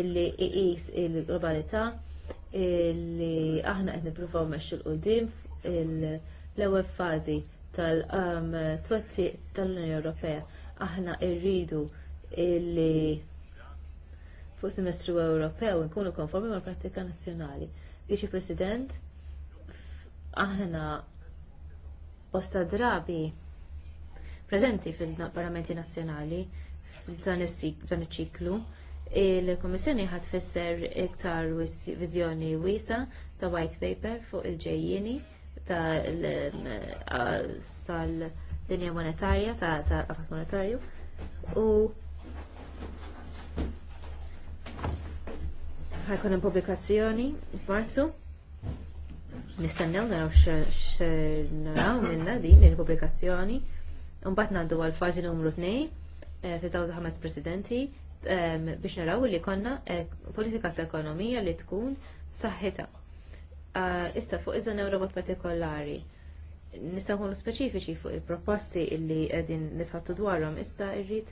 illi iqis il-globalità illi aħna qed nippruvaw mexxu l-qudiem l-ewwel fażi tal-twettiq tal-Unjoni Ewropea aħna rridu illi fuq semestru Ewropew nkunu konformi mal prattika nazzjonali. Viċi President, aħna bosta drabi prezenti fil-parlamenti nazzjonali f'dan iċ-ċiklu il-Komissjoni ħad fisser iktar viżjoni wiesa ta' white paper fuq il-ġejjini tal-dinja monetarja, ta' qafat monetarju u ħajkun hemm pubblikazzjoni f'Marzu. Nistennew naraw x'naraw minna din il-pubblikazzjoni. Mbagħad ngħaddu għal fażi numru 2 eh, fi dawda ħames presidenti ehm, biex naraw li konna eh, politika tal-ekonomija li tkun saħħita. Ah, issa fuq iżon Ewropa partikolari nista' nkunu speċifiċi fuq il-proposti li qegħdin nitħattu dwarhom, issa irrid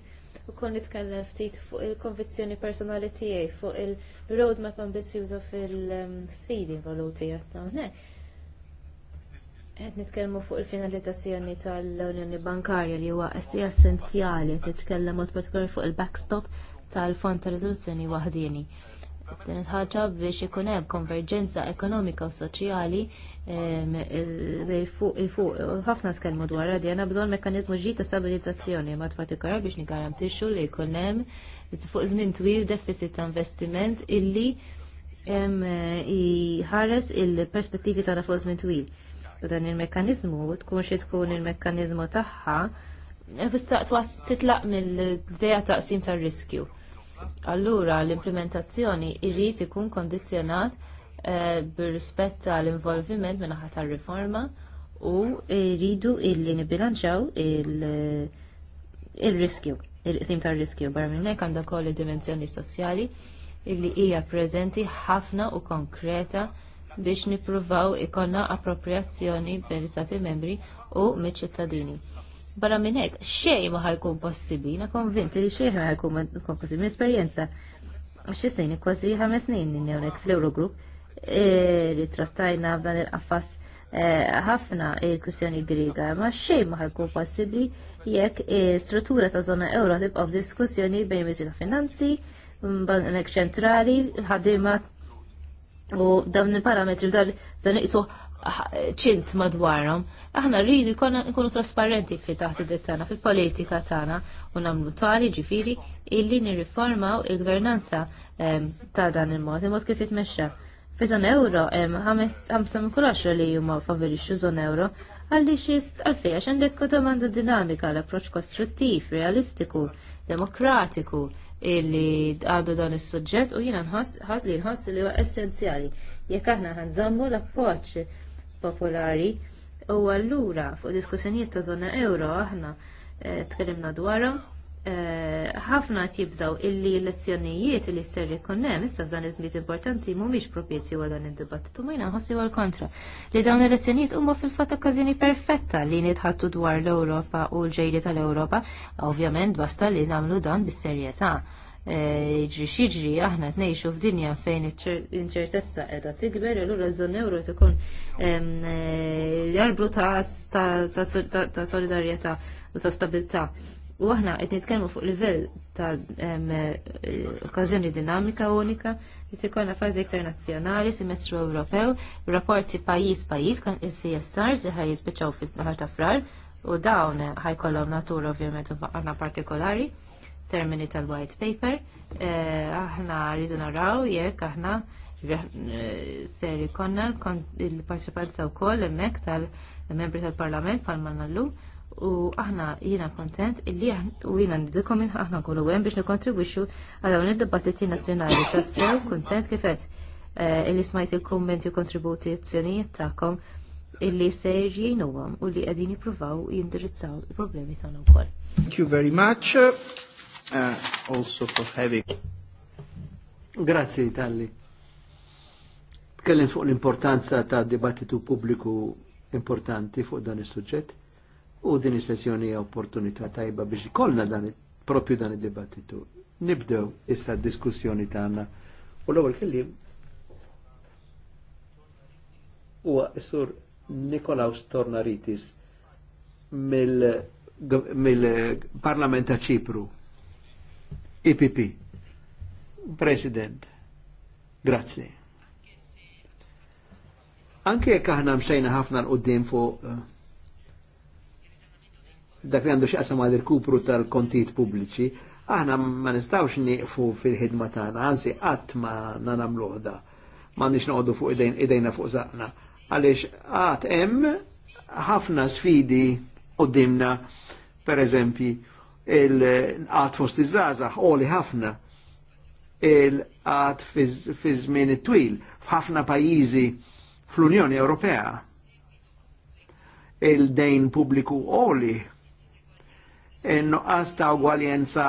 kon nitkellem ftit fuq il-konvizzjoni personali tiegħi fuq il-roadmap ambizjuża fil-sfidi involuti għatta hawnhekk. Qed nitkellmu fuq il-finalizzazzjoni tal-Unjoni Bankarja li huwa essenzjali titkellem mod partikolari fuq il-backstop tal-Fond ta' Riżoluzzjoni waħdini. Din ħaġa biex ikun hemm konverġenza ekonomika u soċjali il-fuq, eh, eh, ħafna skalmu dwar għadi għana bżon mekanizmu ġi ta' stabilizzazzjoni t-fatikar biex nigarantixxu li jkunem fuq żmien twil deficit ta' investiment illi jħares eh, il-perspettivi ta' fuq żmien twil. U dan il mekanizmu tkun xi tkun il-mekkanizmu tagħha titlaq mill ta' taqsim tar-riskju. Allura l-implementazzjoni irrid ikun kondizzjonat Eh, bir-rispett tal-involviment minn ħadd tar-riforma u rridu illi nibbilanċaw eh, il-riskju, il-qsim tal riskju barra minn hekk għandha wkoll dimensjoni soċjali illi hija preżenti ħafna u konkreta biex nippruvaw ikonna appropriazzjoni bejn istati membri u miċ-ċittadini. Barra minn hekk xejn ma ħajkun possibbli, na konvinti li xej ma ħajkun possibbli minn esperjenza. Xi sejn kważi ħames snin hawnhekk fl-Eurogroup E, li trattajna f'dan il-qafas e, ħafna il-kwistjoni griga, ma xej ma ħajkun possibbli jekk struttura ta' zona euro tibqa' f'diskussjoni bejn Ministru ta' Finanzi, Bank Ċentrali, ħaddiema u dawn il-parametri f'dan iqsu ċint madwarhom. Aħna rridu nkunu trasparenti fi taħt id-dettana fil-politika tagħna u nagħmlu tali ġifiri illi nirriformaw il-gvernanza ta' dan il-mod, il-mod kif jitmexxa Fi zon euro, ħamsa minn kull li huma favorixxu zon euro, għalli xist għalfej għax għandek domanda dinamika l-approċ kostruttiv, realistiku, demokratiku illi għandu dan is-suġġett u jiena nħas li nħas li huwa essenzjali jekk aħna ħanżammu l-appoġġ popolari u allura fuq diskussjonijiet ta' żona euro aħna eh, tkellimna dwarhom Eh, ħafna qed jibżgħu illi l-lezzjonijiet li ser ikun hemm issa f'dan iż-żmien importanti mhumiex propjezzi għal dan id-dibattitu ma jina nħossi għal kontra li dawn il-lezzjonijiet huma fil-fatt okkażjoni perfetta li nitħattu dwar l-Ewropa u l-ġejri tal-Ewropa, ovvjament basta li nagħmlu dan bis-serjetà. Eh, Ġri xiġri aħna tnejxu f'dinja fejn inċertezza qiegħda l allura żon euro tkun l ehm, eh, jarbru ta' solidarjetà u ta' stabilta'. U aħna qed nitkellmu fuq livell ta' okkażjoni dinamika unika, qed ikolna fażi iktar nazzjonali, semestru Ewropew, rapporti pajjiż pajjiż kan is-CSR li ħaj jispiċċaw fil-naħar ta' frar u dawn ħajkollhom natur ovvjament għandna partikolari termini tal-white paper. Eh, aħna rridu naraw jekk aħna eh, ser ikonna il-parċipanza wkoll hemmhekk tal-membri tal-Parlament pal-manallu u aħna jiena kontent illi u jiena nidikom minn aħna kollu hemm biex nikontribuxu għal dawn id-dibattiti nazzjonali tassew kuntent kif qed eh, illi smajt il-kummenti u kontributi kontributizzjonijiet tagħkom illi ser jgħinuhom u li qegħdin jippruvaw jindirizzaw il-problemi tagħna wkoll. Thank you very much uh, also for having. Grazzi Talli. Tkellim fuq l-importanza ta' dibattitu pubbliku importanti fuq dan is-suġġett u din is-sessjoni hija opportunità tajba biex ikollna dan proprju dan id-dibattitu. Nibdew issa d-diskussjoni tagħna u l-ewwel kelliem huwa s-sur Nikolaus Tornaritis mill-Parlament ta' Ċipru. IPP. President. Grazie. Anke jekk aħna mxejna ħafna l-qoddim fuq eh, dak li għandu xaqsam għal irkupru tal-kontijiet pubbliċi, aħna ma nistawx nieqfu fil-ħidma tagħna, anzi qatt ma nagħmluh da. Ma nix noqogħdu fuq idejna fuq zaqna. Għaliex għat hemm ħafna sfidi qudiemna, per eżempju, il-qat fost iż-żgħażagħ qoli ħafna il-qat fi żmien it-twil f'ħafna pajjiżi fl-Unjoni Ewropea. Il-dejn pubbliku qoli nuqqas ta' ugwaljenza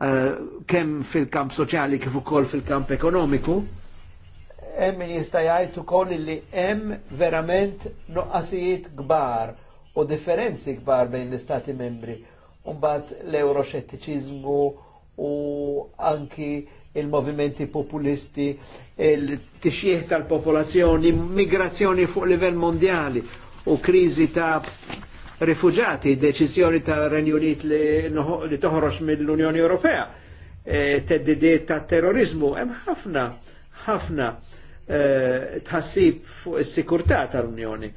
uh, kemm fil-kamp soċjali kif ukoll fil-kamp ekonomiku. Hemm min jista' jgħid ukoll li hemm verament nuqqasijiet kbar u differenzi kbar bejn l-istati membri. Umbat l-euroxettiċizmu u anki il-movimenti populisti, il-tixjieħ tal-popolazzjoni, migrazzjoni fuq livell mondjali u krizi ta' rifugjati, deċizjoni ta' Renjunit li, li toħroġ mill-Unjoni Ewropea, e, teddidiet ta' terrorizmu, hemm ħafna, ħafna e, tħassib fuq is-sikurtà tal-Unjoni.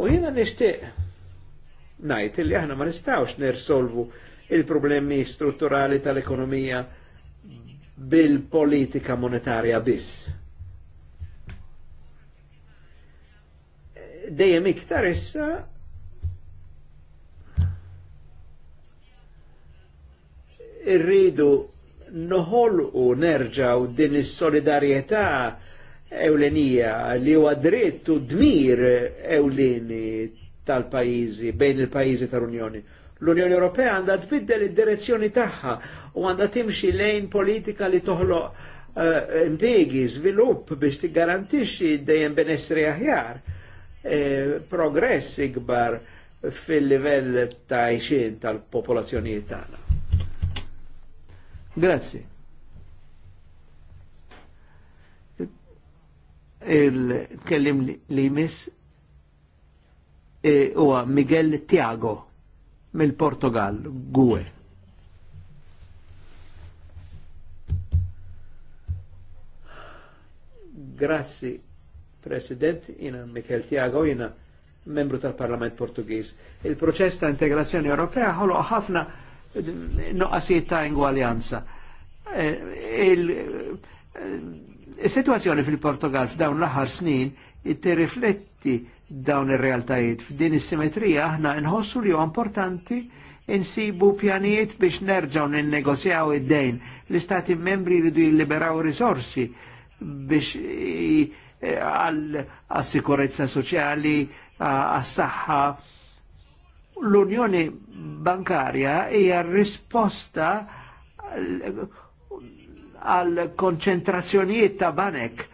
U jiena nixtieq ngħid li aħna ma nistgħux nirsolvu il-problemi strutturali tal-ekonomija bil-politika monetarja biss. Dejjem iktar issa irridu noħolqu nerġaw din is-solidarjetà ewlenija li huwa dritt u dmir ewleni tal-pajjiżi bejn il-pajjiżi tal-Unjoni. L-Unjoni Ewropea għandha tbiddel id-direzzjoni tagħha u għandha timxi lejn politika li toħloq uh, impiegi, żvilupp biex tiggarantixxi dejjem benessri aħjar, eh, progress ikbar fil-livell ta' tal-popolazzjonijiet tagħna. Grazie. Il-kellim li jmiss e, huwa Miguel Tiago mill-Portugal, Gue. Grazzi, President, jina Mikel Tiago, jina membru tal-Parlament Portugiż. Il-proċess ta' integrazzjoni Ewropea ħolo ħafna noqqasiet ta' ingwaljanza. E, Il-situazzjoni e, fil-Portugal f'dawn l-aħħar snin tirrifletti dawn ir-realtajiet. F'din is-simetrija aħna nħossu li huwa importanti insibu pjanijiet biex nerġaw ninnegozjaw id-dejn. L-istati membri jridu jilliberaw risorsi biex e, għal-sikurezza soċjali, għas-saħħa, L-Unjoni Bankarja hija risposta għal konċentrazzjonijiet ta' banek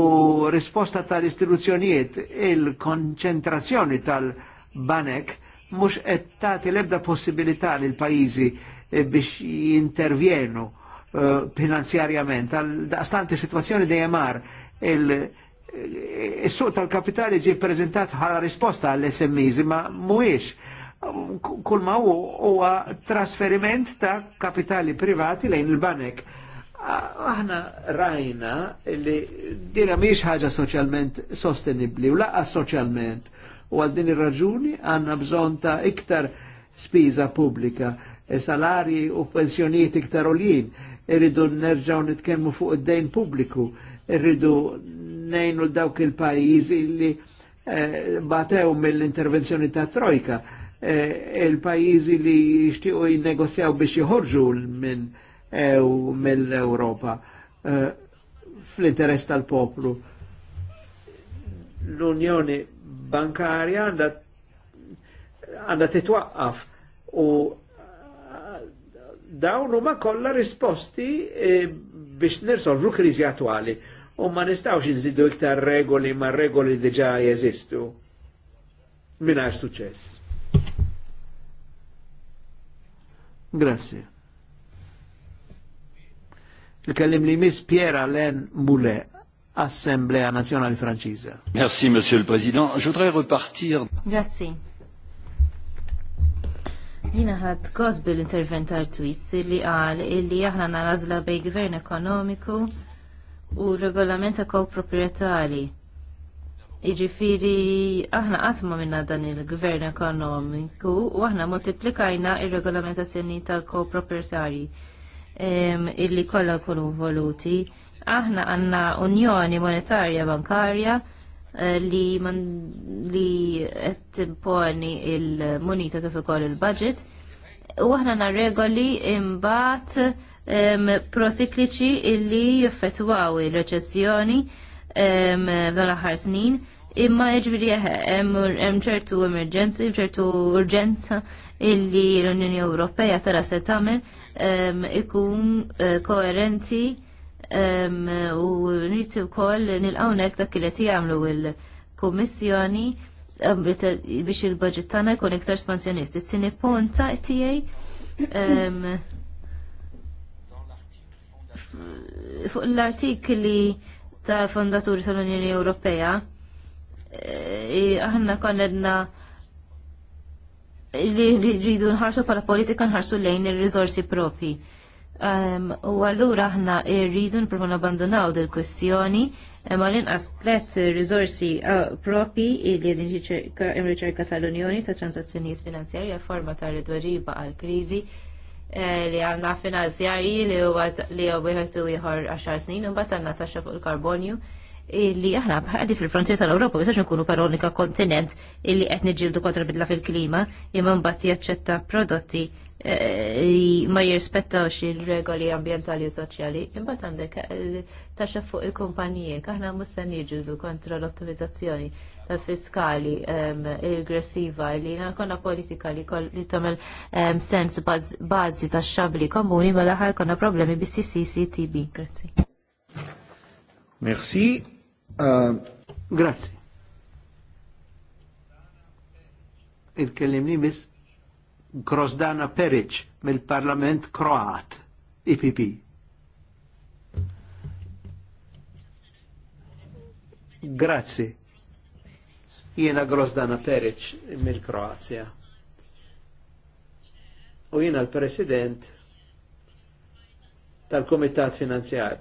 u risposta tal-istituzzjonijiet il-konċentrazzjoni tal-banek mux ettati lebda possibilità li l-pajizi eh, biex jintervjenu uh, finanzjarjament. Għal-daqstanti situazzjoni jemar il eh, tal-kapitali ġi prezentat bħala risposta għall-SMIs, ma muwiex kull ma huwa trasferiment ta' kapitali privati lejn il-banek. Aħna rajna li dina miex ħaġa soċjalment sostenibli u laqqa soċjalment u għal din ir-raġuni għandna bżonn ta' iktar spiża pubblika, e salari u pensjonijiet iktar oljin, irridu nerġaw nitkellmu fuq id-dejn pubbliku, irridu nejnu dawk il-pajjiżi li eh, batew mill-intervenzjoni ta' trojka Eh, il-pajizi li jishtiqu jinnegozjaw biex jħorġu minn mill-Europa eh, fl-interess tal-poplu. L-Unjoni Bankarja għanda titwaqqaf u eh, dawn huma kollha risposti biex nirsolvu kriżi attwali u ma nistgħux iżidu iktar regoli ma regoli diġà jeżistu minar suċess. Grazie. Il-kellim li Miss Pierre Alain Moulet, Assemblea Nazionale Francese. Merci, Monsieur le Président. Je voudrais repartir. Grazie. Jina ħad kos bil-intervent artwis li għal illi aħna nalazla bej gvern ekonomiku u regolament ta' proprietari Iġifiri, aħna għatma minna dan il-gvern ekonomiku u aħna multiplikajna il-regolamentazzjoni tal-koproprietari illi kollha kunu voluti. Aħna għanna unjoni monetarja bankarja eh, li man li qed il-munita kif ukoll il-budget u aħna na regoli imbagħad prosikliċi illi jiffettwaw il-reċessjoni il reċessjoni dan aħħar snin. Imma jiġifieri hemm eh, ċertu emerġenzi, ċertu urġenza illi l-Unjoni Ewropea tara se tagħmel ikun eh, koerenti u nrid ukoll nilqawnek dak li qed jagħmlu il-Kummissjoni biex il-budget tagħna jkun iktar spansjonisti. Tini punt tiegħi fuq l-artikli ta' fondaturi tal-Unjoni Ewropea. Eh, aħna konna li rridu nħarsu pala politika nħarsu lejn ir-riżorsi propi. Ehm, u għallura aħna rridu nipruvu nabbandonaw dil kwestjoni ma ehm, l-inqas tlet riżorsi eh, propi li din riċerka tal-Unjoni ta' transazzjonijiet finanzjarja forma ta' ridwariba għal-kriżi Eh, li għanna finanzjari li huwa li huwa wieħed u ieħor 10 snin u mbagħad għandna taxxa fuq il-karbonju li aħna bħaddi fil-frontier tal-Ewropa bisax nkunu per unika kontinent illi qed ġildu kontra bidla fil-klima imma mbagħad jaċċetta prodotti eh, li ma jirrispettawx il-regoli ambjentali u soċjali. Imbagħad għandek eh, taxxa fuq il-kumpaniji, aħna mussan se kontra l-ottimizzazzjoni fiskali aggressiva li konna politika li tamel sens bazzi ta' xabli komuni ma laħar konna problemi bis CCTB. Grazie. Merci. Uh, grazie. il kellim li mis Grosdana Peric mill-Parlament Kroat, IPP. Grazie. Jiena Grosdana Peric mill-Kroazja. U jiena l-President tal-Komitat Finanzjar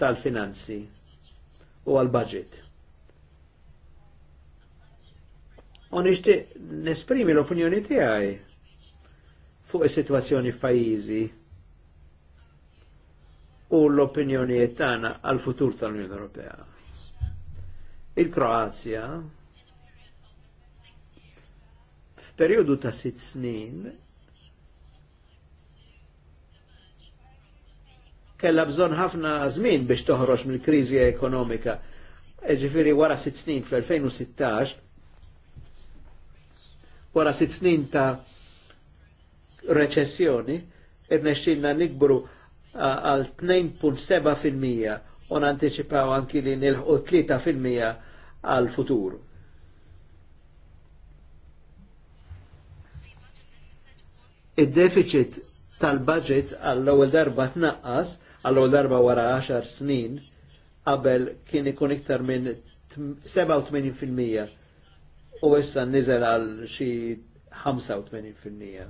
tal-Finanzi u għal-Budget. U nixtieq nesprimi l-opinjoni tiegħi fuq is-sitwazzjoni f'pajjiżi u l-opinjonijiet tagħna għal futur tal-Unjoni Ewropea. Il-Kroazja F'perjodu ta' sitt snin kella bżon ħafna żmien biex toħroġ mill-kriżi ekonomika. E Ġifieri wara sitt snin fl-2016 wara sitt snin ta' reċessjoni, irnexxilna nikbru għal 2.7% u nanticipaw anki li nilħu 3% għal futuru il deficit tal-budget għall-ewwel darba tnaqqas għall-ewwel darba wara 10 snin qabel kien ikun iktar minn 87% u issa niżel għal xi 85%.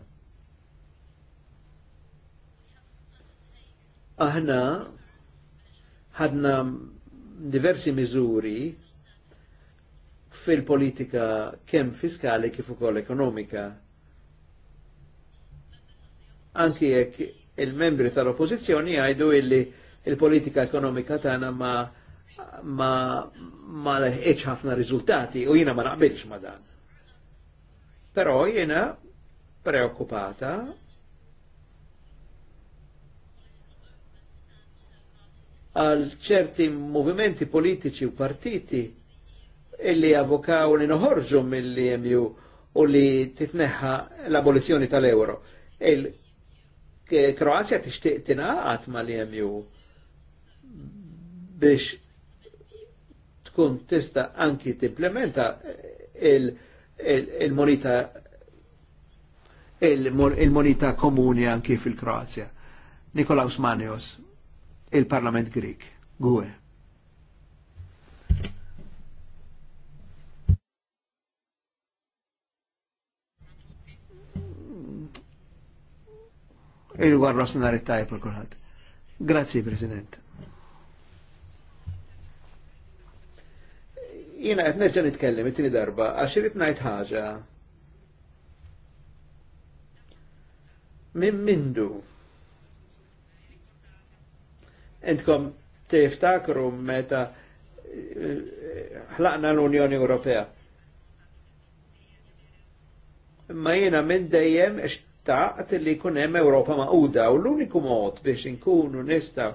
Aħna ħadna diversi miżuri fil-politika kemm fiskali kif ukoll ekonomika anki jekk il-membri tal-oppozizjoni għajdu illi il-politika ekonomika tagħna ma ma ma leħqiex ħafna riżultati u jiena ma naqbilx ma dan. Però jiena preokkupata għal ċerti movimenti politiċi u partiti illi avokaw li noħorġu mill-EMU u li titneħħa l-abolizjoni tal-euro. Eh, Kroazja tixtieq tingħaqad mal-EMU biex tkun tista anki timplementa il-monita il, il-monita komuni anki fil-Kroazja. Nikolaus Manios, il-Parlament Grik, GUE. il-war rosnar it-tajb l-kulħat. Grazzi, President. Jina għet nerġa nitkellem it-tini darba, għax irrit najt ħaġa. Min mindu. Entkom tiftakru meta eh, ħlaqna l-Unjoni Ewropea. Ma jina minn dejjem xtaqt li jkun hemm Ewropa maquda u l-uniku mod biex inkunu nistgħu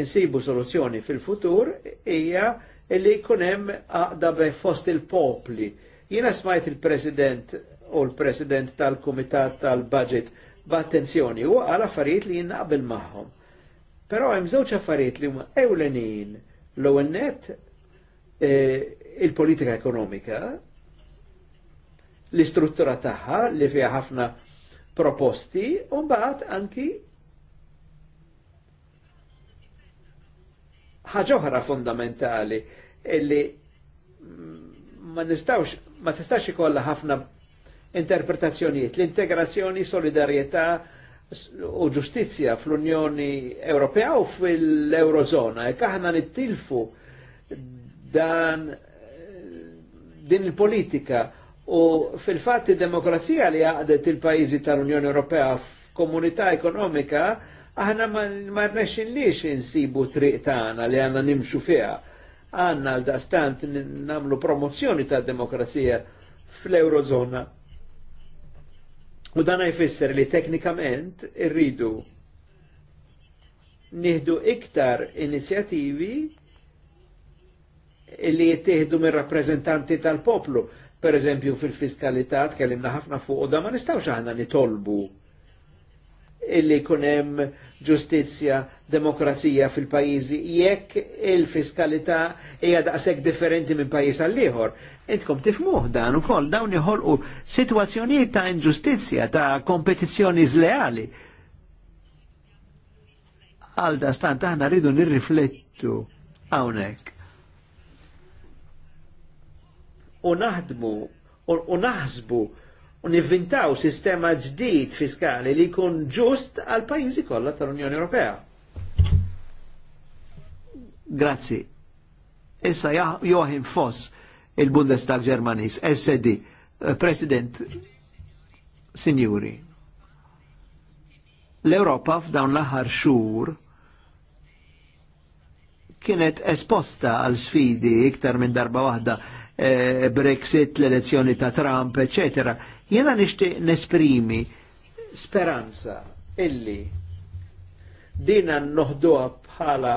insibu soluzzjoni fil-futur hija li jkun hemm aqda fost il-popli. Jiena smajt il-President u l-President tal-Kumitat tal-Budget b'attenzjoni u għal affarijiet li jinnaqbel magħhom. Però hemm żewġ affarijiet li huma ewlenin l net eh, il-politika ekonomika l-istruttura tagħha li fiha ħafna proposti u mbagħad anki ħaġoħra fondamentali illi ma nistawx, ma tistax ikolla ħafna interpretazzjonijiet. L-integrazzjoni, solidarietà u ġustizzja fl-Unjoni Ewropea u fil-Eurozona. E kaħna nittilfu dan eh, din il-politika U fil-fatt id-demokrazija li għadet il-pajizi tal-Unjoni Ewropea f'komunità ekonomika, aħna ma rnexin liex insibu triq tagħna li għanna nimxu fiha. Għanna l-dastant namlu promozzjoni ta' demokrazija fl-Eurozona. U dan jfisser li teknikament irridu nieħdu iktar inizjattivi li jittieħdu mir rappreżentanti tal-poplu per eżempju fil-fiskalità tkellimna ħafna fuq u da ma nistawx aħna nitolbu illi kunem ġustizja, demokrazija fil-pajizi, jekk il-fiskalità hija daqshekk differenti minn pajjiż għal ieħor. Intkom tifmuh dan ukoll dawn iħolqu sitwazzjonijiet ta' inġustizzja, ta' kompetizzjoni zleali. Għal stant aħna rridu nirriflettu hawnhekk u naħdmu u naħsbu u nivvintaw sistema ġdid fiskali li jkun ġust għal pajjiżi kollha tal-Unjoni Ewropea. Grazzi. Issa Joachim Foss, il-Bundestag Ġermanis, SD, eh, President Signori. L-Europa f'dawn l-aħħar xhur kienet esposta għal sfidi iktar minn darba waħda Eh, Brexit, l-elezzjoni ta' Trump, eccetera. Jena nishti nesprimi speranza illi dina noħduha bħala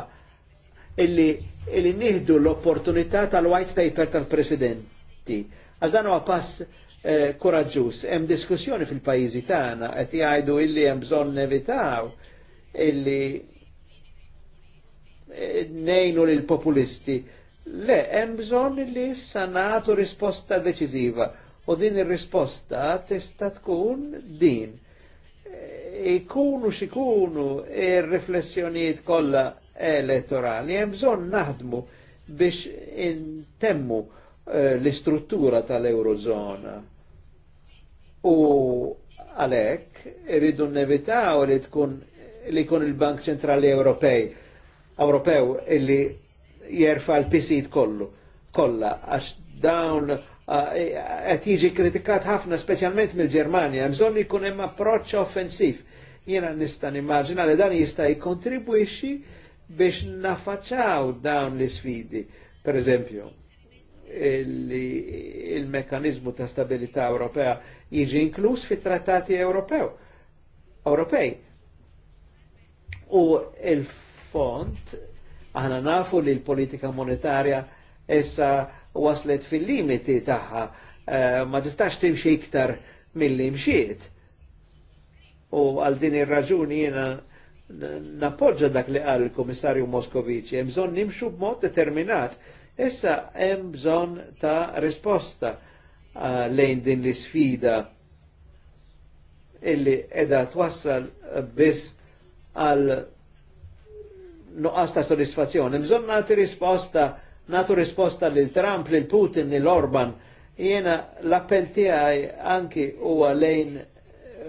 illi illi nieħdu l-opportunità tal-white paper tal-presidenti. Għax dan huwa pass eh, koraġġuż. Hemm diskussjoni fil-pajjiżi tagħna qed jgħidu illi hemm bżonn nevitaw illi eh, nejnu lil populisti Le, hemm bżonn li issa nagħtu risposta deċiżiva u din ir-risposta tista' tkun din. E, ikunu xikunu ir-riflessjonijiet kollha elettorali, hemm bżonn naħdmu biex intemmu e, l-istruttura tal-Eurozona. U għalhekk iridu nevitaw li tkun li jkun il-Bank Ċentrali Ewropej Ewropew illi jerfa l-pisit kollu, kolla, għax dawn għet jiġi kritikat ħafna, specialment mill-Germania, bżon jkun hemm approċċ offensiv. Jena nistan immaġina li dan jista' jikkontribwixxi biex nafaċaw dawn l-sfidi. Per eżempju, il-mekanizmu ta' stabilità Ewropea jiġi inkluż fit trattati Ewropew. Ewropej. U il-font Aħna nafu li l-politika monetarja essa waslet fil-limiti tagħha eh, ma tistax timxi iktar mill mxiet. U għal din ir-raġuni jiena nappoġġa dak li qal il-Kummissarju Moskoviċi, hemm bżonn nimxu b'mod determinat. Issa hemm bżonn ta' risposta eh, lejn din l-isfida illi edha twassal biss għal nuqqas ta' soddisfazzjoni. Bżon nati risposta, natu risposta lil Trump, lil Putin, lil Orban. Jena l-appell tiegħi anki huwa lejn eh,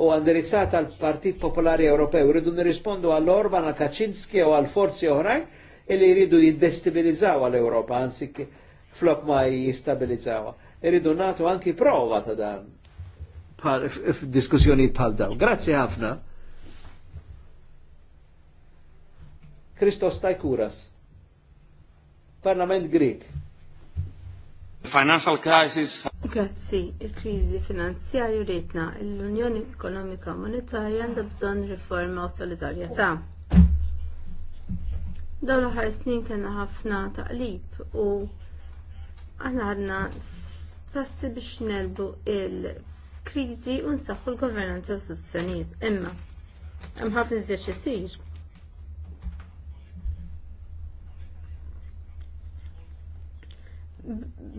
u għandirizzata għal Partit Popolari Ewropew, rridu nirrispondu għall Orban, għal Kaczynski u għal forzi oħrajn illi jridu jiddestabilizzaw għal Ewropa, anzi flok ma jistabilizzawa. Irridu natu anki prova ta' dan f'diskussjoni pal daw. Grazie ħafna. Christos Taikouras, Parlament Grik. Financial crisis. Grazzi, il-krizi finanzjarju rritna l-Unjoni Ekonomika Monetarja għandha bżonn riforma u solidarjetà. Dawn l-aħħar snin kellna ħafna taqlib u aħna għadna passi biex nelbu il-krizi u nsaħħu l-governanza u istituzzjonijiet. Imma, hemm ħafna iżjed isir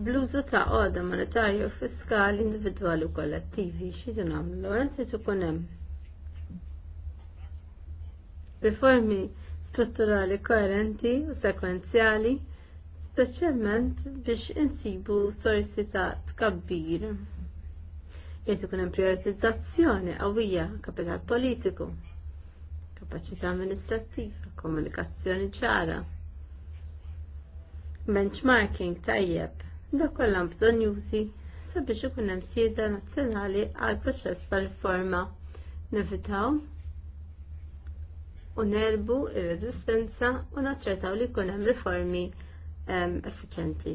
Bl-użu ta' għoda monetarju u fiskali individwali u kollettivi xidu namlu. Għan trid ikun hemm riformi strutturali koerenti u sekwenzjali speċjalment biex insibu sorsi ta' tkabbir. Jgħid ikun hemm prioritizzazzjoni qawwija kapital politiku, kapaċità amministrattiva, komunikazzjoni ċara benchmarking tajjeb. Da kollha bżonn jużi sabiex ikun hemm sieda nazzjonali għal proċess ta' riforma. Nevitaw u nerbu ir-reżistenza u naċċertaw li jkun hemm riformi ehm, effiċenti.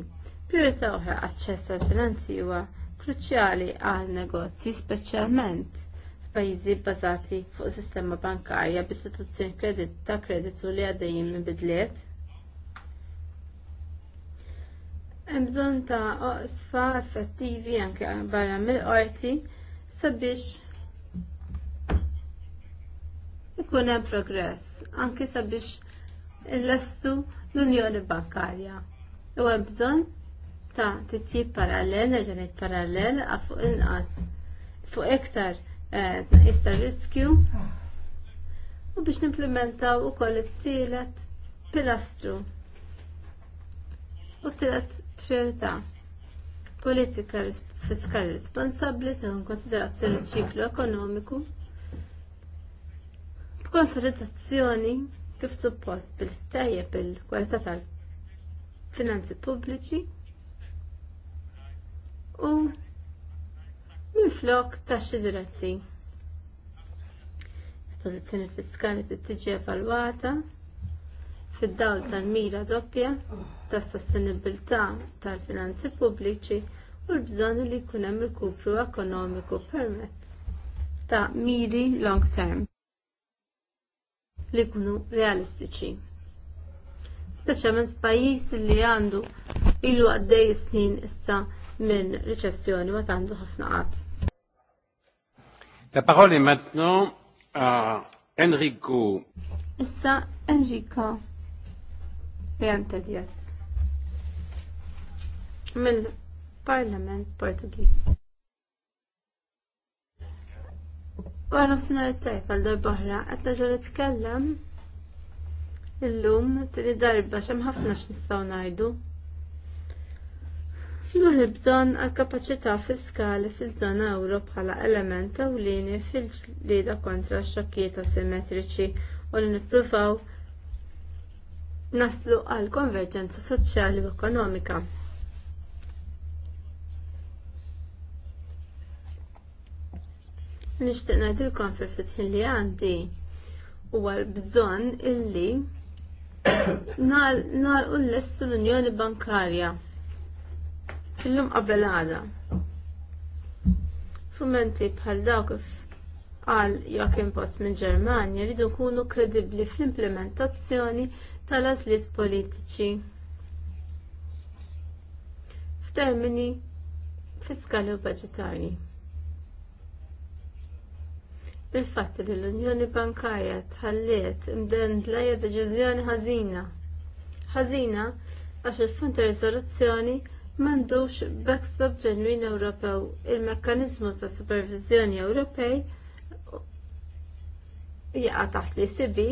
Priorità oħra aċċess għal finanzi huwa kruċjali għal negozji speċjalment f'pajjiżi bbażati fuq sistema bankarja b'istituzzjoni kredit ta' kreditu li għaddejjin minn bidliet Hemm bżonn ta' oqsfa effettivi anke barra mill-qorti sabiex ikun hemm progress anke sabiex inlestu l-Unjoni Bankarja. U hemm bżonn ta' titjib parallel, ġenet parallel fuq inqas fuq iktar eh, tnaqis ta' riskju u biex nimplementaw ukoll it-tielet pilastru U t-tilet priorità politika fiskali responsabbli teħu konsiderazzjoni ċiklu ekonomiku b'konsolidazzjoni kif suppost bil-tajjeb il-kwalità tal-finanzi pubbliċi u minflok taxxi diretti. pożizzjoni fiskali tiġi evalwata fid-dawl tal-mira doppja tas sostenibilità tal-finanzi pubbliċi u l-bżonn li jkun hemm rikupru ekonomiku permezz ta' miri long term li jkunu realistiċi. Speċjalment f'pajjiż li għandu ilu għaddej snin issa minn riċessjoni ma għandu ħafna qatt. La parole est maintenant à Enrico. Issa Enrico. Leanted, yes. Mill-Parlament Portugiż. U għan usna l-tajf għal darbohra, għatna ġol t-tkellem l-lum t-li darba xem ħafna x-nistaw najdu. Dwar il-bżon għal kapacita fiskali fil-żona euro bħala element ewlieni fil-ġlida kontra x-xokkijiet simmetriċi u li nippruvaw naslu għal konverġenza soċjali u ekonomika. Nixtieq ngħidilkom fi ftit li għandi huwa l-bżonn illi nagħlqu l-lest l-Unjoni Bankarja illum qabel għada. Fumenti bħal dawk kif għal jekk impost minn Ġermanja jridu jkunu kredibbli fl-implementazzjoni tal-għażliet politiċi f'termini fiskali u budġetarji. Il-fatt li l-Unjoni Bankarja tħalliet imdendla hija deċiżjoni ħażina. Ħażina għax il-fond ta' riżoluzzjoni m'għandux backstop ġenwin Ewropew. Il-mekkaniżmu ta' supervizjoni Ewropej jaqa taħt li sibi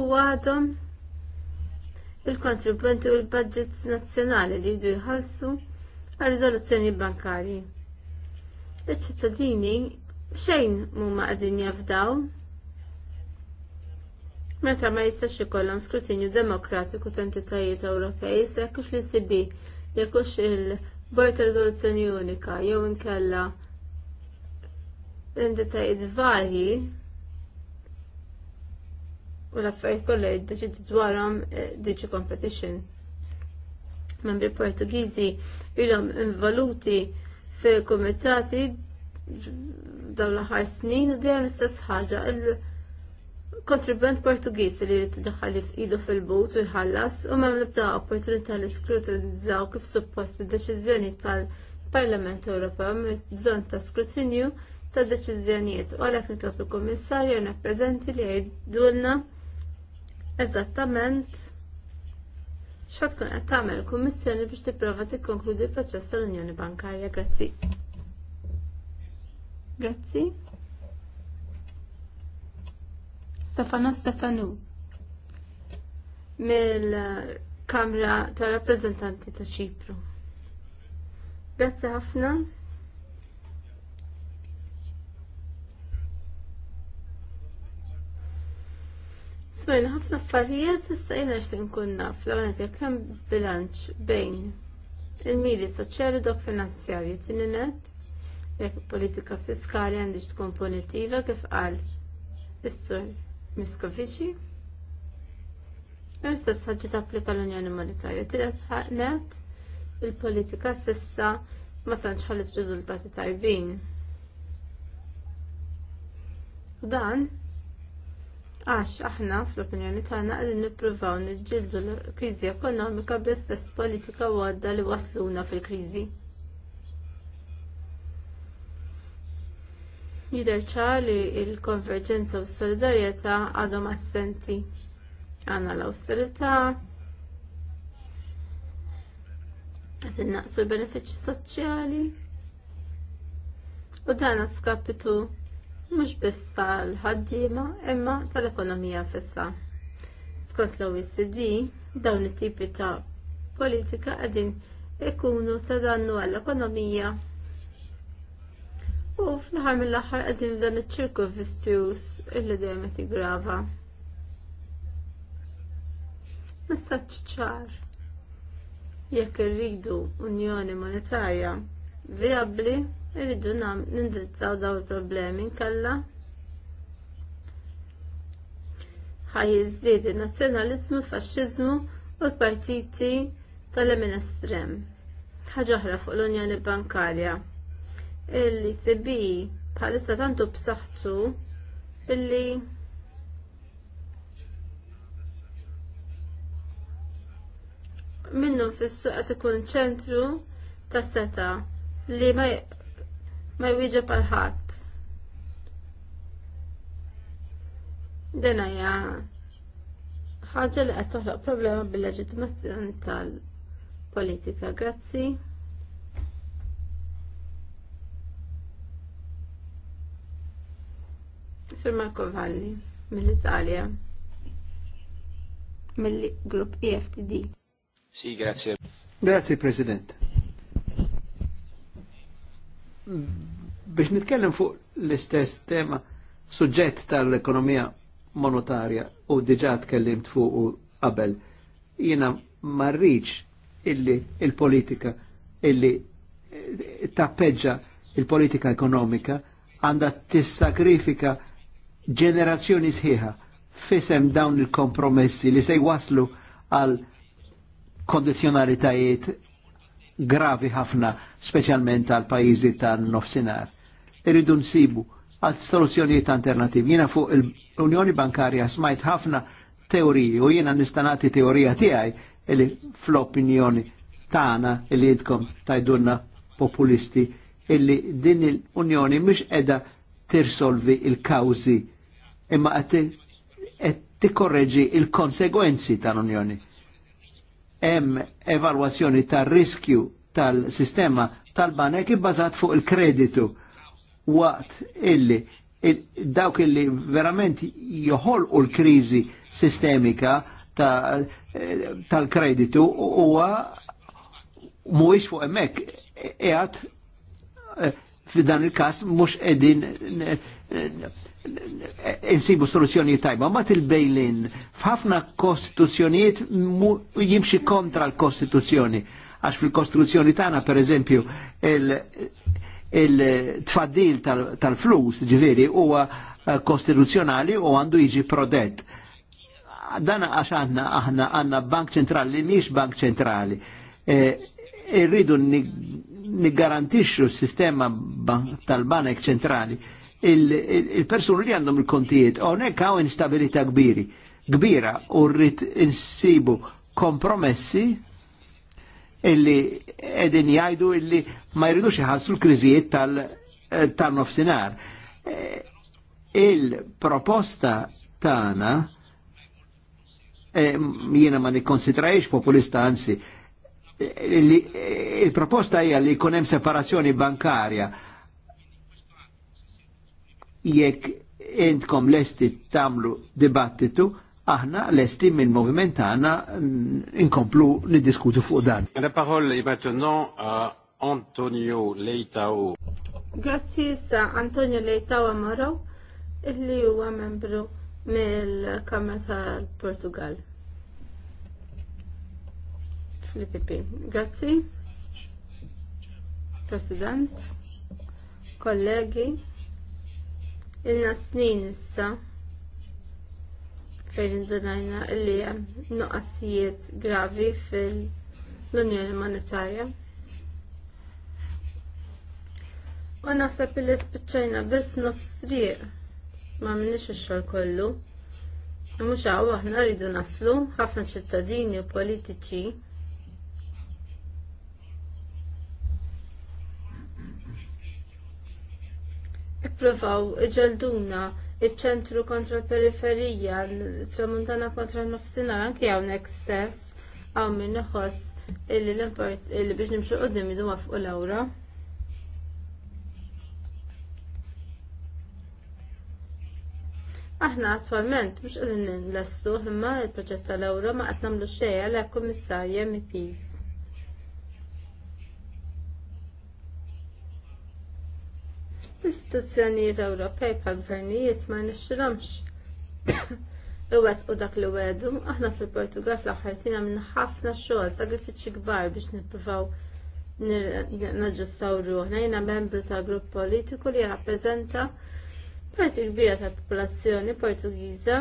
u għadhom il-kontribwenti u l-budgets nazzjonali li jdu jħallsu għal riżoluzzjoni bankarji. Iċ-ċittadini xejn huma qegħdin jafdaw meta ma jistax ikollhom skrutinju demokratiku t-entitajiet Ewropej se jekkux li sibi jekkux il-Bord ta' Riżoluzzjoni Unika jew inkella entitajiet varji u l-affarijiet kollha jiddeċidu dwarhom eh, Digi Competition. Membri Portugiżi ilhom involuti fil-kumitati dawn l-aħħar snin u dejjem l-istess ħaġa il-kontribent Portugiż li jrid tiddaħħal ilu fil-but u jħallas u m'hemm nibda opportunità li skrutinizzaw kif suppost id-deċiżjoni tal-Parlament Ewropew bżonn ta' skrutinju ta' deċiżjonijiet u għalhekk nitlob il-Kummissarju rappreżenti li jgħidulna eżattament Xat tkun qed tagħmel kummissjoni biex tipprova tikkonkludi l-proċess tal-Unjoni Bankarja. Grazzi. Grazzi. Stefano Stefanu mill-Kamra tal-Rappreżentanti ta' Ċipru. Grazzi ħafna. Smajna ħafna affarijiet issa jiena xtin nkun fl l għanet jekk hemm żbilanċ bejn il-miri soċjali dok finanzjarji t-ninet, jekk politika fiskali għandix tkun punitiva kif qal is-sur Miskovici. L-istess ħaġa tapplika l-Unjoni Monetarja tiret ħaqnet il-politika s'issa ma tantx ħallet riżultati tajbin. Dan Għax aħna fl-opinjoni tagħna qegħdin nippruvaw niġġieldu l-kriżi ekonomika bl-istess politika u għadda li wasluna fil-kriżi. Jidher ċari li l-konverġenza u s-solidarjetà għadhom assenti. Għandna l-awsterità, qed innaqsu l-benefiċċji soċjali u dan skapitu mhux biss tal-ħaddiema imma tal-ekonomija fissa. Skont l-OECD, dawn it-tipi ta' politika qegħdin ikunu ta' dannu għall-ekonomija u fl-ħar mill-aħħar qegħdin f'dan iċ-ċirku vistjus illi dejjem qed jiggrava. Messaġġ ċar jekk irridu Unjoni Monetarja vijabbli. Irridu nindrizzaw daw il-problemi nkella. ħajji jiżdied in-nazzjonaliżmu, faxxiżmu u l-partiti tal-emin estrem. Ħaġa fuq l-Unjoni Bankarja. Illi ecb bħalissa tantu b'saħħtu illi minnum fissu għat ikun ċentru ta' seta li ma ma jwieġa għal ħadd. Din hija ħaġa li qed toħloq problema bil-leġittimazzjoni tal-politika. Grazzi. Sur Marco Valli, mill-Italja, mill-Grupp EFTD. Sì, grazie. Grazie, Presidente biex nitkellem fuq l-istess tema suġġett tal-ekonomija monetarja u diġà tkellimt fuq qabel jiena marriċ illi il-politika illi eh, tappeġġa il-politika ekonomika għandha tissakrifika ġenerazzjoni sħiħa fisem dawn il-kompromessi li se jwaslu għal kondizjonalitajiet gravi ħafna, specialment għal pajizi tal-nofsinar. Irridu nsibu għal soluzzjonijiet alternativi. Jiena fuq l-Unjoni Bankarja smajt ħafna teoriji u jiena nistanati teorija tiegħi li fl-opinjoni tagħna li jidkom tajdunna populisti illi din l-Unjoni mhix qiegħda tirsolvi il-kawżi imma qed tikkorreġi il-konsegwenzi tal-Unjoni hemm evalwazzjoni tar-riskju tal-sistema tal-banek ibbażat fuq il-kreditu waqt illi il dawk illi verament joħolqu l-kriżi sistemika tal-kreditu ta huwa mhuwiex fuq hemmhekk qiegħed f'dan il-każ mhux qegħdin insibu soluzzjoni tajba, ma til bejlin f'ħafna kostituzzjonijiet jimxi kontra l-kostituzzjoni. Għax fil-kostituzzjoni tana, per eżempju, il-tfaddil il tfaddil tal flus ġiviri, u eh, kostituzzjonali u għandu iġi prodett. Dana għax għanna għanna għanna bank ċentrali, miex bank ċentrali. E, irridu e, s-sistema tal-banek ċentrali il-persuni li għandhom il-kontijiet, għonek għaw instabilita kbiri, kbira, u rrit insibu kompromessi illi edin jajdu illi ma jridu jħassu l krizijiet eh, tal-nofsinar. Eh, il-proposta tana eh, jiena ma nikonsidrajx populista anzi il-proposta hija li jkun hemm separazzjoni bankarja jekk intkom lesti tamlu dibattitu, aħna lesti minn moviment tagħna mm, inkomplu niddiskutu fuq dan. La parole est maintenant à Antonio Leitao. Grazzi sa Antonio Leitao Amaro, illi huwa membru mill-Kamra tal-Portugal. Filippi, grazzi. President, kollegi, ilna snin issa fejn indunajna li hemm nuqqasijiet gravi fil-Unjoni Monetarja. U naħseb li spiċċajna biss nofs triq ma minnix ix-xogħol kollu. Mhux hawn aħna rridu naslu ħafna ċittadini u politiċi ippruvaw iġelduna iċ-ċentru kontra l-periferija, tramuntana kontra n nofsinar anke hawnhekk stess, hawn min iħoss illi l-import illi biex nimxu qudiem idu fuq l-awra. Aħna attwalment mhux qegħdin nlestu imma l-proġett tal-ewro ma qed nagħmlu xejn għalhekk kummissarja MPs. l-istituzzjonijiet Ewropej bħal gvernijiet ma nixxilhomx. Iwet u dak li wedu, aħna fil-Portugal fl-aħħar sina minn ħafna xogħol sagrifiċċji kbar biex nippruvaw naġġustaw ruħna. Jiena membru ta' grupp politiku li rappreżenta parti kbira tal popolazzjoni Portugiża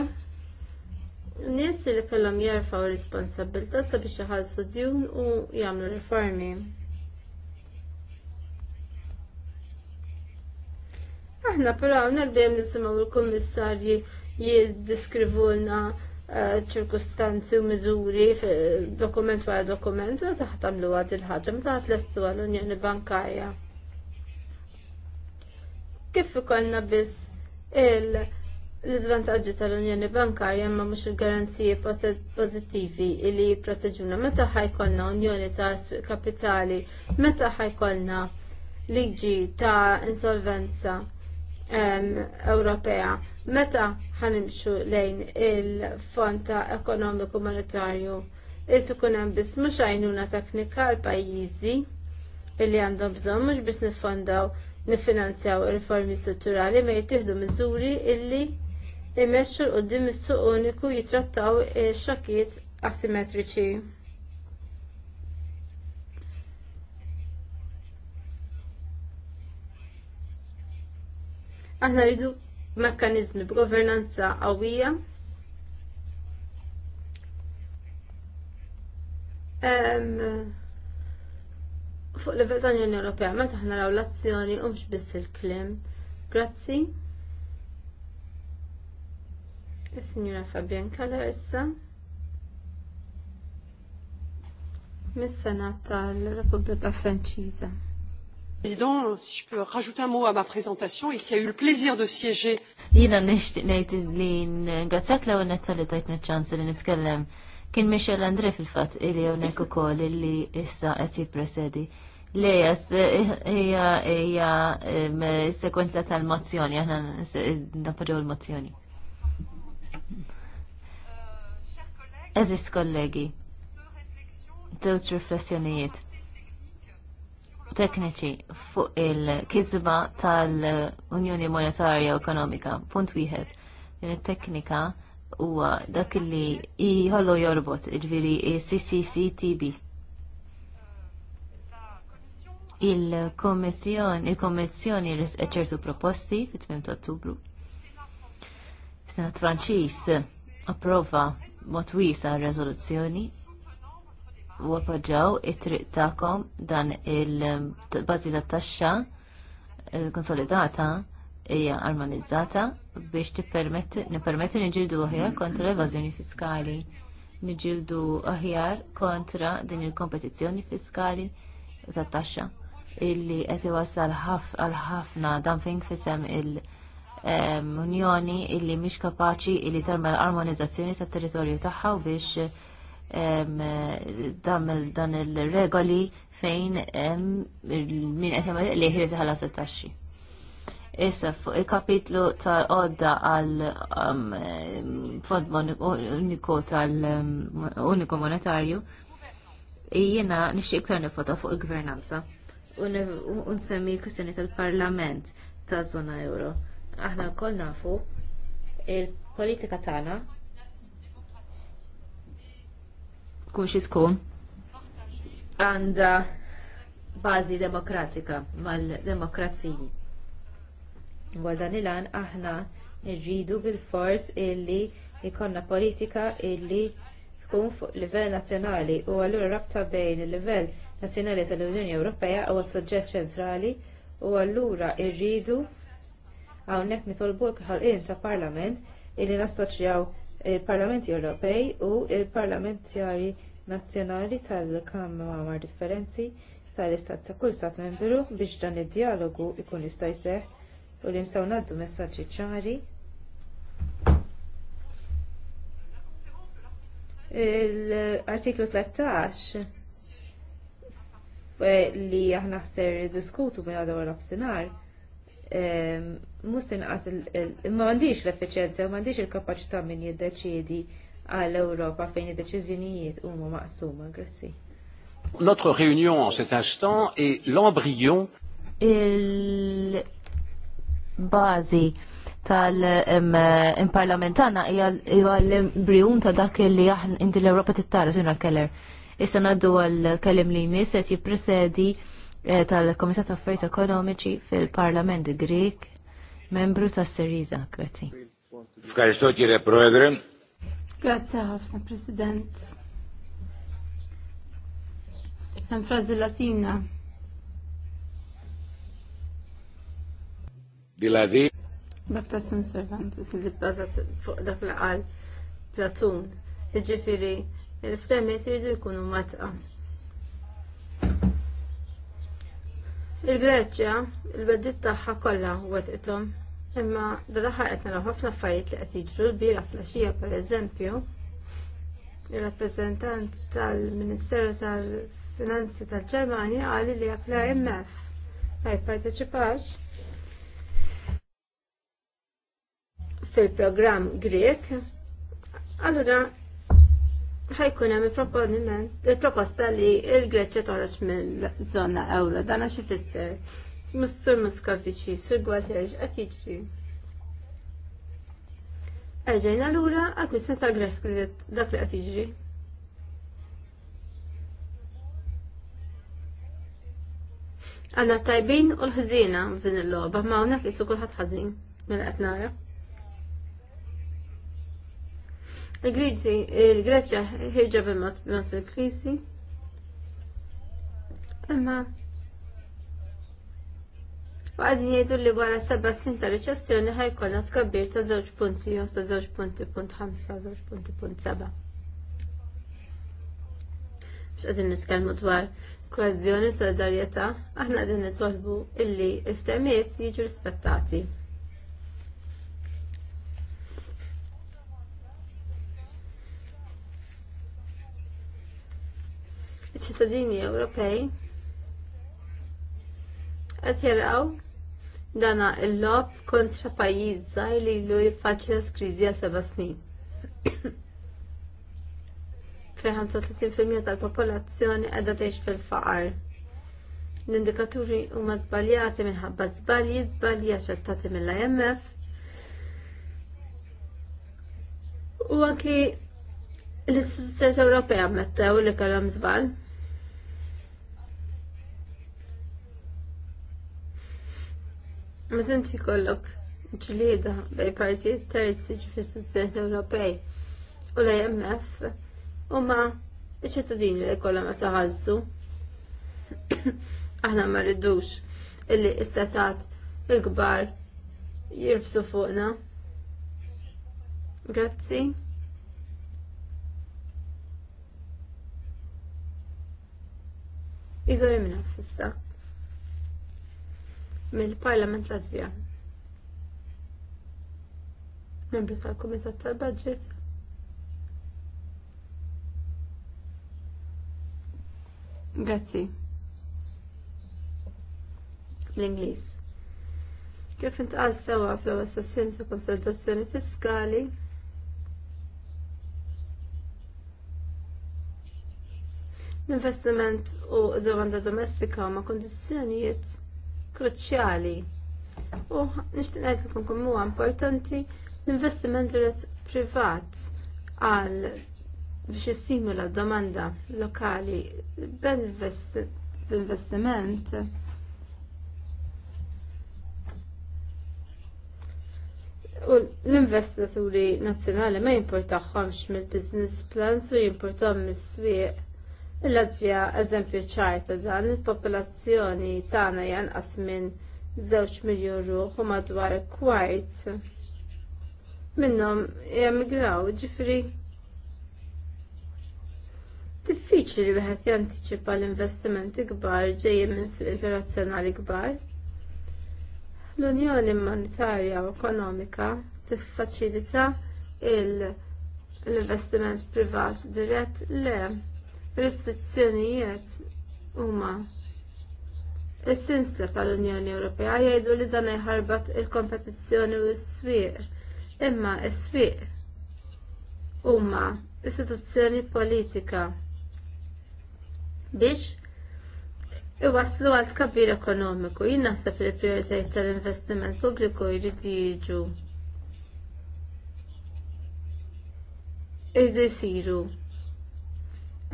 nies li kellhom jarfaw responsabilità sabiex iħallsu djun u jagħmlu riformi. Aħna però hawnhekk dejjem nisimgħu l-kummissarji jiddiskrivulna eh, ċirkustanzi u miżuri dokument wara dokument, taħt għamlu għad il-ħagġa, ma taħt l-estu għal-Unjoni Bankarja. Kif ikonna biss l-izvantaġġi tal-Unjoni Bankarja ma mux il-garanziji pożittivi li ma meta konna Unjoni ta' Kapitali, meta ħajkollna liġi ta' insolvenza Ewropea. Meta ħanimxu lejn il-Fond ta' Ekonomiku Monetarju il ikun hemm biss mhux għajnuna teknika għal pajjiżi illi għandhom bżonn mhux biss niffondaw nifinanzjaw riformi strutturali ma jittieħdu miżuri illi imexxu l qoddim is-suq uniku jitrattaw ix asimetriċi. Aħna rridu mekkanizmi b'governanza qawwija fuq livell ta' Unjoni Ewropea meta aħna raw l-azzjoni u mhux biss il-klim. Grazzi. Is-Sinjura Fabian Keller issa. Mis-Senat tal-Repubblika Franċiża. Président, si je peux rajouter un mot à ma présentation et qui a eu le plaisir de siéger. Jina nishtiq ngħid li ngrazzjak l-ewwel netta li tajtna ċans li nitkellem. Kien Michel Andre fil-fatt li hawnhekk ukoll li issa qed jippresedi. Lejas, hija ija, sekwenza tal-mozzjoni, aħna nappoġġew l mozzjoni Eżis kollegi, żewġ riflessjonijiet tekniċi fuq il-kizba tal-Unjoni Monetarja u Ekonomika. Punt wieħed. Din it-teknika huwa dak li jħollu jorbot, ġviri CCCTB. il kummissjoni il-Kommissjoni ċertu proposti fit-8 ta' Ottubru. Senat Franċis approva mod wiesa r-rezoluzzjoni u appoġġaw it-triq tagħkom dan il-bażi tat-taxxa konsolidata hija armonizzata biex nippermetti niġildu aħjar kontra l-evażjoni fiskali. Niġildu aħjar kontra din il-kompetizzjoni fiskali tat-taxxa illi qed iwassal għal ħafna dumping fisem il- unjoni illi mhix kapaċi illi tarmel armonizzazzjoni tat-territorju tagħha u biex dan il-regoli fejn min qed jagħmel li ħiret iħallas it Issa fuq il-kapitlu tal-qodda għal fond uniku tal-uniku monetarju, jiena nixtieq iktar nifota fuq il-gvernanza u nsemmi l-kwistjoni tal-parlament ta' żona euro. Aħna l nafu il-politika tagħna tkun xi tkun għandha bażi demokratika mal-demokrazija. Għal dan il-għan aħna irridu bil-fors illi jkollna politika illi tkun fuq livell nazzjonali u allura rabta bejn il-livell nazzjonali tal-Unjoni Ewropea huwa suġġett ċentrali u allura irridu hawnhekk nitolbu l in ta' Parlament illi nassoċjaw il-Parlamenti Ewropej u l parlamentari nazzjonali tal-Kamra differenzi tal-Istat ta' kull stat membru biex dan id-dialogu ikun jista' jseħħ u li nistgħu ngħaddu messaġġi ċari. L-artiklu 13 eh, li aħna ħser diskutu minn għadu għal Ehm, mhux inqas imma m'għandix l-effiċenza u m'għandix il-kapaċità min jiddeċiedi għall Ewropa fejn id-deċiżjonijiet huma maqsuma. Grazzi. Notre réunion en cet instant est l'embryon il-bazi tal-parlamentana hija l-embryon ta' dak li aħna inti l-Ewropa tittara Zuna Keller. Issa naddu għal kelim li jmiss qed jippresedi Eh, tal-Komitat Affarijiet Ekonomiċi fil-Parlament Grik, membru ta' Seriza, grazzi. Fkaristo kire proedre. Grazie ħafna, President. Hemm frażi Latina. Diladi. Bakta sin servantes li bbażat fuq dak l-qal Platun. iġifiri, il-ftemiet jridu jkunu matqa' Il-Greċja, il-beddit tagħha kollha wetqithom, imma dal-aħħar qed ħafna affarijiet li qed jiġru l-bira flaxija pereżempju. Ir-rappreżentant tal-Ministeru tal-Finanzi tal-Ġermanja qal li jekk l-IMF ma jipparteċipax fil-programm Grek, allura ħajkun hemm il-proponiment il-proposta li l-Greċja toħroġ mill-żona euro dana xi fisser. Mussur Muskoviċi, Sur Gwaterġ qed jiġri. Eġejna lura għakwisna ta' Grek dak li qed jiġri. Għanna tajbin u l-ħżina f'din il-logħba ma' hawnhekk isu kulħadd ħażin mill mela qed nara. Il-Greċja ħirġa bimmat fil-krisi. Imma Għadni jgħidu li wara seba snin ta' riċessjoni ħajkonna tkabbir ta' żewġ punti jew ta' żewġ punti punt ħamsa, żewġ punti punt seba. X'qegħdin nitkellmu dwar koeżjoni solidarjetà, aħna qegħdin nitolbu illi iftemiet jiġu rispettati. ċittadini Ewropej qed jaraw dana il-lob kontra pajjiż żgħir li lu jiffaċċja kriżi għal seba' snin. Fil-35% tal-popolazzjoni qiegħda tgħix fil-faqar. L-indikaturi huma żbaljati minħabba żbalji, żbalji aċċettati mill-IMF. U anki l-istituzzjoni Ewropea mettew li kellhom żball. Ma tinti jkollok ġlieda bej partijiet terzi ġifis istituzzjoni Ewropej u l-IMF huma iċ-ċittadini li kollha ma taħazzu. Aħna ma rridux illi istatat il-kbar jirfsu fuqna. Grazzi. Igor minna fissa mill-Parlament Latvija. Membru tal-Kumitat tal-Budget. Grazzi. L-Ingliż. Kif intqal sewwa fl-ewwel sessjoni ta' konsultazzjoni fiskali, l-investiment u domanda domestika ma' kondizzjonijiet kruċjali. U nixtieq ngħid huwa importanti l-investiment privat għal biex jistimula domanda lokali l investiment u l investituri nazzjonali ma jimportaħħomx mill-business plans u jimportaħħom mis-swieq Il-Latvija eżempju ċarta dan il-popolazzjoni tagħna janqas minn żewġ miljun ruħ u madwar kwart minnhom jemigraw ġifri diffiċli li wieħed jantiċipa l-investimenti kbar ġejjin minn suq internazzjonali kbar. L-Unjoni Monetarja u Ekonomika tiffaċilita l-investiment privat dirett le restrizzjonijiet huma essenzja sinsla tal-Unjoni Ewropea jgħidu li dan jħarbat il-kompetizzjoni u s-swieq. Imma s-swieq huma istituzzjoni politika biex iwaslu għal tkabbir ekonomiku. Jien naħseb li prioritajiet tal-investiment pubbliku jridu jiġu. Jridu jsiru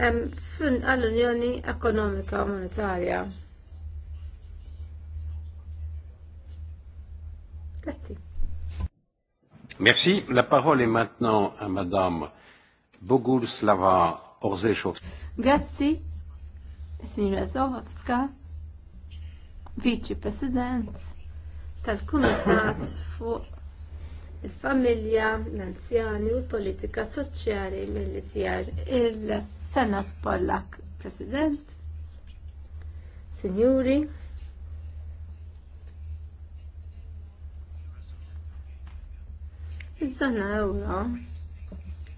għall-Unjoni Ekonomika u Monetarja. Grazie. Merci. La parole est maintenant à Madame Boguslava Orzechov. Grazie. Signora Zovavska, Vice President tal-Kumitat fuq il-Familja, l-Anzjani u l-Politika Soċjali mill-ISR. il Senna spollak, President, Signori, Iż-żona Ewro,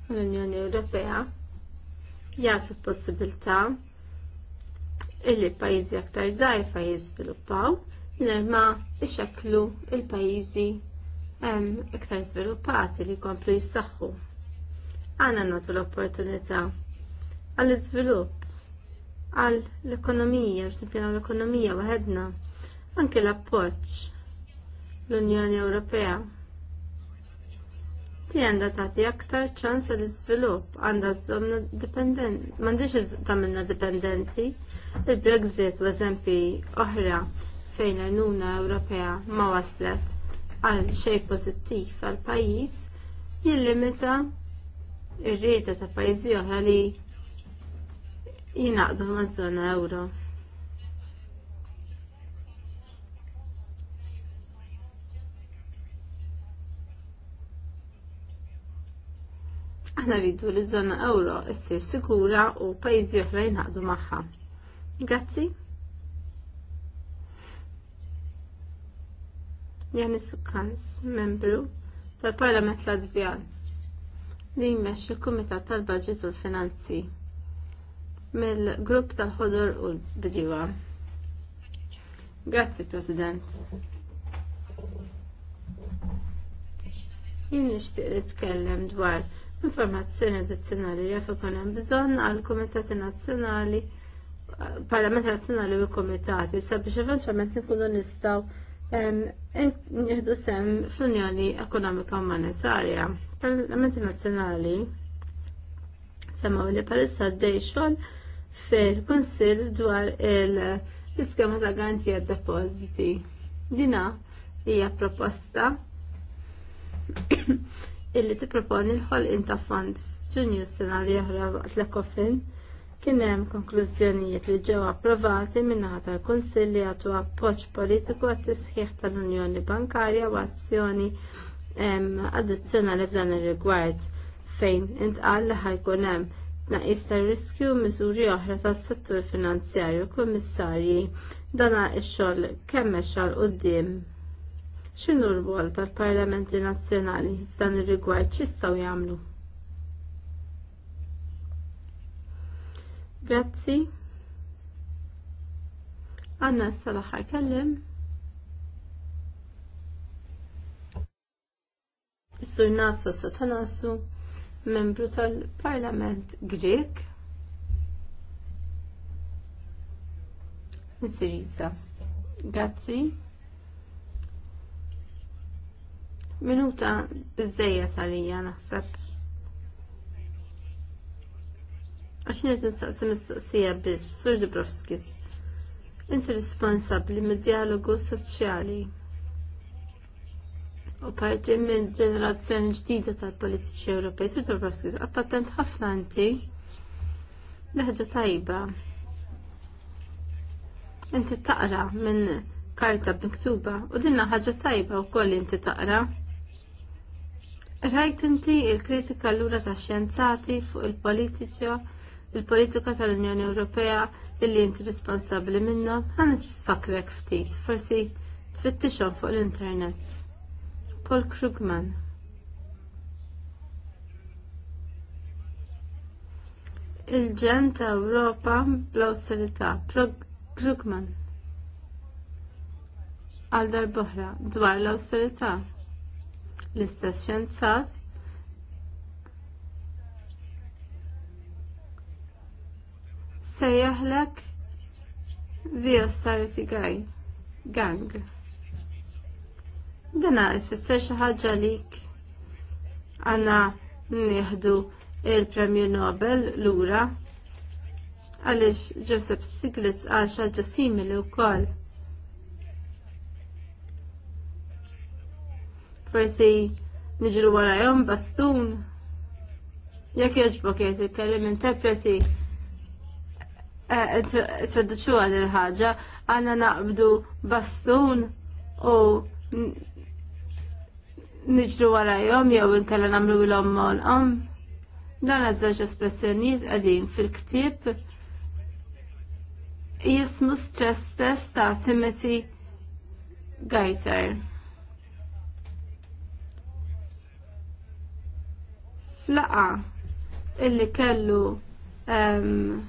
l-Unjoni Ewropea, jagħtu possibilità illi pajjiżi aktar dajfa jiżviluppaw nerma ixeklu il-pajjiżi ehm, iktar żviluppati li jkomplu jissaħħu. Għana nagħtu l-opportunità għall-iżvilupp, għall-ekonomija, biex nipjana l-ekonomija waħedna, anke l-appoġġ l-Unjoni Ewropea. Li għandha tagħti aktar ċans għal-izvilup, iżvilupp għandha zomna dipendenti, m'għandix tagħmilna dipendenti, il-Brexit u eżempi oħra fejn l l-Unjoni Ewropea ma waslet għal xejn pożittiv għall pajjiż jillimita ir-rieda ta' pajizi oħra li jinaqdu maż-żona euro. Aħna rridu li żona euro issir sigura u pajjiżi oħra jinaqdu magħha. Grazzi. Jani Sukkans, membru tal-Parlament Latvjan li jmexxi l-Kumitat tal-Baġit u l-Finanzi mill-grupp tal-ħodur u l-bidiwa. Grazzi, President. Jien nixtieq nitkellem dwar informazzjoni addizzjonali li jaf ikun hemm bżonn għal kumitati nazzjonali Parlament Nazzjonali u Komitati sabiex eventwalment nkunu nistgħu nieħdu sem fl-Unjoni Ekonomika u Monetarja. Parlamenti Nazzjonali semmaw li palissa d-dejxol fil-Kunsill dwar il-iskema ta' garanzija depositi. Dina hija proposta illi tipproponi l-ħolqien ta' fond f'Ġunju sena li oħra waqt l kofin kien hemm konklużjonijiet li ġew approvati min-naħa kunsill li għatu appoġġ politiku għat-tisħiħ tal-Unjoni Bankarja u azzjoni addizzjonali f'dan ir-rigward fejn intqal li ħajkun hemm naqis tar-riskju miżuri oħra tas-settur finanzjarju kummissarji dana x-xogħol kemm mexa l qudiem. X'inhu r-rwol tal-Parlamenti Nazzjonali f'dan ir-rigward x'jistgħu jagħmlu? Grazzi. Għanna s-salaħa kellim. Is-sur nasu sa tanasu membru tal-Parlament Grek Nisiriza. Grazzi. Minuta bizzejja tal-ija naħseb. Għax nirġ nistaqsi mistoqsija biss, Sur Dubrovskis. Inti responsabbli mid-dialogu soċjali U parti minn ġenerazzjoni ġdida tal-politiċi Ewropej, Sir Dobrovskis, attent ħafna inti, leħġa tajba. Inti taqra minn karta miktuba u dinna ħaġa tajba u koll inti taqra. Rajt inti il-kritika l-ura ta' xjenzati fuq il-politiċa, il-politika tal-Unjoni Ewropea illi inti responsabli minnom, għan s-sakrek ftit, forsi tfittixhom fuq l-internet Paul Krugman. Il-ġen ta' Ewropa bl-austerità. Krugman. Għaldar boħra dwar l-austerità. L-istess xenzat se jaħlek The Austerity Guy Gang. Dana jfisser xi ħaġa lik għandna nieħdu il-Premju Nobel lura għaliex Joseph Stiglitz għal xaġa simili wkoll. Forsi niġru jom bastun. Jekk jogħġbok jgħid jitkellem interpreti eh, traduċu għal il-ħagġa, għanna naqbdu bastun u niġru warajhom jew inkella nagħmlu ilhom molqhom. Dan għazzaġ żewġ espressjonijiet fil ktib jismu stress test ta' Timothy Geiter. Laqa illi kellu um,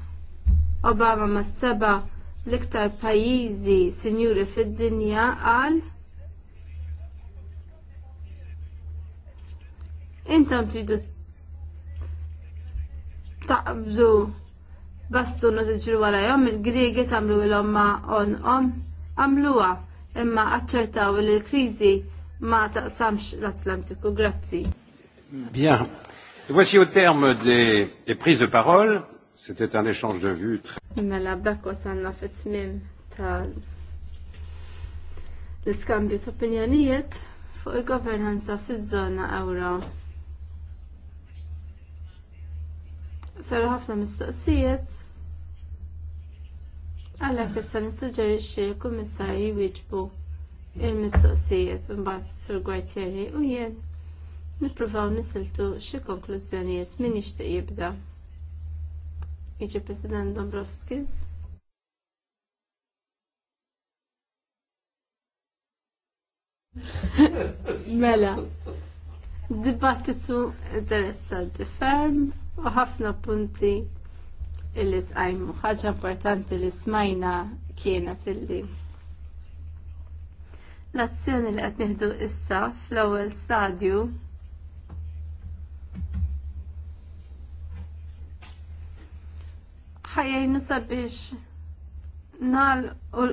Obama ma' seba l-iktar pajjiżi sinjuri fid-dinja għal intom tridu taqbdu bastunu tiġru warajhom il-Griegi samlu l-om ma' on-om għamluha imma aċċertaw li l-kriżi ma taqsamx l-Atlantiku. Grazzi. Bien. Et voici au terme des, des prises de parole. C'était un échange de vues très... Mela b'dak wasanna fit-tmim ta' l-iskambju ta' opinjonijiet fuq il-governanza fiż-żona euro. saru ħafna mistoqsijiet. Għalhekk issa nissuġġerixxi l-kummissarji wieġbu il-mistoqsijiet imbagħad sur Gualtieri u jien nippruvaw nisiltu xi konklużjonijiet min jixtieq jibda. Jiġi President Dombrovskis. mela, dibattitu interessanti ferm u ħafna punti illi tqajmu. ħaġa importanti li smajna kienet illi. L-azzjoni li qed nieħdu issa fl-ewwel stadju ħajjajnu sabiex nal u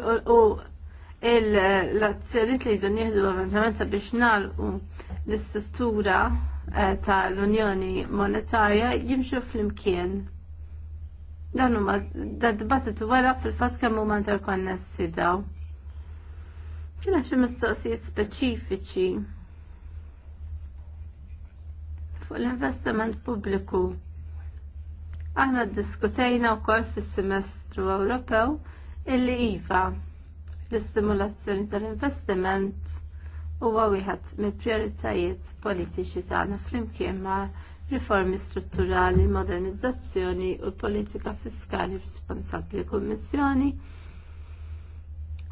l azzjoni li jdu nieħdu eventualment sabiex nal u l-istruttura Eh, tal-Unjoni Monetarja jimxu fl-imkien. Dan huma dibattitu wara fil-fatt kemm huma interkonnessi daw. Kien hemm xi mistoqsijiet speċifiċi fuq l-investiment pubbliku. Aħna ddiskutejna wkoll fis-semestru Ewropew illi iva l-istimulazzjoni tal-investiment huwa wieħed mill-prijoritajiet politiċi tagħna flimkien ma' riformi strutturali, modernizzazzjoni u politika fiskali responsabbli kummissjoni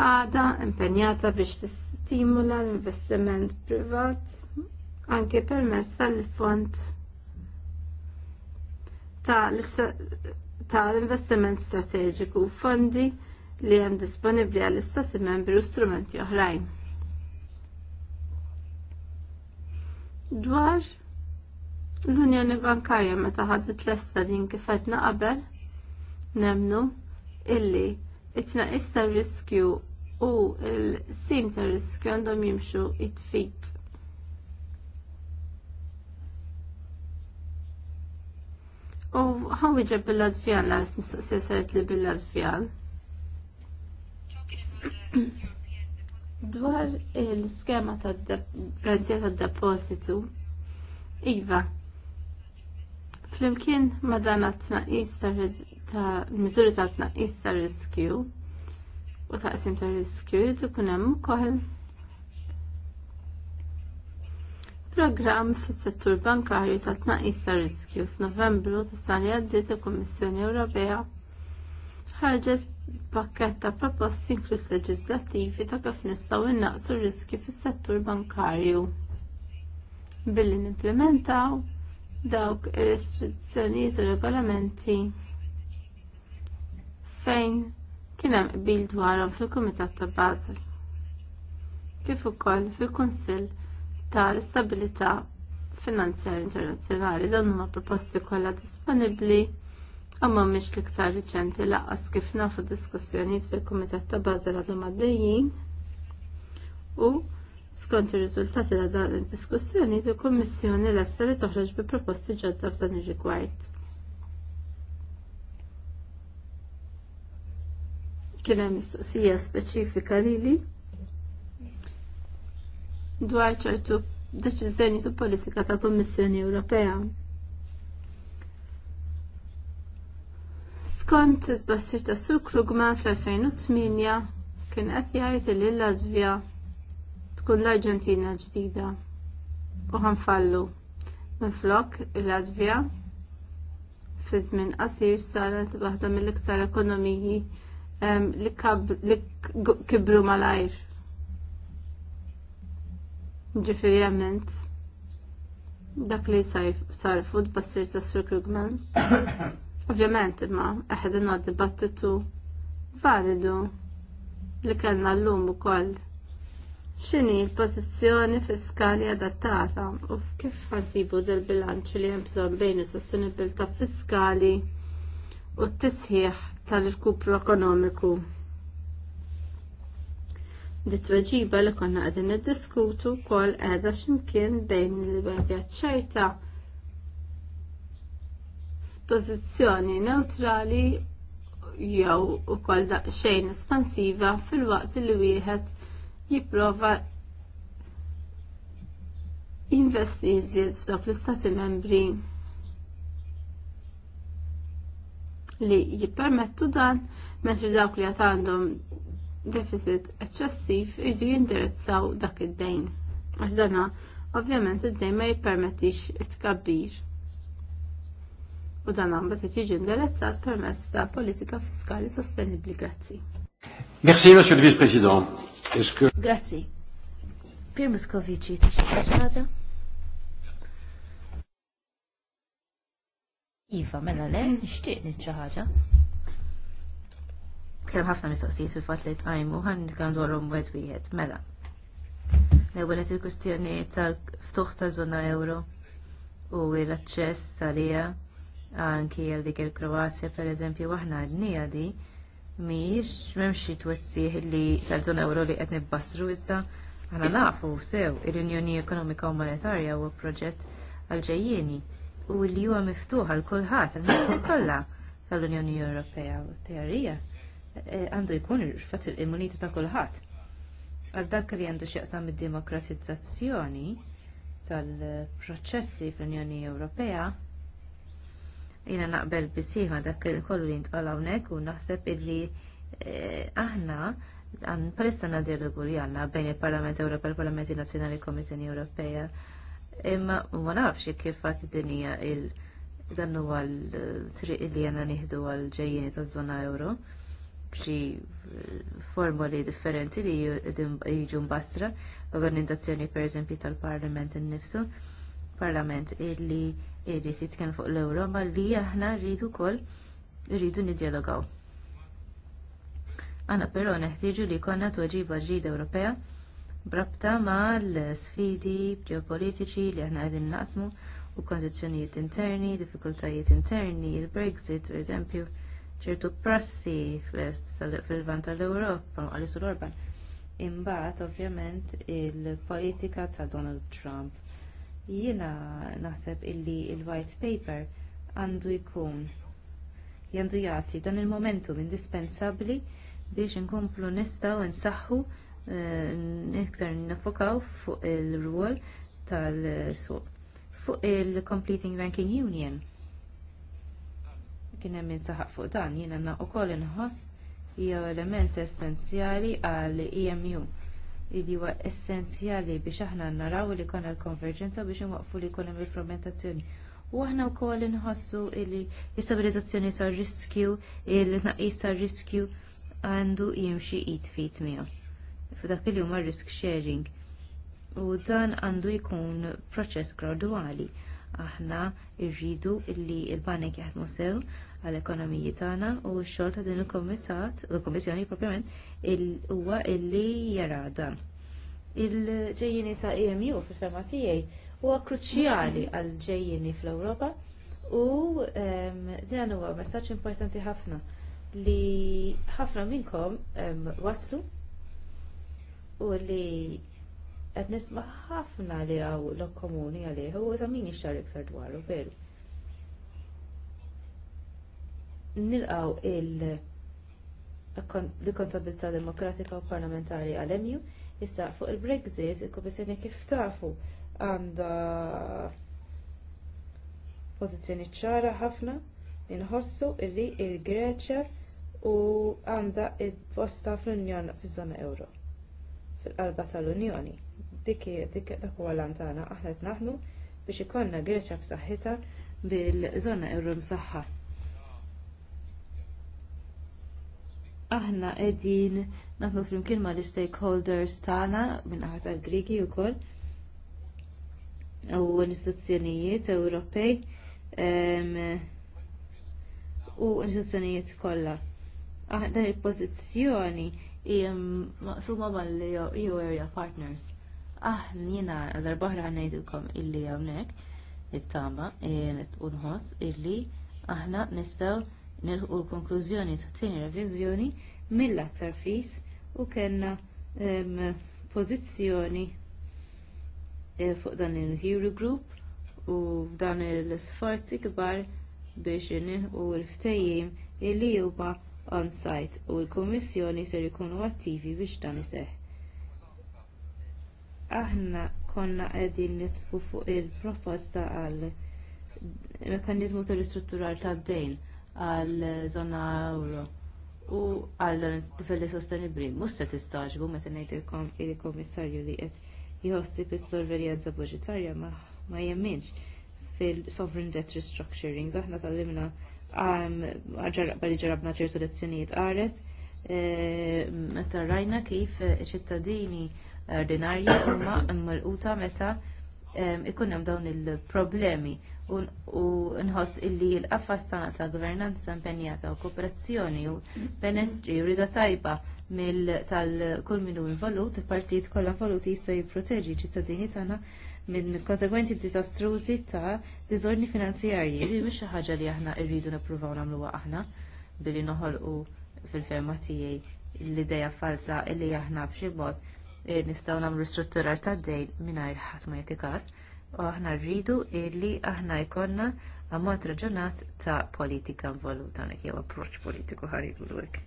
għada impenjata biex tistimula l-investiment privat anke permezz tal-fond tal-investiment strateġiku u fondi li hemm disponibbli għall-istati membri u strumenti oħrajn. Dwar l-Unjoni Bankarja meta ħadet l-esta din kifetna qabel nemnu illi itna tnaqis riskju u l-sim ta' riskju għandhom jimxu it-tfit. U ħan wieġeb bil ladfjan l-għas nistaqsija saret li bil ladfjan Dwar il-skema ta' garanzija ta' depositu, Iva, flimkien ma' dan tnaqis ta' miżuri ta' tnaqis ta' riskju u ta' qsim ta' riskju jrid ikun hemm ukoll Programm fis-settur bankarju ta' tnaqis ta' riskju f'Novembru tas-sena għaddiet il-Kummissjoni Ewropea Ħarġet pakketta ta' proposti inkluż leġislattivi ta' kif nistgħu innaqsu riski fis-settur bankarju billi nimplementaw dawk ir-restrizzjonijiet u regolamenti fejn kien hemm qbil dwarhom fil-Kumitat ta' Basel kif ukoll fil-Kunsill tal-Istabilità Finanzjarja Internazzjonali dawn huma proposti kollha disponibbli Amma mish l-iktar riċenti laqqas kif nafu diskussjonijiet fil-Kumitat ta' Bażel għadhom għaddejjin u skont ir-riżultati ta' dan id-diskussjonijiet il-Kummissjoni lesta li toħroġ bi proposti ġodda f'dan ir-rigward. Kien hemm mistoqsija speċifika lili dwar ċertu deċiżjoni su politika ta' Kummissjoni Ewropea Skont it-tbassir ta' sukru Krugman fl-2008 kien qed jgħid li l-Latvja tkun l-Arġentina ġdida u ħanfallu minflok il-Latvja fi żmien qasir saret waħda mill-iktar ekonomiji li kibru malajr. Ġifiri għamint, dak li sarfu bassir ta' sukru Krugman. Ovvjament imma għad dibattitu validu li kellna llum ukoll. X'inhi l-pożizzjoni fiskali adattata u kif għazibu del bilanċ li hemm bżonn bejn is-sostenibilità fiskali u t-tisħiħ tal-irkupru ekonomiku. Di tweġiba li konna qegħdin diskutu wkoll qiegħda x'imkien bejn li għadja jaċċerta pożizzjoni neutrali jew ukoll daqsxejn espansiva fil-waqt li wieħed jipprova investi jizjed f'dawk l-istati membri li jippermettu dan mentri dawk li għat għandhom deficit eċċessiv irġu jindirizzaw dak id-dejn. Għax dana, ovvjament id-dejn ma jippermettix it-kabbir u dan għamba qed jiġi indirizzat permess ta' politika fiskali sostenibbli. Grazzi. Merci, Monsieur le vice president Que... Grazzi. Pier Muscovici, tixtieq ħaġa? Iva, mela le, nishtiq nitxa ħaġa. Kemm ħafna mistoqsijiet fil-fatt li tajmu ħan nitkellem dwarom wieħed wieħed. Mela. L-ewwel il-kwistjoni tal-ftuħ ta' żona euro u l-aċċess għalija anki għal dik il-Kroazja pereżempju aħna għadnija di mhijiex memxi twessih li tal-żona euro li qed nibbassru iżda aħna nafu sew il-Unjoni Ekonomika u Monetarja huwa proġett għal ġajjeni u li huwa miftuħ għal kulħadd għal kollha tal-Unjoni Ewropea u teorija eh, għandu jkun fatt il immunita ta' kulħadd. Għal dak li għandu x'jaqsam id-demokratizzazzjoni tal-proċessi fl-Unjoni Ewropea, Jiena naqbel bisiħa dak kollu li ntqal hawnhekk u naħseb illi eh, aħna għan palestina dialogu li għandna bejn il-Parlament Ewropej, il-Parlamenti Nazzjonali, Komissjoni Ewropea. Imma ma nafx kif fatt id-dinja il- dan huwa triq li għandna nieħdu għal ġejjini taż-żona euro b'xi formoli differenti li jiġu mbasra, organizzazzjoni pereżempju tal-Parlament innifsu, Parlament illi irrid jitken fuq l-Ewropa li aħna rridu wkoll rridu nidjalogaw. Għana però neħtieġu li jkollna tuħġiba ġdida Ewropea brabta ma' l-sfidi ġeopolitiċi li aħna qegħdin naqsmu u kondizzjonijiet interni, difikultajiet interni, il-Brexit, per eżempju, ċertu prassi fil vanta tal-Ewropa, għal l Orban. Imbagħad ovvjament il-politika ta' Donald Trump Jiena naħseb illi il-white paper għandu jkun jandu jagħti dan il-momentum indispensabbli biex inkomplu nistgħu nsaħħu eh, iktar nifokaw fuq il-rwol tal-suq. Fuq il-Completing Ranking Union. Kien hemm saħaq fuq dan jiena na wkoll inħoss jew element essenzjali għall EMU li huwa essenzjali biex aħna naraw li konna l-konverġenza biex nwaqfu li jkun hemm il-fermentazzjoni. U aħna wkoll inħossu li l-istabilizzazzjoni tar-riskju, il-tnaqqis tar-riskju għandu jimxi it fit miegħu. F'dak li huma risk sharing. U dan għandu jkun proċess gradwali. Aħna rridu li l-banek jaħdmu sew għall-ekonomiji tagħna u x-xogħol ta' din il-kumitat, l kummissjoni proprjament huwa illi jara dan. Il-ġejjini ta' EMU fil-fema tiegħi huwa kruċjali għal ġejjini fl-Ewropa u dan huwa messaġġ importanti ħafna li ħafna minnkom waslu u li qed nisma' ħafna li hawn lok komuni għalih u ta' min jixtar iktar dwaru veru. nilqaw il-kontabilità demokratika u parlamentari għal-emju, issa fuq il-Brexit, il-Komissjoni kif tafu għanda pozizjoni ċara ħafna, inħossu illi il-Greċja u għanda il posta fl-Unjon fiż-żona Ewro, fil-qalba tal-Unjoni. Dikki dak huwa lantana aħna naħnu biex Greċa Greċja b'saħħitha bil Euro b-saħħa. aħna qegħdin naħdmu flimkien mal istakeholders tagħna minn aħta tal-Griki wkoll u l istazzjonijiet Ewropej u l-istituzzjonijiet Aħna Dan il-pożizzjoni jem maqsuma l eu Area Partners. Aħna jiena l-arbaħra ngħidilkom illi hawnhekk it-tama eh, il-unħos, il illi aħna nistgħu nilħu l-konklużjoni ta' tieni reviżjoni mill-aktar fis u kellna pożizzjoni eh, fuq dan il-Hero Group u f'dan il sforzi kbar biex nilħu l-ftejjim illi juba on-site u l-Kummissjoni ser ikunu attivi biex dan iseħħ. Aħna konna qegħdin nitsbu fuq il-proposta għal mekanizmu tal istrutturar tad dejn għal zona euro u għal tifelli sostenibli. Mux se tistaġbu meta ngħidilkom kien il-Kummissarju li qed jħossib is-sorveljanza budgetarja ma jemminx fil-sovereign debt restructuring. Aħna tal-limna li ġarabna ċertu lezzjonijiet qaret e, meta rajna kif ċittadini ordinarji huma mmalquta meta e, ikun hemm dawn il-problemi u nħoss illi l-qaffas tagħna ta' governanza impenjata u kooperazzjoni u benestri u rida tajba tal-kull minnu involut, il partit kollha involuti jista' jipproteġi ċittadini tagħna minn konsegwenzi diżastrużi ta' diżordni finanzjarji li mux xi ħaġa li aħna rridu nippruvaw namlu aħna billi noħolqu fil-ferma tiegħi l-idea falsa illi aħna b'xi nistaw eh, nistgħu nagħmlu strutturar tad-dejn mingħajr ħadd ma jagħti u aħna rridu illi aħna jkollna ammont raġunat ta' politika involuta nek jew approċċ politiku u l-wek.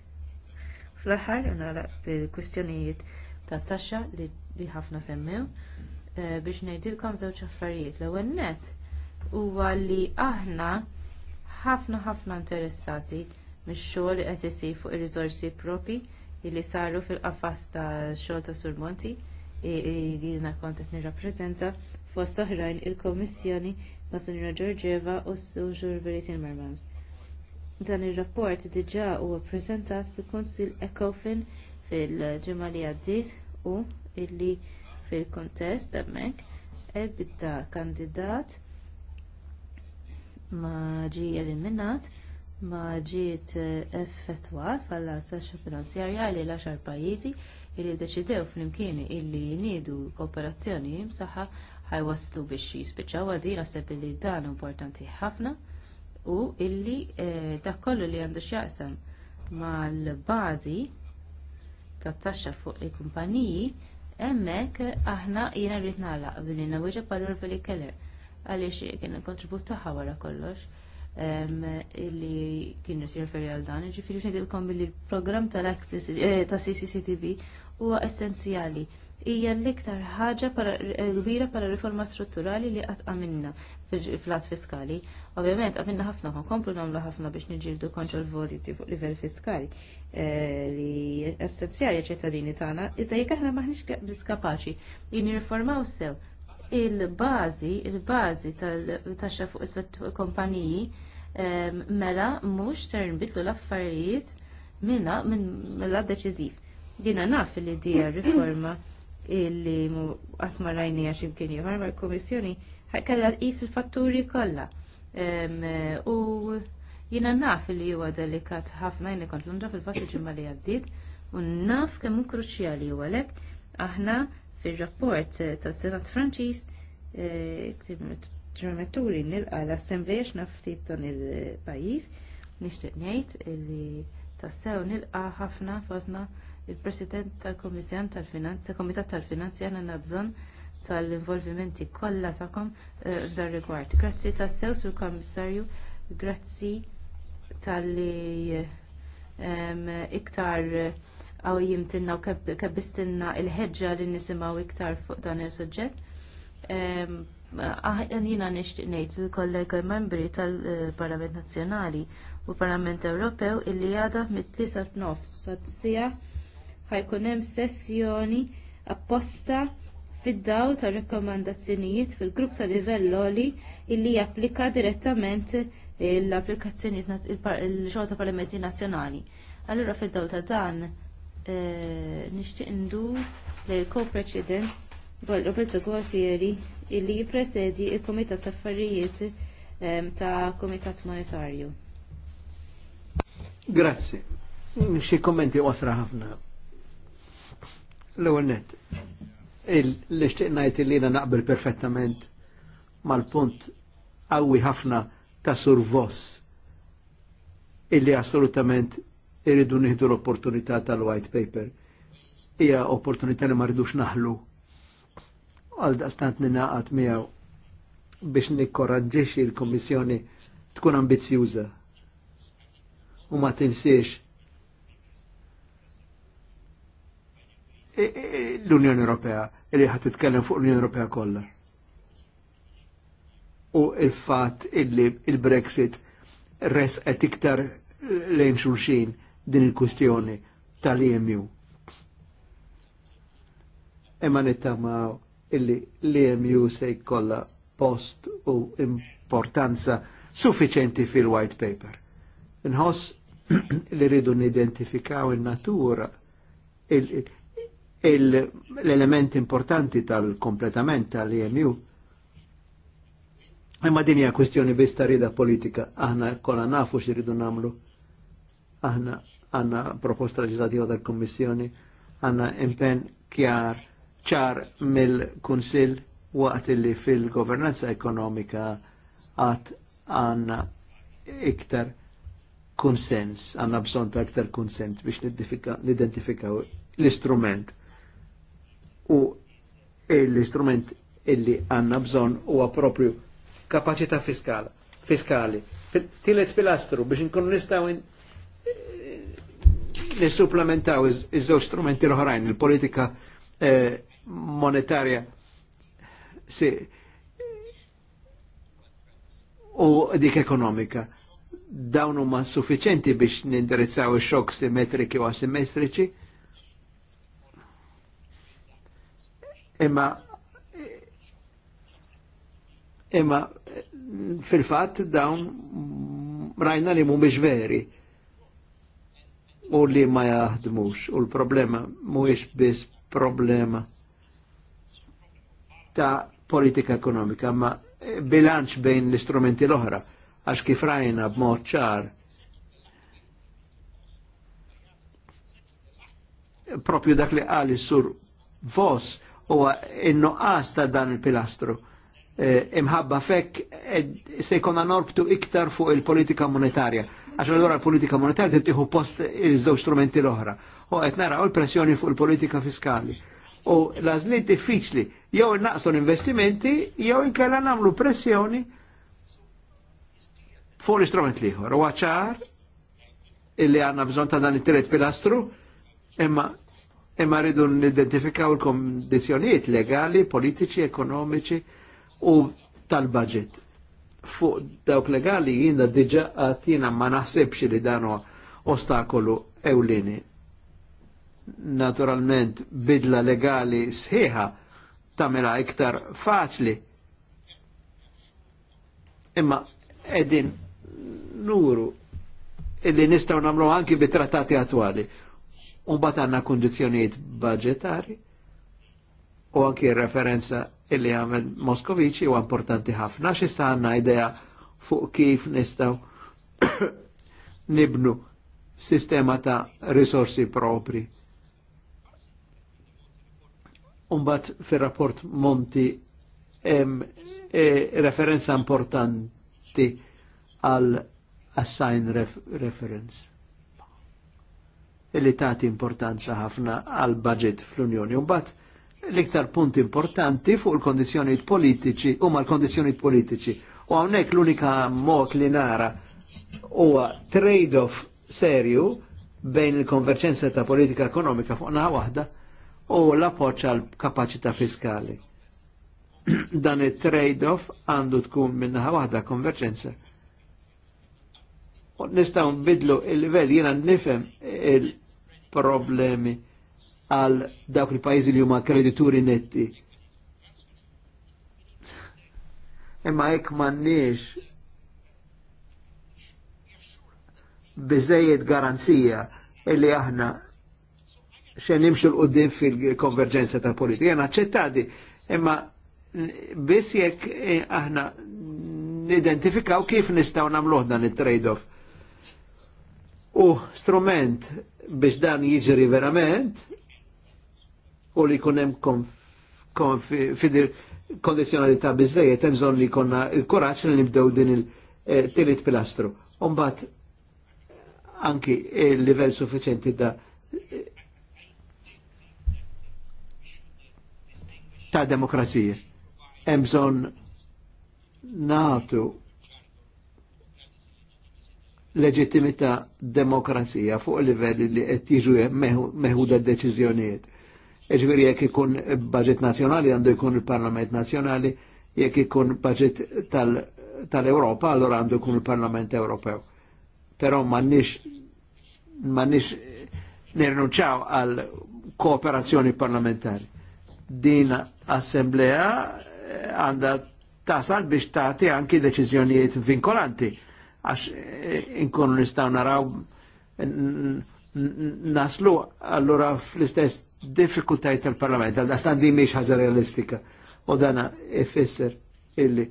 Fl-aħħar nagħlaq bil-kwistjonijiet ta' taxxa li ħafna semmew eh, biex ngħidilkom żewġ affarijiet. L-ewwel net huwa li aħna ħafna ħafna interessati mis xogħol li qed isir fuq ir-riżorsi propi li saru fil-qafas ta' xogħol ta' Surmonti li kont qed nirrappreżenta Fost oħrajn il-Komissjoni mas Sunira Georgieva u Sujur Veritin Mermams. Dan ir-rapport diġà huwa ppreżentat fil kunsill ECOFIN fil-ġimgħa li għaddiet u illi fil-kontest hemmhekk ebda kandidat ma ġie eliminat ma ġiet effettwat bħala taxxa finanzjarja li l pajjiżi li ddeċidew flimkien illi jniedu kooperazzjoni msaħħa ħajwaslu biex jispiċċaw għadi naħseb li dan importanti ħafna u illi eh, dak kollu li għandu x'jaqsam mal-bażi ta' taxxa fuq il-kumpaniji hemmhekk aħna jiena rrid nagħlaq billi nawieġa palur fil keller għaliex kien il-kontribut tagħha wara kollox illi kien jirreferi għal dan, ġifieri xnedilkom billi l-programm tal-akt eh, ta' CCCTV huwa essenzjali hija l-iktar ħaġa eh, kbira para riforma strutturali li qatt għamilna fil-flat fiskali. Ovvjament għamilna ħafna ħon komplu nagħmlu ħafna biex niġġieldu kontra l-voti fuq livell fiskali eh, li essenzjali ċittadini tagħna, iżda jekk aħna maħniex diskapaċi li nirriformaw sew il-bażi, il-bażi tal-taxxa fuq il-kompaniji eh, mela mhux ser nbidlu l-affarijiet minna minn mela deċiżiv. Jiena naf li dija riforma illi qatt ma rajni x'imkien ieħor ma l-Kummissjoni kellha tqis il-fatturi kollha. U jiena naf li huwa delikat ħafna jien kont Londra fil-fatt il li għaddiet u naf kemm hu kruċjali u għalhekk aħna fir-rapport tas-Senat Franċiż eh, ġurnatturi nilqa l-assembleja x'naftit ton il-pajjiż nixtieq ngħid li tassew nilqa ħafna fosna il-President tal-Komissjon tal-Finanzi, Komitat tal-Finanzi għanna nabżon tal-involvimenti kollha tagħkom eh, dar rigward. Grazzi tas-sew sur Kommissarju, grazzi tal-li iktar eh, għaw tinna u kabbistinna il-ħedġa li nisimaw iktar fuq dan il-sujġet. Aħjan ah, jina nishtiq nejt il-kollega membri tal-Parlament Nazjonali u Parlament Ewropew illi għada mit tisat nofs sa' ħajkun hemm sessjoni apposta fid-daw ta' rekomandazzjonijiet fil-grupp ta' livell loli illi japplika direttament l-applikazzjonijiet il-xogħol ta' parlamenti nazzjonali. Allura fid-daw ta' dan eh, nixtieq ndur l co-president Roberto Gualtieri illi jippresedi l kumitat eh, ta' Affarijiet ta' Kumitat Monetarju. Grazzi. Xi kommenti wasra ħafna L-ewwel nett, L-ixtieq ngħid li jiena naqbel perfettament mal-punt qawwi ħafna ta' survos illi assolutament irridu nieħdu l-opportunità tal-white paper. Hija opportunità li ma rridux naħlu għal daqstant ninaqat miegħu biex nikkoraġġixxi l kummissjoni tkun ambizzjuża u ma tinsiex E, e, e, l-Unjoni Ewropea li ħat titkellem fuq l-Unjoni Ewropea kollha. U il-fatt illi il-Brexit res qed iktar lejn xulxin din il-kwistjoni tal-EMU. Imma nittamaw illi l-EMU se jkollha post u importanza suffiċenti fil-white paper. Nħoss li rridu nidentifikaw il-natura, il-, -il l-element importanti tal-kompletament tal-EMU. Imma din hija kwestjoni biss ta' rida politika, aħna kollha nafu x'iridu nagħmlu. Aħna għandna proposta leġislativa tal-Kummissjoni, għandna impenn kjar ċar mill-Kunsill waqt li fil-governanza ekonomika għat għanna iktar konsens, għanna bżon ta' iktar konsens biex nidentifikaw l-istrument u l-istrument illi għanna bżon u għapropju kapacita fiskali. fiskali. Tilet pilastru biex nkunu nistaw nissuplementaw iż-żewġ strumenti l-oħrajn, il-politika eh, monetarja si, u dik ekonomika. Dawn huma suffiċenti biex nindirizzaw ix-xokk simmetriki u asimmetriċi. Imma imma fil fat dawn rajna li mhumiex veri u li ma jaħdmux u l-problema mhuwiex bis problema ta' politika ekonomika, ma bilanċ bejn l-istrumenti l-oħra, għax kif rajna b'mod ċar. Propju dak li għali sur vos huwa in-nuqqas ta' dan il-pilastru. Eh, imħabba fekk se jkollna norbtu iktar fuq il-politika monetarja. Għax allura l-politika monetarja tittieħu post iż żew strumenti l-oħra. U qed naraw l pressjoni fuq il-politika fiskali. U l-għażliet diffiċli jew naqsu l-investimenti jew inkella nagħmlu pressjoni fuq l-istrument liħor. U għacċar illi għanna bżon ta' dan it-tret pilastru imma imma rridu nidentifikaw il kondizjoniet legali, politiċi, ekonomiċi u tal-budget. Fuq dawk legali jina diġa għatina ma naħsebx li danu ostakolu ewlini. Naturalment bidla legali sħiħa tamela iktar faċli. Imma edin nuru illi nistaw namlu anki bi trattati attuali Unbat għanna kondizjoniet budgetari u għanki referenza illi għamel Moskovici u importanti ħafna xista għanna idea fuq kif nistaw nibnu sistema ta' risorsi propri. Umbat fil-rapport Monti em, e, eh, referenza importanti għal assign ref reference li tagħti importanza ħafna għal budget fl-Unjoni. Mbagħad l-iktar punt importanti fuq il-kondizzjonijiet politiċi huma l-kondizzjonijiet politiċi. U hawnhekk l-unika mod li nara huwa trade-off serju bejn il-konverġenza ta' politika ekonomika fuq naħa waħda u l-appoċ għal kapacità fiskali. Dan it trade-off għandu tkun minnaħa waħda konverġenza nistaw nbidlu il-livell jiena nifem il-problemi għal dawk il-pajjiżi li huma kredituri netti. Imma hekk m'għandniex biżejjed garanzija illi aħna xen nimxu l qudiem fil-konverġenza tal-politika. Jena ċettadi, imma biss jekk aħna nidentifikaw kif nistaw namluħ dan il-trade-off. U strument biex dan jiġri verament u li kunem kondizjonalità bizzejiet, hemm bżonn li konna il-kuraġġ li nibdew din il-tielet eh, pilastru. Umbat anki il level suffiċenti da ta' demokrazija. Hemm bżonn natu leġittimità demokrazija fuq livelli li qed jiġu meħuda d-deċiżjonijiet. Eġveri jekk ikun budget nazzjonali għandu jkun il-Parlament nazzjonali, jekk ikun budget tal-Europa, tal allora għandu jkun il-Parlament Ewropew. Però m'għandniex m'għandniex nirnunċaw għal kooperazzjoni parlamentari. Din assemblea għandha tasal biex tagħti anki deċiżjonijiet vinkolanti għax eh, inkunu nistaw naraw naslu allura fl-istess diffikultajiet tal-parlament, għal-dastan di miex ħaġa realistika. U dana ifisser illi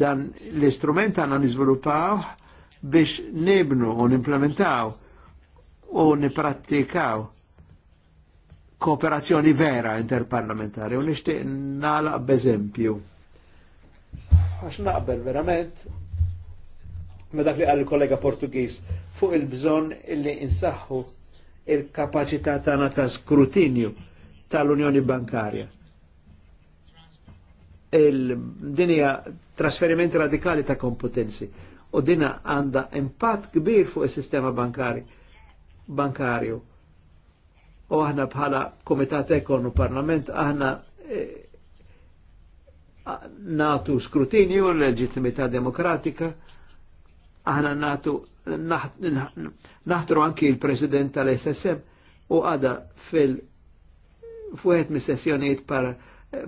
dan l-istrument għanna nizvilupaw biex nibnu u nimplementaw u nipratikaw kooperazzjoni vera interparlamentari u nishtiq nalaq b'eżempju. Għax naqbel verament ma dak li għal kollega Portugis fuq il-bżon illi insaħħu il-kapacità tagħna ta' skrutinju tal-Unjoni Bankarja. Il-dinja trasferimenti radikali ta' kompetenzi u dina għanda impatt kbir fuq il sistema bankari bankarju. U aħna bħala Komitat Ekon u Parlament aħna eh, natu skrutinju l-leġittimità demokratika aħna natu naħtru anki il-president tal-SSM u għada fil fuħet mis sessjoniet par,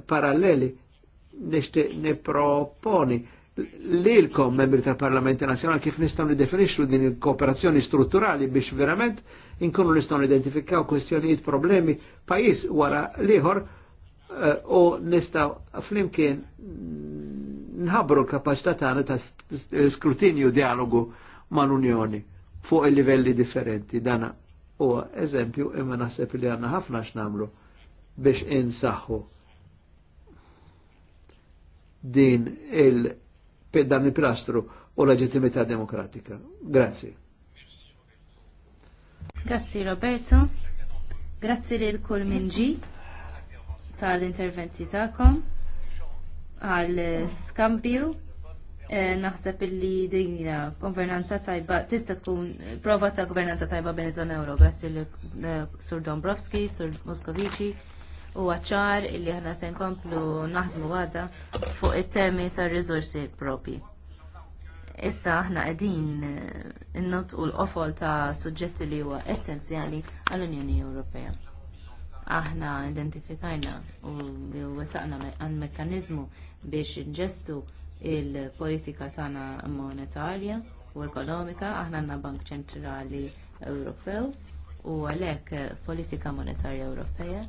paralleli neproponi li l-kom membri tal parlamenti Nazjonali kif nistaw nidefinixxu din il-kooperazzjoni strutturali biex verament inkunu nistaw identifikaw kwestjonijiet problemi pajis wara liħor eh, u uh, nistaw flimkien nħabru l-kapacità tagħna ta' skrutinju dialogu mal-Unjoni fuq il-livelli differenti. Dana huwa eżempju imma naħseb li għandna ħafna x'namlu biex insaħħu din il dan il-pilastru u leġittimità demokratika. Grazzi. Grazzi Roberto. Grazzi lil kull minġi tal-interventi tagħkom għal skambju eh, naħseb illi dinja governanza tajba tista' tkun prova ta' governanza tajba bejn iż-żona euro grazzi l eh, Sur Dombrovski, Sur Moskovici u għacċar illi ħna se nkomplu naħdmu għada fuq it-temi tar rizorsi propi. issa aħna qegħdin eh, innot u l-qofol ta' suġġetti li huwa essenzjali għall-Unjoni Ewropea. Aħna identifikajna u wetaqna għan mekkanizmu biex nġestu l politika tagħna monetarja u ekonomika, aħna għandna Bank Ċentrali Ewropew u għalhekk politika monetarja Ewropea,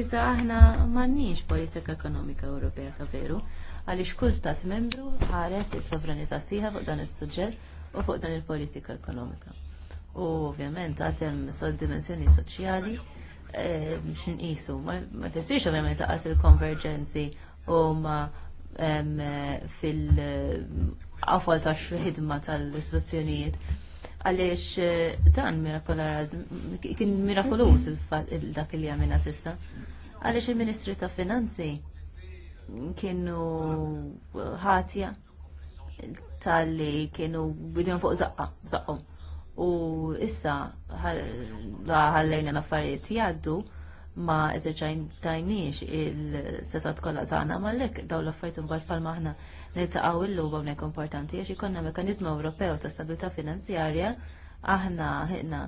iżda aħna m'għandniex politika ekonomika Ewropea ta' veru, għaliex kull stat membru ħares is-sovranità sieħa fuq dan is-suġġett u fuq dan il-politika ekonomika. U ovvjament għatem dimensjoni soċjali eh, xinqisu, ma jfessirx ovvjament taqas il-konverġenzi u ma' fil-qafol ta' xħidma tal-istituzzjonijiet. Għaliex eh, dan kien mirakolus il-dak li għamina sissa. Għaliex il-Ministri ta' Finanzi kienu ħatja tal-li kienu bidin fuq zaqqa, zaqqom. U issa ħallejna l-affarijiet jgħaddu ma tajniex il-setat kollha tagħna ma daw l-affarijiet imbagħad bħalma aħna niltaqgħu illum hawnhekk importanti għax ikollna mekkaniżmu Ewropew ta' stabilità finanzjarja aħna ħidna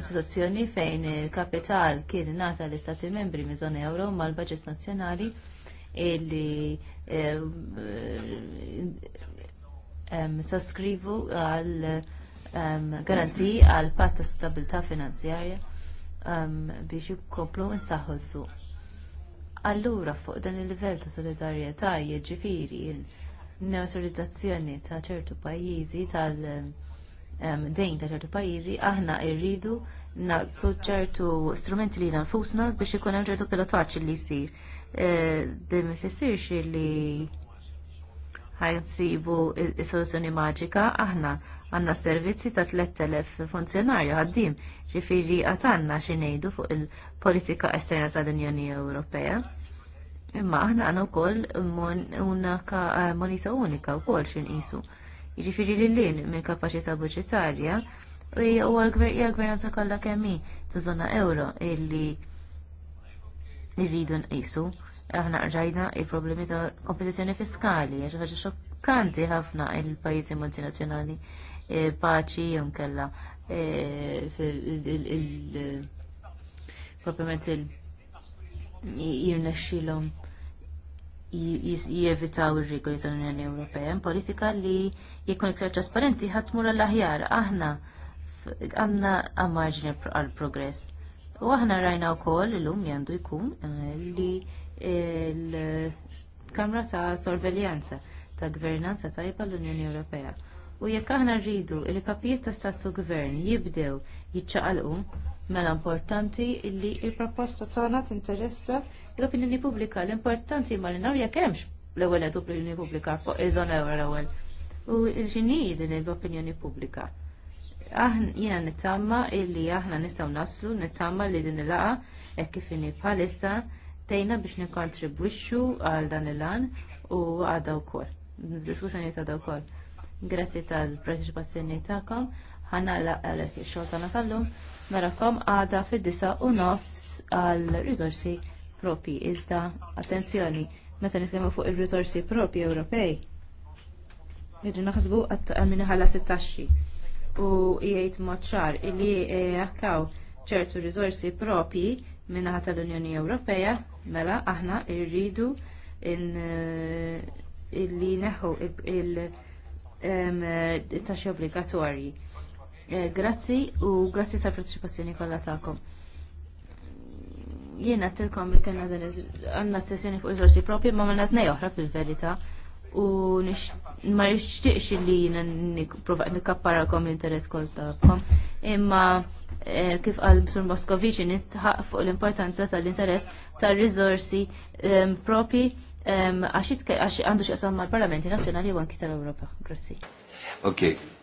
istituzzjoni fejn il-kapital kien nata l-Istati membri miżoni euro mal-Baġit Nazzjonali illi eh, saskrivu għal garanzi għal patta stabilta finanzjarja Um, biex jikkoplu nsaħħu s-suq. Allura fuq dan il-livell ta' solidarjetà jiġifieri n-neosolidizzazzjoni ta' ċertu pajjiżi tal-dejn um, ta' ċertu pajjiżi aħna rridu naqtu ċertu strumenti li nfusna biex ikun hemm ċertu pilotaġġ li jsir. Eh, Dejjem ifissirx li ħajnsibu is-soluzzjoni maġika aħna għanna servizzi ta' 3000 funzjonarju għaddim ġifiri għatanna xinejdu fuq il-politika esterna tal-Unjoni Ewropea. Imma aħna għanna u koll unaka monita unika u koll xin isu. Ġifiri li l-lin minn kapacita budgetarja u għal-gvernanza kolla kemmi ta' zona euro illi jridu nqisu. Aħna rġajna il-problemi ta' kompetizjoni fiskali, għax ħaġa xokkanti ħafna il-pajizi multinazzjonali paċi jom kella e, propriment il jirnexxilhom jevitaw ir-regoli tal-Unjoni Ewropea in politika li jekun iktar trasparenti ħatmur l-aħjar aħna għandna għammarġin għal-progress. U aħna rajna wkoll illum jandu jkun e, li l-Kamra ta' Sorveljanza ta' Gvernanza tajba l-Unjoni Ewropea U jekk aħna rridu li kapijiet ta' statu gvern jibdew jiċċaqalqu, mela importanti li l proposta tagħna tinteressa l-opinjoni pubblika. L-importanti ma li naw jekk hemmx l-ewwel qed opinjoni pubblika fuq iżon ewra l-ewwel. U x'inhi din l-opinjoni pubblika? Aħna jiena nittama illi aħna nistgħu naslu, nittama li din il-laqa hekk kif inhi bħalissa tejna biex nikkontribwixxu għal dan il-lan u għadha wkoll. Diskussjoni ta' wkoll. Grazzi tal-parteċipazzjoni tagħkom. Ħanna għalek ix-xogħol tagħna tal-lum. Merakom għada fid-disa u nofs għal riżorsi propi. Iżda attenzjoni, meta nitkellmu fuq ir-riżorsi propi Ewropej. Jiġu naħsbu għamina ħalla 16 u jgħid maċċar illi eh, jakkaw ċertu riżorsi propi minna tal-Unjoni Ewropea, mela aħna irridu eh, illi neħu il- Eh, ta' xi obbligatorji. Eh, grazzi u grazzi tal-parteċipazzjoni kollha tagħkom jiena tilkom li kena dan għanna sessjoni fuq risorsi propri ma minna nej oħra fil-verita u ma nishtiqx li jiena niprofa kom l-interess kol tagħkom imma eh, kif għal Sur Moskovici nistħaq fuq l-importanza tal-interess tal rizorsi propri għaxit għandu xaqsam mal-Parlamenti Nazjonali u anki tal-Europa. Grazie. Ok,